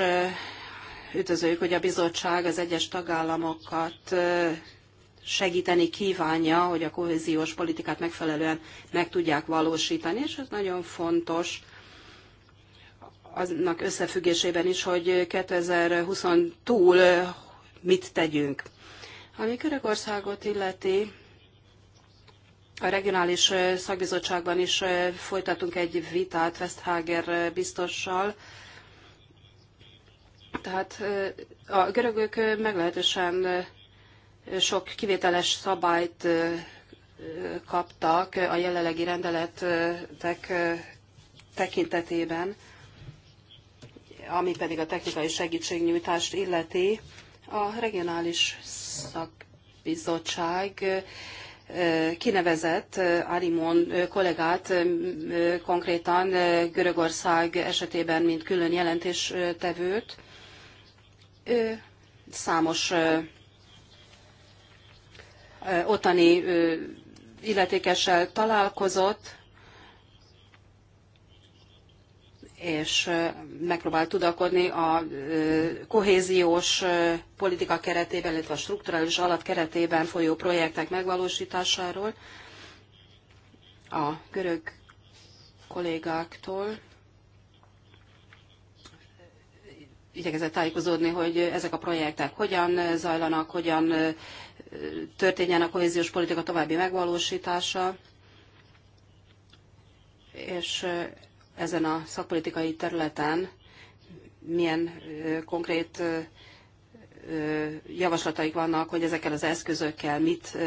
üdvözöljük, hogy a bizottság az egyes tagállamokat segíteni kívánja, hogy a kohéziós politikát megfelelően meg tudják valósítani, és ez nagyon fontos annak összefüggésében is, hogy 2020 túl eh, mit tegyünk. Ami Görögországot illeti, a regionális eh, szakbizottságban is eh, folytatunk egy vitát Westhager biztossal. Tehát a görögök meglehetősen sok kivételes szabályt kaptak a jelenlegi rendeletek tekintetében ami pedig a technikai segítségnyújtást illeti, a regionális szakbizottság kinevezett Arimon kollégát konkrétan Görögország esetében, mint külön jelentéstevőt. Ő számos ottani illetékessel találkozott, és megpróbál tudakodni a kohéziós politika keretében, illetve a strukturális alap keretében folyó projektek megvalósításáról a görög kollégáktól. Igyekezett tájékozódni, hogy ezek a projektek hogyan zajlanak, hogyan történjen a kohéziós politika további megvalósítása, és ezen a szakpolitikai területen milyen konkrét javaslataik vannak, hogy ezekkel az eszközökkel mit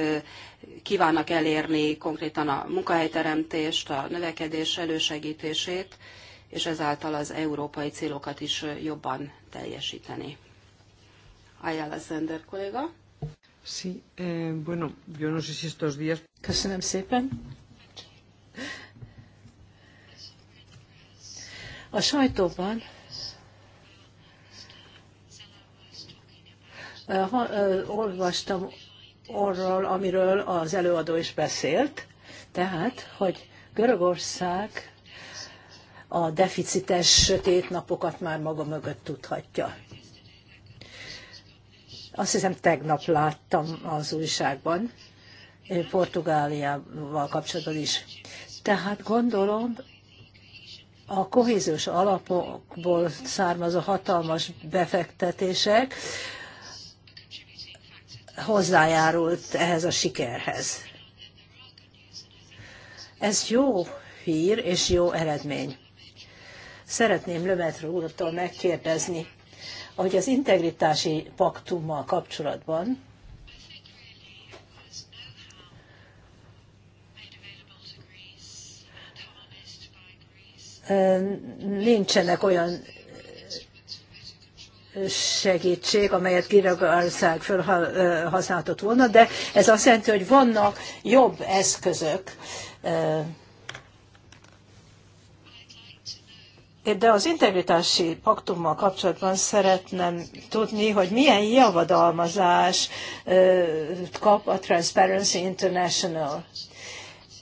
kívánnak elérni konkrétan a munkahelyteremtést, a növekedés elősegítését, és ezáltal az európai célokat is jobban teljesíteni. Ayala Sender kolléga. Sí, eh, bueno, yo no sé si estos días... Köszönöm szépen. A sajtóban olvastam arról, amiről az előadó is beszélt, tehát, hogy Görögország a deficites sötét napokat már maga mögött tudhatja. Azt hiszem, tegnap láttam az újságban, Portugáliával kapcsolatban is. Tehát gondolom, a kohéziós alapokból származó hatalmas befektetések hozzájárult ehhez a sikerhez. Ez jó hír és jó eredmény. Szeretném Lömetre úrtól megkérdezni, hogy az integritási paktummal kapcsolatban nincsenek olyan segítség, amelyet Kirgazország felhasználhatott volna, de ez azt jelenti, hogy vannak jobb eszközök. De az integritási paktummal kapcsolatban szeretném tudni, hogy milyen javadalmazás kap a Transparency International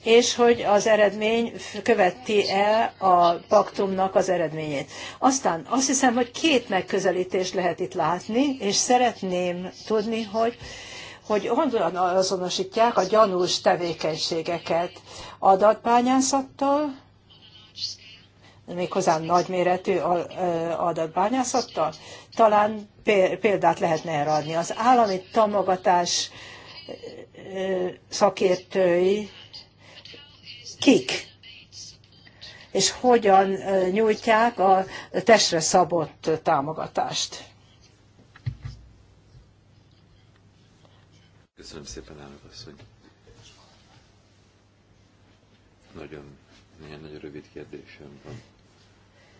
és hogy az eredmény követi-e a paktumnak az eredményét. Aztán azt hiszem, hogy két megközelítést lehet itt látni, és szeretném tudni, hogy hogy honnan azonosítják a gyanús tevékenységeket adatbányászattal, méghozzá nagyméretű adatbányászattal. Talán példát lehetne erre adni. Az állami támogatás szakértői kik, és hogyan nyújtják a testre szabott támogatást. Köszönöm szépen, elnök asszony. Nagyon, milyen nagyon rövid kérdésem van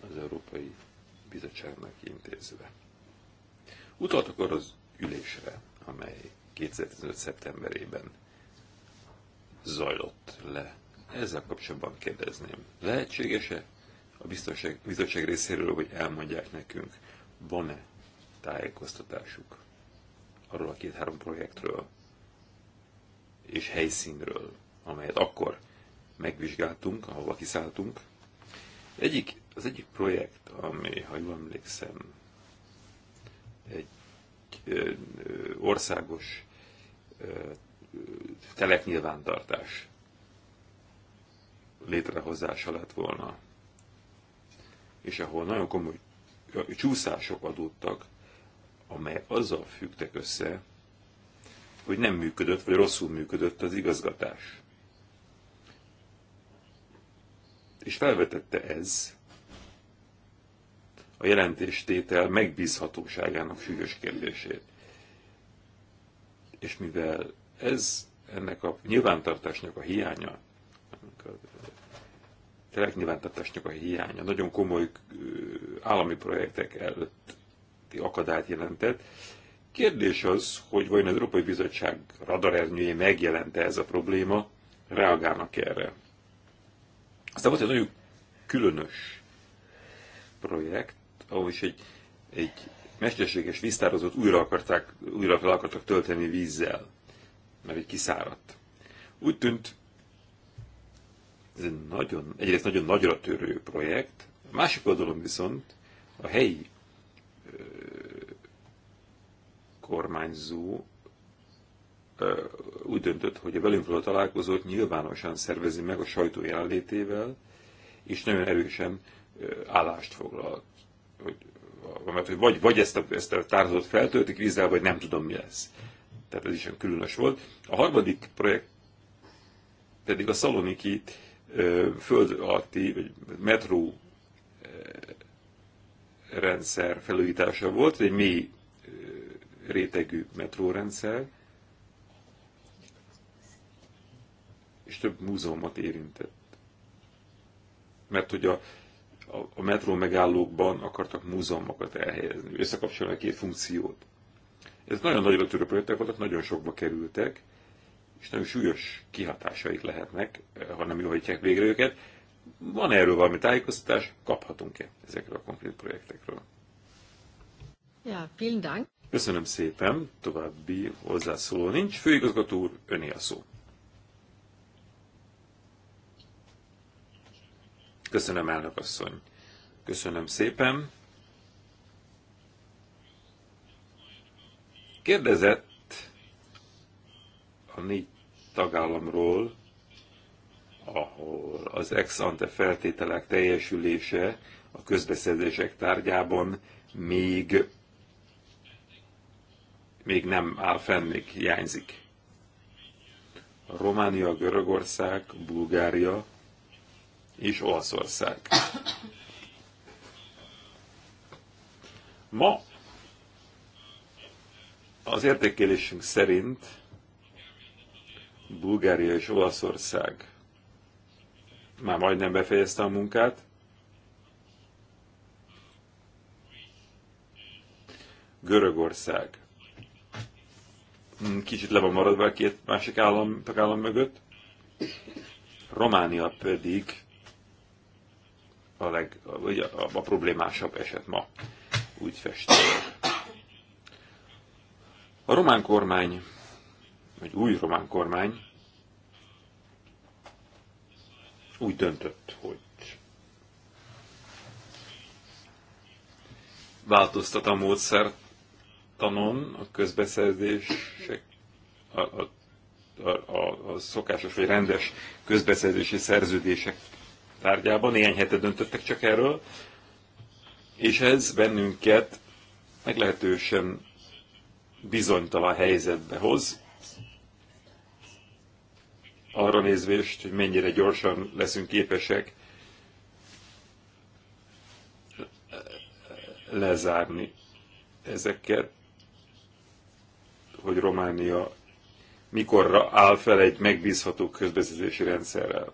az Európai Bizottságnak intézve. Utaltak arra az ülésre, amely 2015. szeptemberében zajlott le ezzel kapcsolatban kérdezném, lehetséges-e a biztonság, bizottság részéről, hogy elmondják nekünk, van-e tájékoztatásuk arról a két-három projektről és helyszínről, amelyet akkor megvizsgáltunk, ahova kiszálltunk. Egyik, az egyik projekt, ami, ha jól emlékszem, egy ö, ö, országos ö, teleknyilvántartás létrehozása lett volna. És ahol nagyon komoly csúszások adódtak, amely azzal függtek össze, hogy nem működött, vagy rosszul működött az igazgatás. És felvetette ez a jelentéstétel megbízhatóságának sűrűs kérdését. És mivel ez ennek a nyilvántartásnak a hiánya teleknyilvántartásnak a hiánya nagyon komoly állami projektek előtti akadályt jelentett. Kérdés az, hogy vajon az Európai Bizottság radarernyője megjelente ez a probléma, reagálnak -e erre. Aztán volt egy nagyon különös projekt, ahol is egy, egy mesterséges víztározót újra akarták, újra fel akartak tölteni vízzel, mert egy kiszáradt. Úgy tűnt, ez egy nagyon, egyrészt nagyon nagyra törő projekt, a másik oldalon viszont a helyi ö, kormányzó ö, úgy döntött, hogy a velünk való találkozót nyilvánosan szervezi meg a sajtó jelenlétével, és nagyon erősen ö, állást foglal. Hogy, mert hogy vagy, vagy ezt, a, ezt a tárhozat feltöltik vízzel, vagy nem tudom mi lesz. Tehát ez is olyan különös volt. A harmadik projekt pedig a szaloniki föld alatti, vagy metró rendszer felújítása volt, egy mély rétegű metrórendszer, és több múzeumot érintett. Mert hogy a, a, a metró megállókban akartak múzeumokat elhelyezni, összekapcsolni a két funkciót. Ez nagyon nagyra törő projektek voltak, nagyon sokba kerültek, és nagyon súlyos kihatásaik lehetnek, eh, ha nem jól hagyják végre őket. Van erről valami tájékoztatás? Kaphatunk-e ezekről a konkrét projektekről? Ja, vielen Dank. Köszönöm szépen, további hozzászóló nincs. Főigazgató úr, öné a szó. Köszönöm, elnök asszony. Köszönöm szépen. Kérdezett a négy tagállamról, ahol az ex-ante feltételek teljesülése a közbeszerzések tárgyában még, még nem áll fenn, még hiányzik. A Románia, Görögország, Bulgária és Olaszország. Ma az értékelésünk szerint Bulgária és Olaszország már majdnem befejezte a munkát. Görögország. Hmm, kicsit le van maradva a két másik állam, tagállam mögött. Románia pedig a, leg, a, a, a problémásabb eset ma. Úgy festő. A román kormány egy új román kormány úgy döntött, hogy változtat a módszertanon, a közbeszerzések, a, a, a, a szokásos vagy rendes közbeszerzési szerződések tárgyában. Néhány hete döntöttek csak erről, és ez bennünket meglehetősen bizonytalan helyzetbe hoz, arra nézvést, hogy mennyire gyorsan leszünk képesek lezárni ezeket, hogy Románia mikorra áll fel egy megbízható közbeszerzési rendszerrel.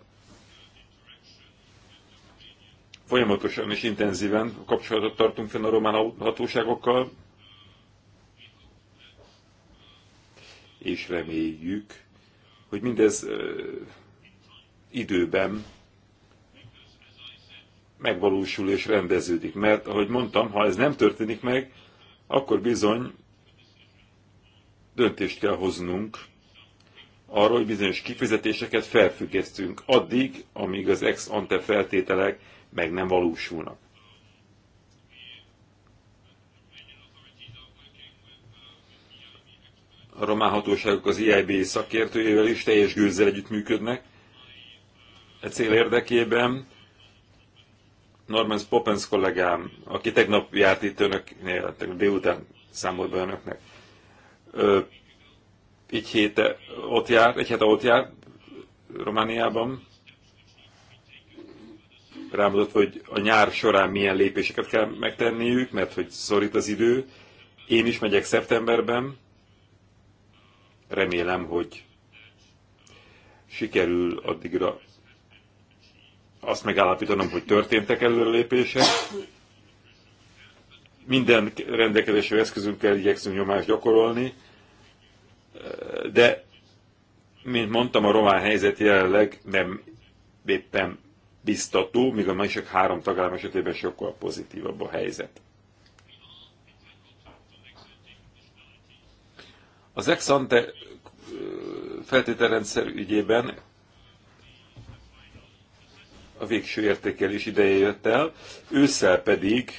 Folyamatosan és intenzíven kapcsolatot tartunk fenn a román hatóságokkal, és reméljük, hogy mindez időben megvalósul és rendeződik. Mert, ahogy mondtam, ha ez nem történik meg, akkor bizony döntést kell hoznunk arról, hogy bizonyos kifizetéseket felfüggesztünk addig, amíg az ex ante feltételek meg nem valósulnak. a román hatóságok az e IIB szakértőjével is teljes gőzzel együttműködnek. E cél érdekében Norman Poppens kollégám, aki tegnap járt itt önöknél, tegnap délután számolt be önöknek, ö, így ott jár, egy hete ott jár, Romániában, rámutat, hogy a nyár során milyen lépéseket kell megtenniük, mert hogy szorít az idő. Én is megyek szeptemberben, Remélem, hogy sikerül addigra azt megállapítanom, hogy történtek előrelépések. Minden rendelkezésre eszközünkkel igyekszünk nyomást gyakorolni, de, mint mondtam, a román helyzet jelenleg nem éppen biztató, míg a másik három tagállam esetében sokkal pozitívabb a helyzet. Az ex ante feltételrendszer ügyében a végső értékelés ideje jött el, ősszel pedig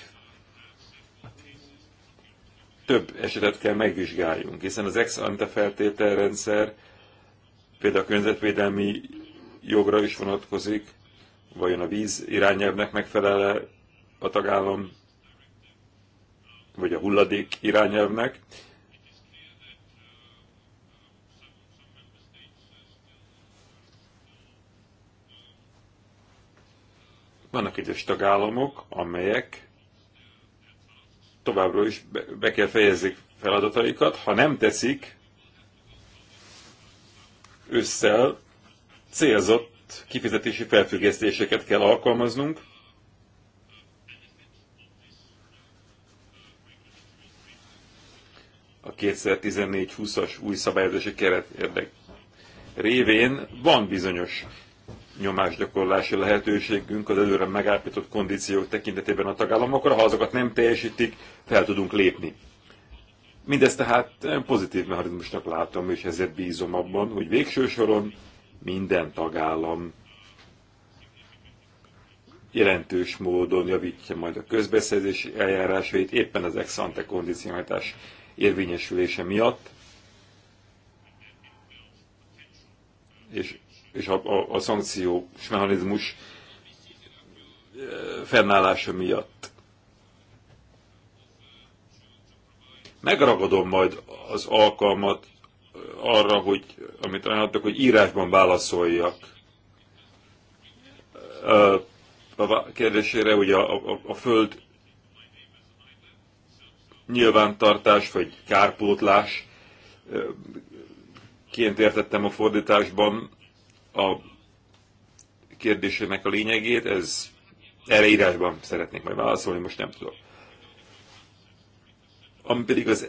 több esetet kell megvizsgáljunk, hiszen az ex ante feltételrendszer például a környezetvédelmi jogra is vonatkozik, vajon a víz irányelvnek megfelel -e a tagállam, vagy a hulladék irányelvnek, Vannak egyes tagállamok, amelyek továbbra is be, be kell fejezzék feladataikat. Ha nem teszik, ősszel célzott kifizetési felfüggesztéseket kell alkalmaznunk, a 2014-20-as új szabályozási keret érdek révén van bizonyos nyomásgyakorlási lehetőségünk az előre megállapított kondíciók tekintetében a tagállamokra, ha azokat nem teljesítik, fel tudunk lépni. Mindezt tehát pozitív mechanizmusnak látom, és ezért bízom abban, hogy végső soron minden tagállam jelentős módon javítja majd a közbeszerzési eljárásait éppen az ex ante kondicionalitás érvényesülése miatt, és és a, a, a szankciós mechanizmus e, fennállása miatt. Megragadom majd az alkalmat arra, hogy, amit ajánlottak, hogy írásban válaszoljak e, a kérdésére, hogy a, a, a föld nyilvántartás vagy kárpótlás e, ként értettem a fordításban, a kérdésének a lényegét, ez erre írásban szeretnék majd válaszolni, most nem tudok. Ami pedig az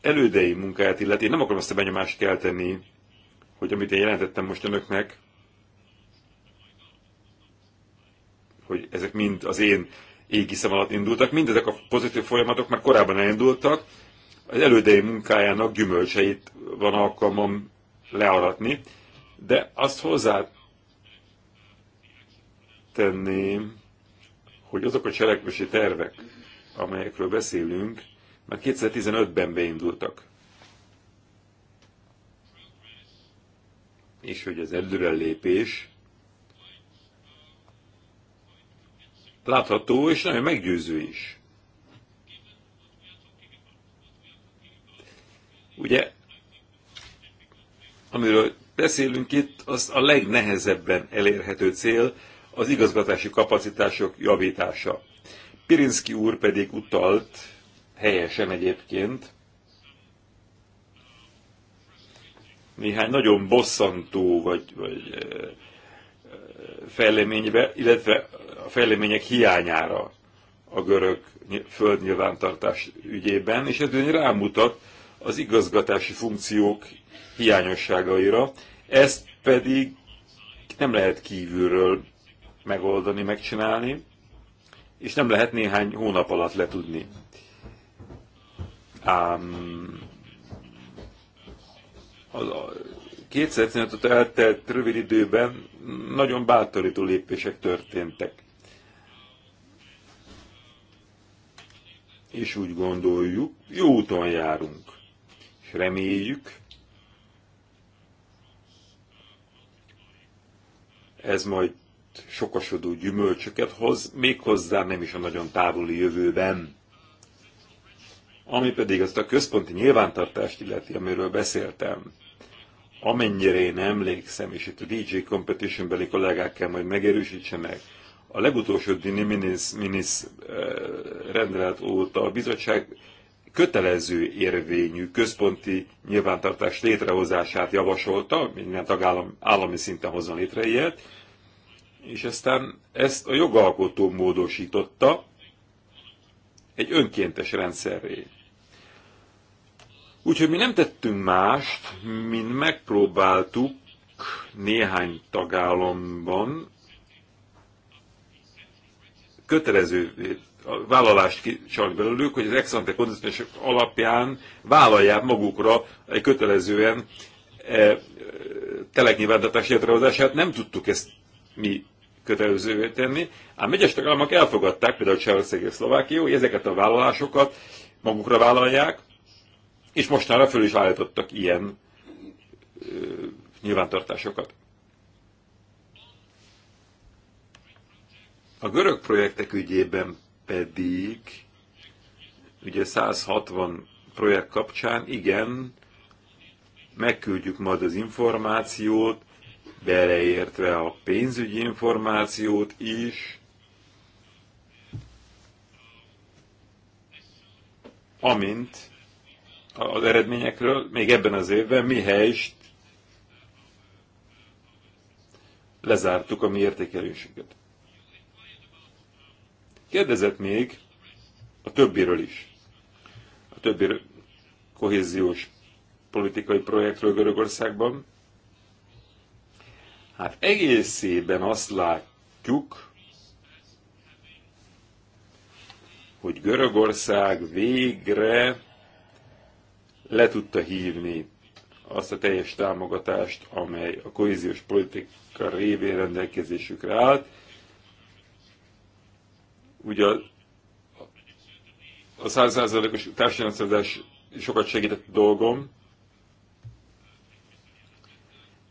elődei munkáját illeti, én nem akarom azt a benyomást kelteni, hogy amit én jelentettem most önöknek, hogy ezek mind az én égiszem alatt indultak, mindezek a pozitív folyamatok már korábban elindultak, az elődei munkájának gyümölcseit van alkalmam learatni, de azt hozzá tenném, hogy azok a cselekvési tervek, amelyekről beszélünk, már 2015-ben beindultak. És hogy az előrelépés látható és nagyon meggyőző is. Ugye, amiről beszélünk itt, az a legnehezebben elérhető cél, az igazgatási kapacitások javítása. Pirinski úr pedig utalt, helyesen egyébként, néhány nagyon bosszantó vagy, vagy fejleménybe, illetve a fejlemények hiányára a görög földnyilvántartás ügyében, és ez rámutat az igazgatási funkciók hiányosságaira. Ezt pedig nem lehet kívülről megoldani, megcsinálni, és nem lehet néhány hónap alatt letudni. Ám az a 2015 óta eltelt rövid időben nagyon bátorító lépések történtek. És úgy gondoljuk, jó úton járunk reméljük. Ez majd sokasodó gyümölcsöket hoz, méghozzá nem is a nagyon távoli jövőben. Ami pedig azt a központi nyilvántartást illeti, amiről beszéltem, amennyire én emlékszem, és itt a DJ Competition beli kell majd megerősítsenek, a legutolsó Dini Minis, Minis eh, rendelet óta a bizottság kötelező érvényű központi nyilvántartás létrehozását javasolta, minden tagállam állami szinten hozzon létre ilyet, és aztán ezt a jogalkotó módosította egy önkéntes rendszerré. Úgyhogy mi nem tettünk mást, mint megpróbáltuk néhány tagállamban kötelezővé a vállalást csak belőlük, hogy az ex-ante alapján vállalják magukra egy kötelezően e, e teleknyilvántatás létrehozását. Nem tudtuk ezt mi kötelezővé tenni, ám egyes tagállamok elfogadták, például Csehország és Szlovákia, hogy ezeket a vállalásokat magukra vállalják, és mostanra föl is állítottak ilyen e, nyilvántartásokat. A görög projektek ügyében pedig ugye 160 projekt kapcsán igen, megküldjük majd az információt, beleértve a pénzügyi információt is, amint az eredményekről még ebben az évben mi helyest lezártuk a mi értékelésünket. Kérdezett még a többiről is. A többi kohéziós politikai projektről Görögországban. Hát egészében azt látjuk, hogy Görögország végre le tudta hívni azt a teljes támogatást, amely a kohéziós politika révén rendelkezésükre állt, Ugye a százszerzelékos társadalmi sokat segített dolgom,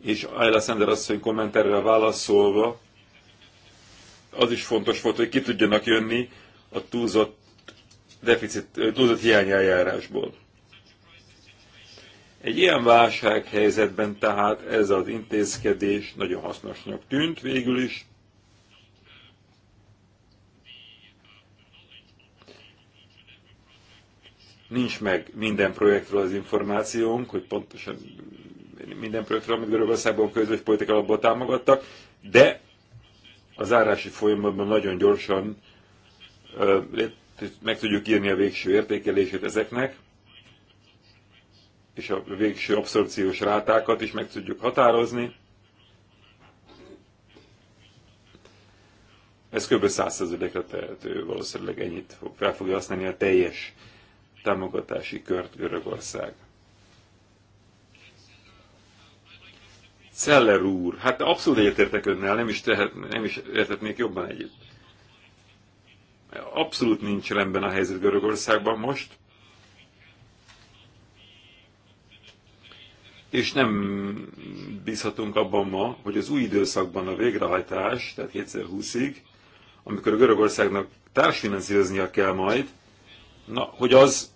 és Ayla Sender asszony kommenterre válaszolva, az is fontos volt, hogy ki tudjanak jönni a túlzott, deficit, túlzott hiányeljárásból. Egy ilyen válsághelyzetben tehát ez az intézkedés nagyon hasznosnak tűnt végül is, nincs meg minden projektről az információnk, hogy pontosan minden projektről, amit Görögországban közös politika alapból támogattak, de az zárási folyamatban nagyon gyorsan meg tudjuk írni a végső értékelését ezeknek, és a végső abszorpciós rátákat is meg tudjuk határozni. Ez kb. 100%-ra tehető, valószínűleg ennyit fel fogja használni a teljes támogatási kört Görögország. Celler úr, hát abszolút egyetértek önnel, nem is, tehet, nem is értetnék jobban egyet. Abszolút nincs rendben a helyzet Görögországban most, és nem bízhatunk abban ma, hogy az új időszakban a végrehajtás, tehát 2020-ig, amikor a Görögországnak társfinanszíroznia kell majd, na, hogy az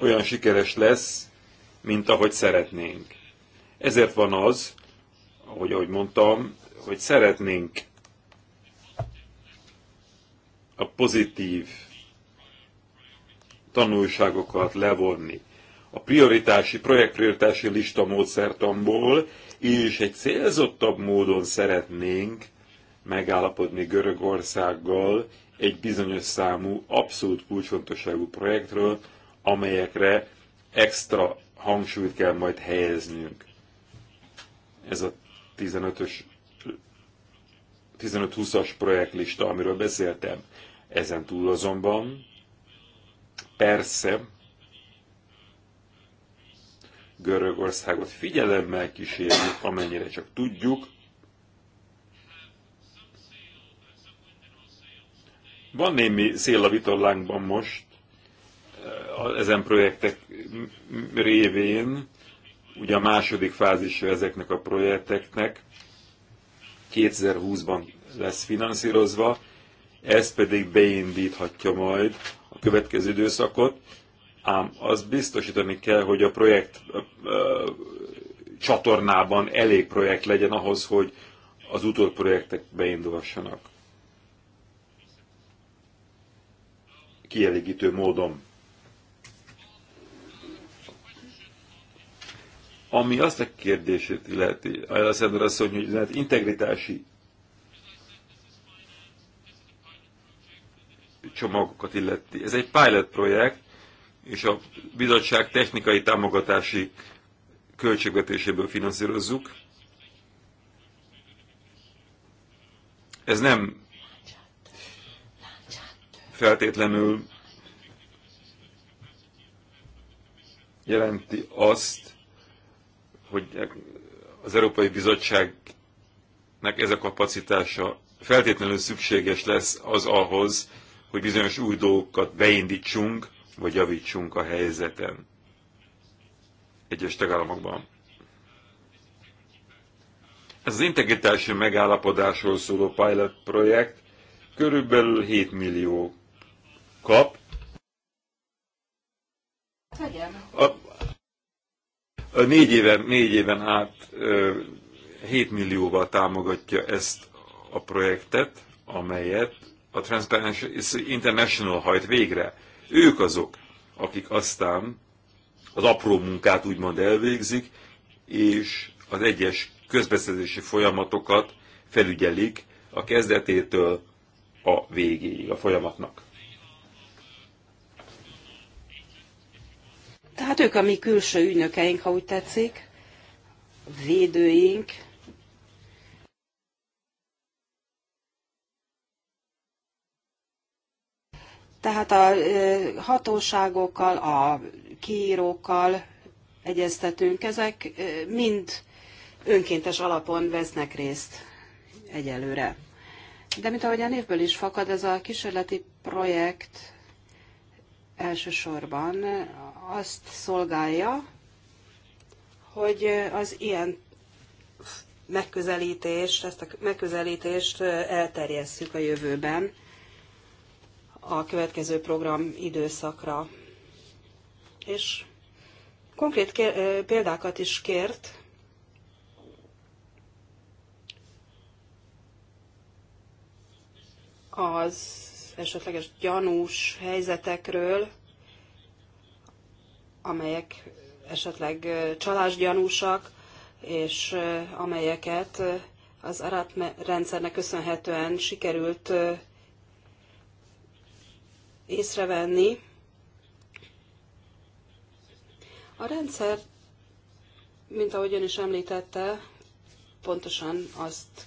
olyan sikeres lesz, mint ahogy szeretnénk. Ezért van az, ahogy, ahogy mondtam, hogy szeretnénk a pozitív tanulságokat levonni a prioritási, projektprioritási lista módszertamból, és egy célzottabb módon szeretnénk megállapodni Görögországgal egy bizonyos számú, abszolút kulcsfontosságú projektről, amelyekre extra hangsúlyt kell majd helyeznünk. Ez a 15-ös 15-20-as projektlista, amiről beszéltem. Ezen túl azonban persze Görögországot figyelemmel kísérjük, amennyire csak tudjuk, Van némi szél a vitorlánkban most, eh, ezen projektek révén, ugye a második fázis ezeknek a projekteknek 2020-ban lesz finanszírozva, ez pedig beindíthatja majd a következő időszakot, ám azt biztosítani kell, hogy a projekt ö, eh, ö, csatornában elég projekt legyen ahhoz, hogy az utolsó projektek beindulhassanak. kielégítő módon. Ami azt a kérdését illeti, Alessandra azt mondja, hogy az integritási csomagokat illeti. Ez egy pilot projekt, és a bizottság technikai támogatási költségvetéséből finanszírozzuk. Ez nem feltétlenül jelenti azt, hogy az Európai Bizottságnak ez a kapacitása feltétlenül szükséges lesz az ahhoz, hogy bizonyos új dolgokat beindítsunk, vagy javítsunk a helyzeten egyes tagállamokban. Ez az integritási megállapodásról szóló pilot projekt körülbelül 7 millió kap. A, a négy, éven, négy éven át 7 millióval támogatja ezt a projektet, amelyet a Transparency International hajt végre. Ők azok, akik aztán az apró munkát úgymond elvégzik, és az egyes közbeszerzési folyamatokat felügyelik a kezdetétől a végéig a folyamatnak. Tehát ők a mi külső ügynökeink, ha úgy tetszik, védőink, Tehát a hatóságokkal, a kiírókkal egyeztetünk, ezek mind önkéntes alapon vesznek részt egyelőre. De mint ahogy a névből is fakad, ez a kísérleti projekt elsősorban azt szolgálja, hogy az ilyen megközelítést, ezt a megközelítést elterjesszük a jövőben a következő program időszakra. És konkrét kér, példákat is kért, az esetleges gyanús helyzetekről, amelyek esetleg csalásgyanúsak, és amelyeket az arat rendszernek köszönhetően sikerült észrevenni. A rendszer, mint ahogy ön is említette, pontosan azt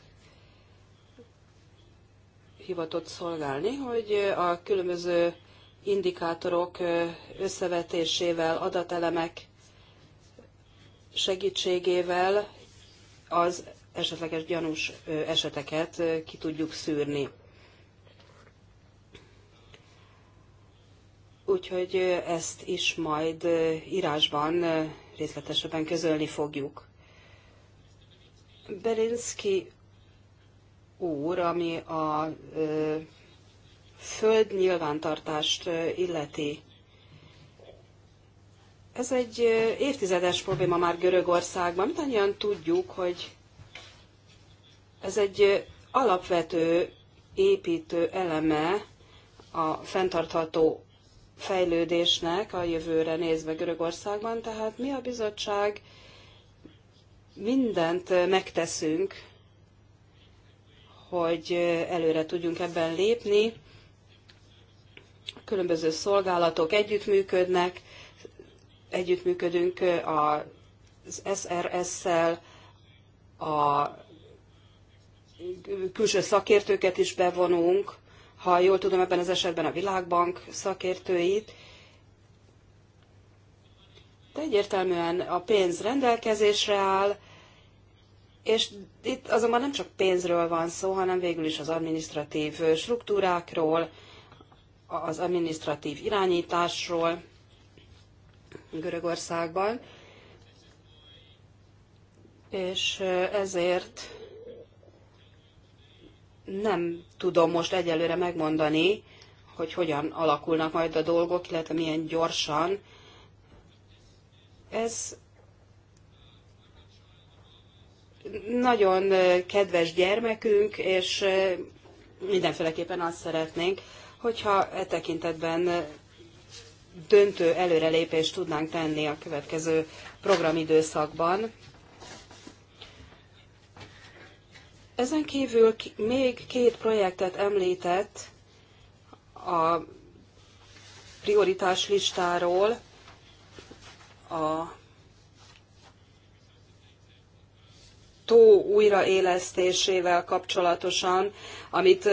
hivatott szolgálni, hogy a különböző indikátorok összevetésével, adatelemek segítségével az esetleges gyanús eseteket ki tudjuk szűrni. Úgyhogy ezt is majd írásban részletesebben közölni fogjuk. Berinski úr, ami a föld nyilvántartást illeti. Ez egy évtizedes probléma már Görögországban. annyian tudjuk, hogy ez egy alapvető építő eleme a fenntartható fejlődésnek a jövőre nézve Görögországban, tehát mi a bizottság mindent megteszünk, hogy előre tudjunk ebben lépni, különböző szolgálatok együttműködnek, együttműködünk az SRS-szel, a külső szakértőket is bevonunk, ha jól tudom, ebben az esetben a Világbank szakértőit. De egyértelműen a pénz rendelkezésre áll, és itt azonban nem csak pénzről van szó, hanem végül is az administratív struktúrákról, az administratív irányításról Görögországban, és ezért nem tudom most egyelőre megmondani, hogy hogyan alakulnak majd a dolgok, illetve milyen gyorsan. Ez nagyon kedves gyermekünk, és mindenféleképpen azt szeretnénk, hogyha e tekintetben döntő előrelépést tudnánk tenni a következő programidőszakban. Ezen kívül még két projektet említett a prioritás listáról, a tó újraélesztésével kapcsolatosan, amit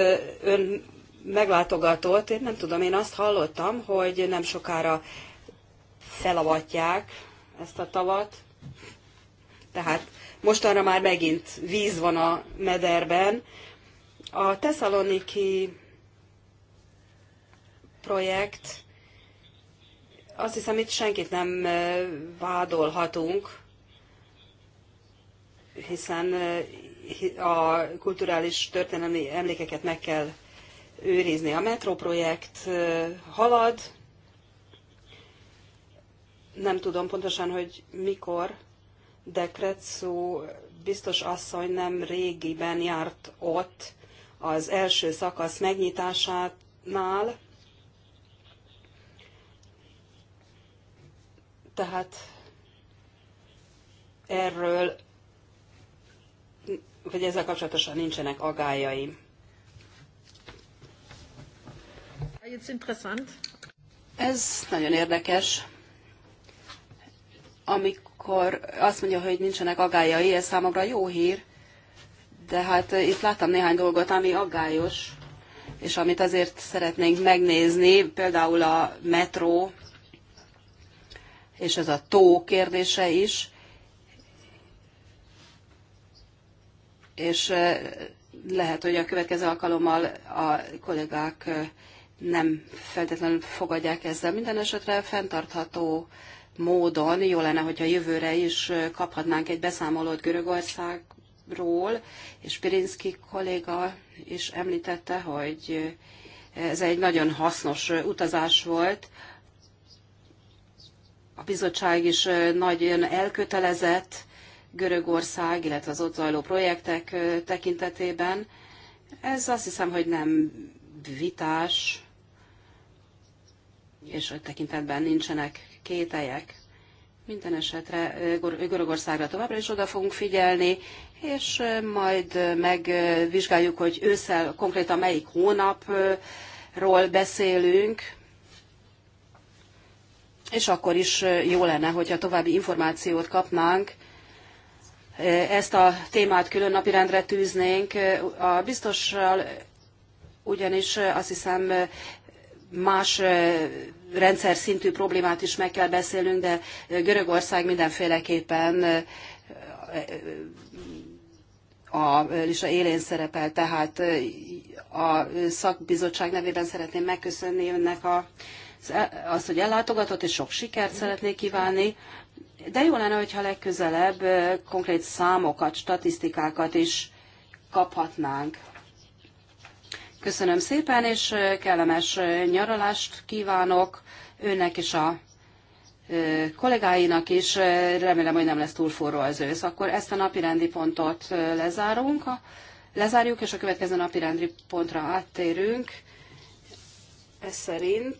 ön meglátogatott, én nem tudom, én azt hallottam, hogy nem sokára felavatják ezt a tavat, tehát mostanra már megint víz van a mederben. A Tesszaloniki projekt, azt hiszem itt senkit nem vádolhatunk, hiszen a kulturális történelmi emlékeket meg kell őrizni. A metróprojekt halad, nem tudom pontosan, hogy mikor, de Kretszó biztos asszony nem régiben járt ott az első szakasz megnyitásánál, tehát erről, vagy ezzel kapcsolatosan nincsenek agályaim. Ez nagyon érdekes. Amikor azt mondja, hogy nincsenek agályai, ez számomra jó hír, de hát itt láttam néhány dolgot, ami aggályos, és amit azért szeretnénk megnézni, például a metró, és ez a tó kérdése is, és eh, lehet, hogy a következő alkalommal a kollégák eh, nem feltétlenül fogadják ezzel. Minden esetre fenntartható módon jó lenne, hogyha jövőre is kaphatnánk egy beszámolót Görögországról, és Pirinski kolléga is említette, hogy ez egy nagyon hasznos utazás volt. A bizottság is nagyon elkötelezett Görögország, illetve az ott zajló projektek tekintetében. Ez azt hiszem, hogy nem vitás, és hogy tekintetben nincsenek kételjek. Minden esetre Görögországra továbbra is oda fogunk figyelni, és majd megvizsgáljuk, hogy ősszel konkrétan melyik hónapról beszélünk, és akkor is jó lenne, hogyha további információt kapnánk, ezt a témát külön napirendre tűznénk. A biztossal ugyanis azt hiszem más rendszer szintű problémát is meg kell beszélnünk, de Görögország mindenféleképpen a lista élén szerepel, tehát a szakbizottság nevében szeretném megköszönni önnek a, azt hogy ellátogatott, és sok sikert szeretnék kívánni. De jó lenne, hogyha legközelebb konkrét számokat, statisztikákat is kaphatnánk Köszönöm szépen, és kellemes nyaralást kívánok önnek és a kollégáinak is. Remélem, hogy nem lesz túl forró az ősz. Akkor ezt a napi rendi pontot lezárunk, lezárjuk, és a következő napi rendi pontra áttérünk. Ez szerint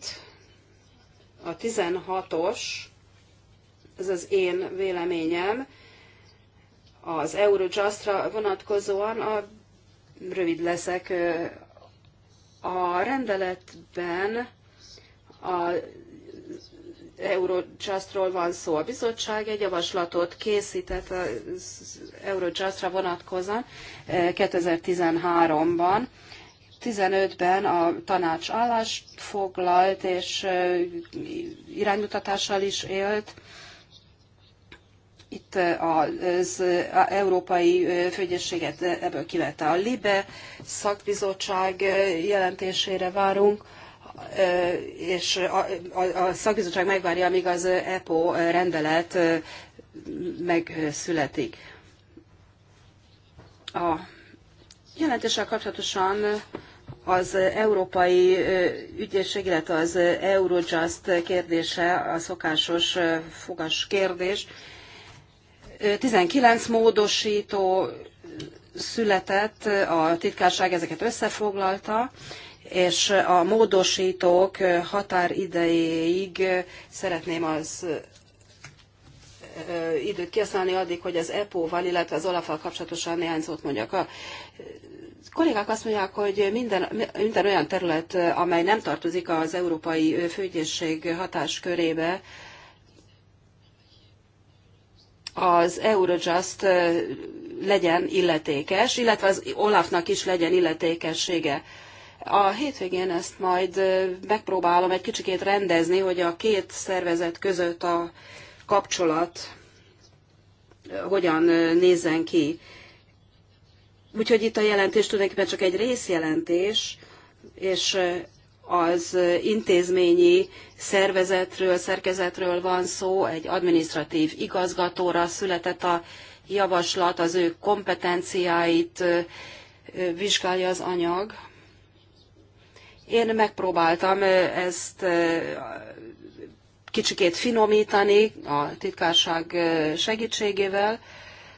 a 16-os, ez az én véleményem, az Eurojustra vonatkozóan a rövid leszek a rendeletben a Eurojustról van szó. A bizottság egy javaslatot készített az Eurojustra vonatkozóan 2013-ban. Eh, 15-ben a tanács állást foglalt, és eh, iránymutatással is élt itt eh, az eh, európai eh, főgyészséget ebből kivette a LIBE szakbizottság jelentésére várunk, és a, szakbizottság megvárja, amíg az EPO rendelet megszületik. A jelentéssel kapcsolatosan az európai ügyészség, illetve az Eurojust kérdése a szokásos fogas kérdés. 19 módosító született, a titkárság ezeket összefoglalta, és a módosítók határidejéig szeretném az időt kihasználni addig, hogy az EPO-val, illetve az olaf kapcsolatosan néhány szót mondjak. A kollégák azt mondják, hogy minden, minden olyan terület, amely nem tartozik az Európai Főgyészség hatáskörébe, az Eurojust legyen illetékes, illetve az Olafnak is legyen illetékessége. A hétvégén ezt majd megpróbálom egy kicsikét rendezni, hogy a két szervezet között a kapcsolat hogyan nézzen ki. Úgyhogy itt a jelentés tulajdonképpen csak egy részjelentés, és az intézményi szervezetről, szerkezetről van szó, egy administratív igazgatóra született a javaslat, az ő kompetenciáit vizsgálja az anyag. Én megpróbáltam ezt kicsikét finomítani a titkárság segítségével,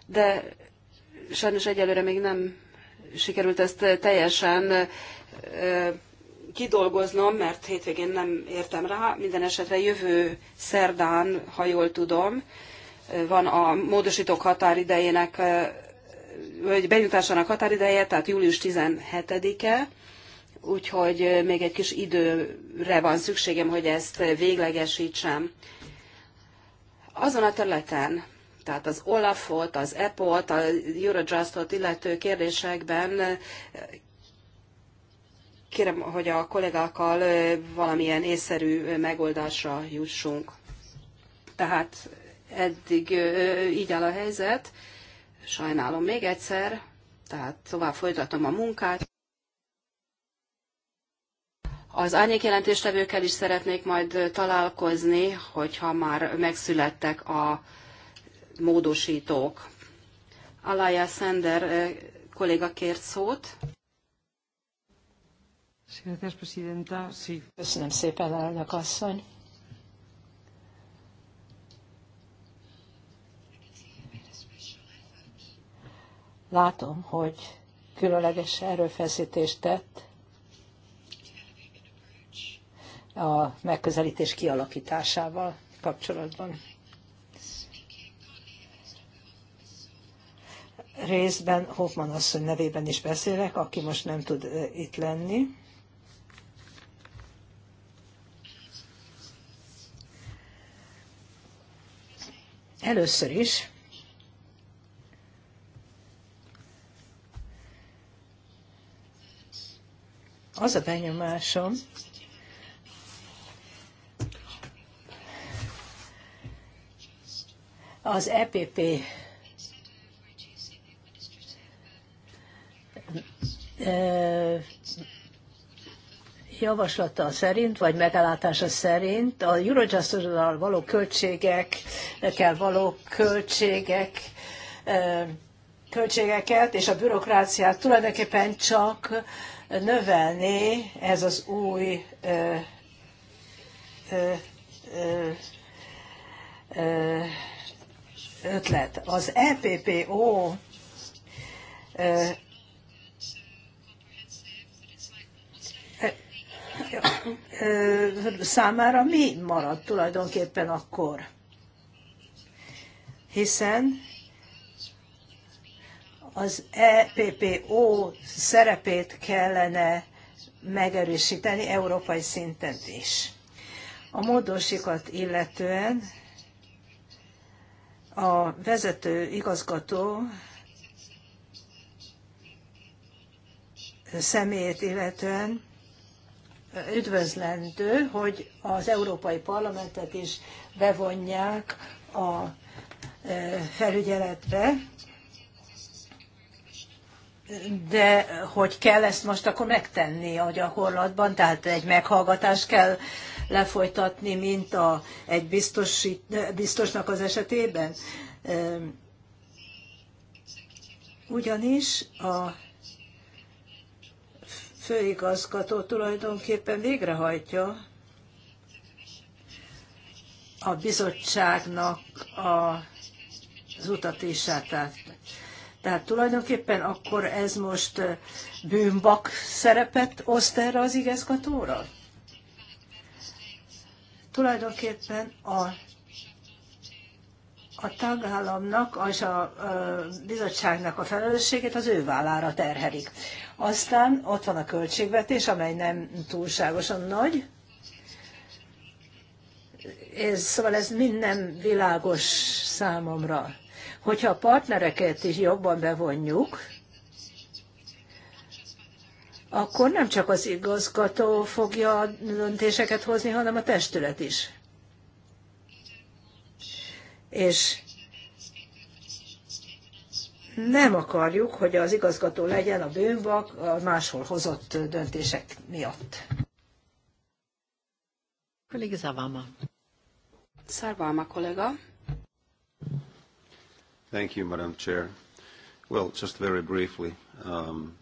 de sajnos egyelőre még nem sikerült ezt teljesen kidolgoznom, mert hétvégén nem értem rá, minden esetre jövő szerdán, ha jól tudom, van a módosítók határidejének, vagy benyújtásának határideje, tehát július 17-e, úgyhogy még egy kis időre van szükségem, hogy ezt véglegesítsem. Azon a területen, tehát az Olafot, az EPO-t, a Eurojustot illető kérdésekben Kérem, hogy a kollégákkal valamilyen észszerű megoldásra jussunk. Tehát eddig így áll a helyzet. Sajnálom még egyszer, tehát tovább folytatom a munkát. Az árnyékjelentéstevőkkel is szeretnék majd találkozni, hogyha már megszülettek a módosítók. Alája Sender kolléga kért szót. Köszönöm szépen, elnök asszony. Látom, hogy különleges erőfeszítést tett a megközelítés kialakításával kapcsolatban. Részben Hoffman asszony nevében is beszélek, aki most nem tud eh, itt lenni. Először is az a benyomásom, az EPP javaslata szerint, vagy megállátása szerint a eurojust való költségekkel való költségek költségeket és a bürokráciát tulajdonképpen csak növelni ez az új ö, ö, ö, ötlet. Az EPPO számára mi maradt tulajdonképpen akkor? Hiszen az EPPO szerepét kellene megerősíteni európai szinten is. A módosikat illetően a vezető igazgató személyét illetően üdvözlendő, hogy az Európai Parlamentet is bevonják a e, felügyeletbe, de hogy kell ezt most akkor megtenni a gyakorlatban, tehát egy meghallgatást kell lefolytatni, mint a, egy biztosít, biztosnak az esetében. E, ugyanis a főigazgató tulajdonképpen végrehajtja a bizottságnak a, az utatását. Tehát tulajdonképpen akkor ez most eh, bűnbak szerepet oszt erre az igazgatóra? Tulajdonképpen a a tagállamnak és a bizottságnak a felelősségét az ő vállára terhelik. Aztán ott van a költségvetés, amely nem túlságosan nagy. Ez, szóval ez mind nem világos számomra. Hogyha a partnereket is jobban bevonjuk, akkor nem csak az igazgató fogja a döntéseket hozni, hanem a testület is és nem akarjuk, hogy az igazgató legyen a bűnbak a máshol hozott döntések miatt. Kollégi Zavama. Szarvalma kollega. Thank you, Madam Chair. Well, just very briefly, um,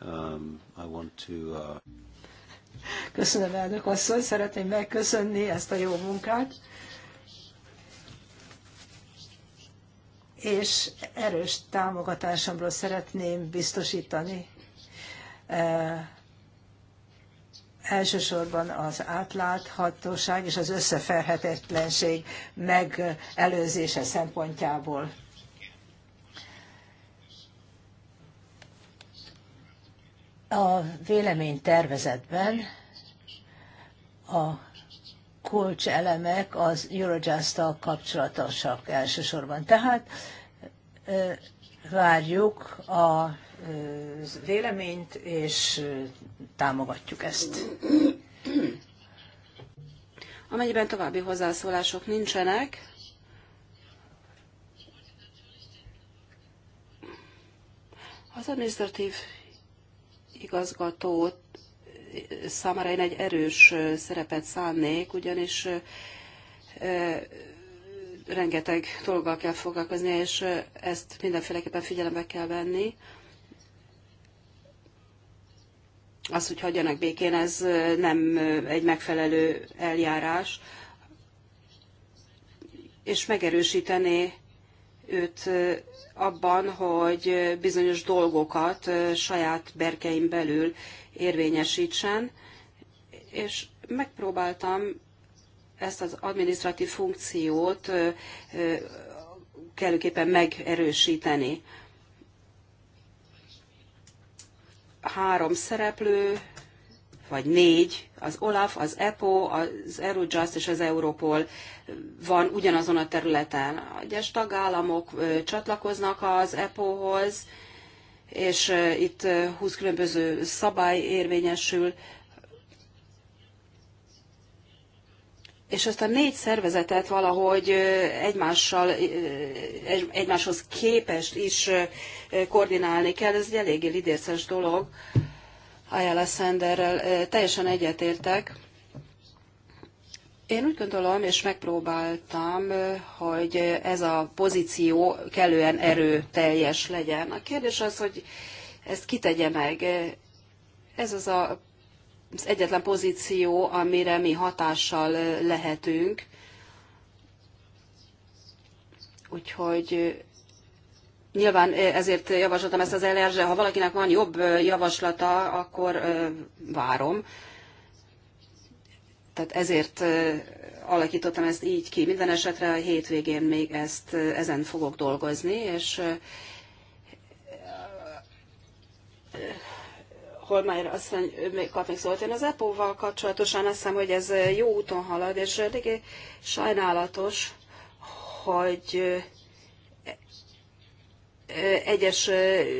um, I want to... Uh... Köszönöm, elnök asszony, szeretném megköszönni ezt a jó munkát és erős támogatásomról szeretném biztosítani eh, elsősorban az átláthatóság és az összeferhetetlenség megelőzése szempontjából. A véleménytervezetben a kulcselemek az eurojust kapcsolatosak elsősorban. Tehát várjuk a véleményt, és támogatjuk ezt. Amennyiben további hozzászólások nincsenek, az adminisztratív igazgatót számára én egy erős szerepet szánnék, ugyanis rengeteg dolggal kell foglalkozni, és ezt mindenféleképpen figyelembe kell venni. Az, hogy hagyjanak békén, ez nem egy megfelelő eljárás, és megerősítené őt abban, hogy bizonyos dolgokat saját berkeim belül érvényesítsen, és megpróbáltam ezt az administratív funkciót kellőképpen megerősíteni. Három szereplő, vagy négy, az OLAF, az EPO, az Eurojust és az Europol van ugyanazon a területen. Egyes tagállamok csatlakoznak az EPO-hoz, és itt 20 különböző szabály érvényesül, és azt a négy szervezetet valahogy egymással, egymáshoz képest is koordinálni kell, ez egy eléggé lidérces dolog. Ayala Sanderrel teljesen egyetértek. Én úgy gondolom, és megpróbáltam, hogy ez a pozíció kellően erőteljes legyen. A kérdés az, hogy ezt kitegye meg. Ez az a, az egyetlen pozíció, amire mi hatással lehetünk. Úgyhogy eh, Nyilván eh, ezért javasoltam ezt az ellerzse, ha valakinek van jobb eh, javaslata, akkor várom tehát ezért alakítottam ezt így ki. Minden esetre a hétvégén még ezt, ezen fogok dolgozni, és Holmeyer asszony még kap még szólt. Én az EPO-val kapcsolatosan azt hiszem, hogy ez jó úton halad, és eléggé sajnálatos, hogy egyes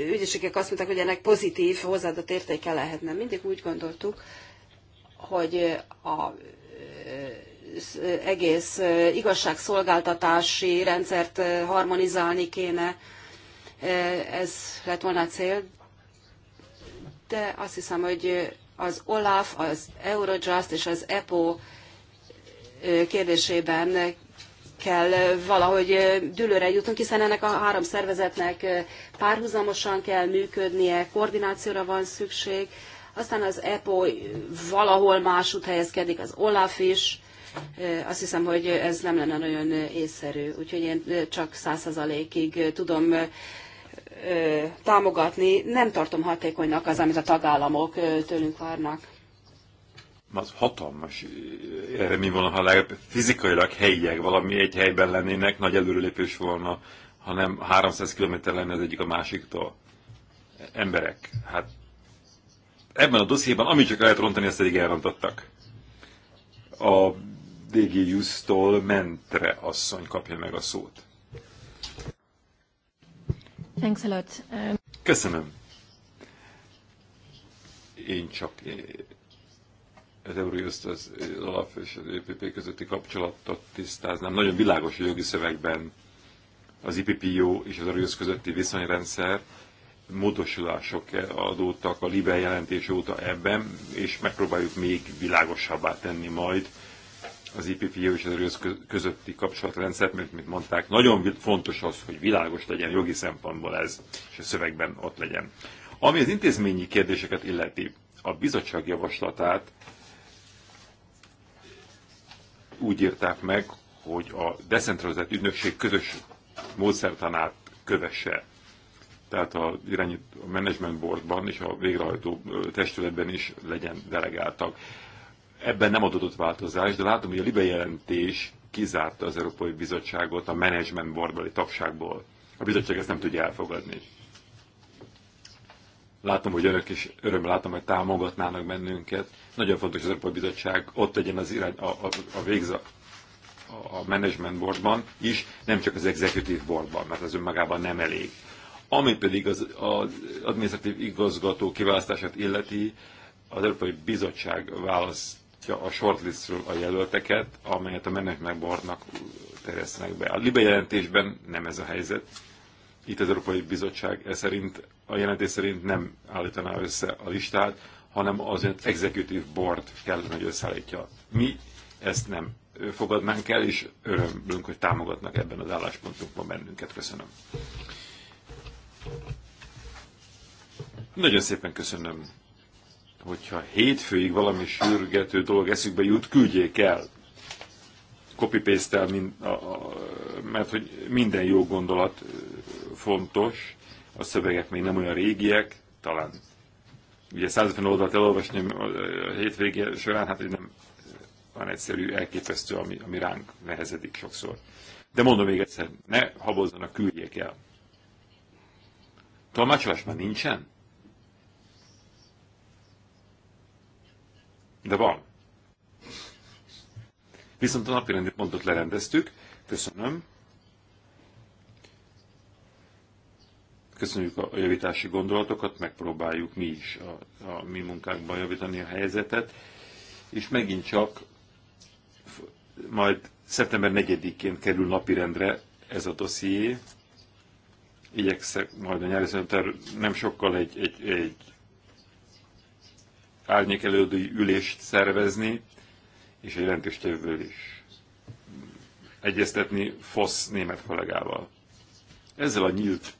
ügyészségek azt mondták, hogy ennek pozitív hozzáadott értéke lehetne. Mindig úgy gondoltuk, hogy a egész igazságszolgáltatási rendszert harmonizálni kéne. Ez lett volna a cél, de azt hiszem, hogy az OLAF, az Eurojust és az EPO kérdésében kell valahogy dülőre jutnunk, hiszen ennek a három szervezetnek párhuzamosan kell működnie, koordinációra van szükség, aztán az EPO valahol másút helyezkedik, az OLAF is. Azt hiszem, hogy ez nem lenne nagyon észszerű. Úgyhogy én csak százszerzalékig tudom támogatni. Nem tartom hatékonynak az, amit a tagállamok tőlünk várnak az hatalmas mi volna, ha legalább fizikailag helyiek valami egy helyben lennének, nagy előrelépés volna, hanem 300 km lenne az egyik a másiktól. Emberek, hát ebben a dossziéban, amit csak lehet rontani, ezt eddig elrontottak. A DG Justól Mentre asszony kapja meg a szót. Thanks a lot. Um... Köszönöm. Én csak az Eurojust az alap és az EPP közötti kapcsolatot tisztáznám. Nagyon világos a jogi szövegben az IPPO és az Eurojust közötti viszonyrendszer, módosulások adódtak a Libel jelentés óta ebben, és megpróbáljuk még világosabbá tenni majd az IPPO és az erősz közötti kapcsolatrendszert, mert, mint mondták, nagyon fontos az, hogy világos legyen jogi szempontból ez, és a szövegben ott legyen. Ami az intézményi kérdéseket illeti, a bizottság javaslatát úgy írták meg, hogy a decentralizált ügynökség közös módszertanát kövesse tehát a, irányít, a management boardban és a végrehajtó testületben is legyen delegáltak. Ebben nem adott változás, de látom, hogy a LIBE jelentés kizárta az Európai Bizottságot a management boardbeli tagságból. A bizottság ezt nem tudja elfogadni. Látom, hogy önök is örömmel látom, hogy támogatnának bennünket. Nagyon fontos, hogy az Európai Bizottság ott legyen az irány, a, a, a végzak a management boardban is, nem csak az executive boardban, mert az önmagában nem elég ami pedig az, az administratív igazgató kiválasztását illeti, az Európai Bizottság választja a shortlistről a jelölteket, amelyet a meneknek barnak terjesztenek be. A LIBE jelentésben nem ez a helyzet. Itt az Európai Bizottság e szerint, a jelentés szerint nem állítaná össze a listát, hanem az executive board kellene, hogy összeállítja. Mi ezt nem fogadnánk el, és örömlünk, hogy támogatnak ebben az álláspontunkban bennünket. Köszönöm. Nagyon szépen köszönöm, hogyha hétfőig valami sürgető dolog eszükbe jut, küldjék el. copy paste mind, a, a, mert hogy minden jó gondolat fontos, a szövegek még nem olyan régiek, talán ugye 150 oldalt elolvasni a hétvégé során, hát hogy nem van egyszerű, elképesztő, ami, ami ránk nehezedik sokszor. De mondom még egyszer, ne habozzanak, küldjék el. Tolmácsolás már nincsen? De van. Viszont a napirendi pontot lerendeztük. Köszönöm. Köszönjük a javítási gondolatokat, megpróbáljuk mi is a, a mi munkánkban javítani a helyzetet, és megint csak majd szeptember 4-én kerül napirendre ez a dosszié, igyekszek majd a nyári nem sokkal egy, egy, egy árnyék elődői ülést szervezni, és egy jelentéstevőből is egyeztetni FOSZ német kollégával. Ezzel a nyílt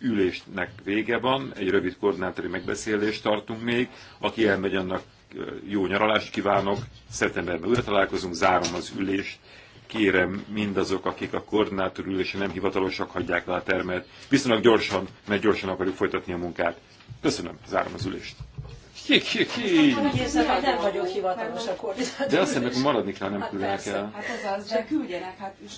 ülésnek vége van, egy rövid koordinátori megbeszélést tartunk még, aki elmegy, annak jó nyaralást kívánok, szeptemberben újra találkozunk, zárom az ülést, kérem mindazok, akik a koordinátor ülése nem hivatalosak hagyják le a termet, viszonylag gyorsan, mert gyorsan akarjuk folytatni a munkát. Köszönöm, zárom az ülést. Ki, ki, ki. Hát, hogy érzem, hogy nem vagyok hivatalos a koordinátor. De azt hiszem, hogy maradni kell, nem hát küldenek el. Hát ez az, de küldjenek, hát is.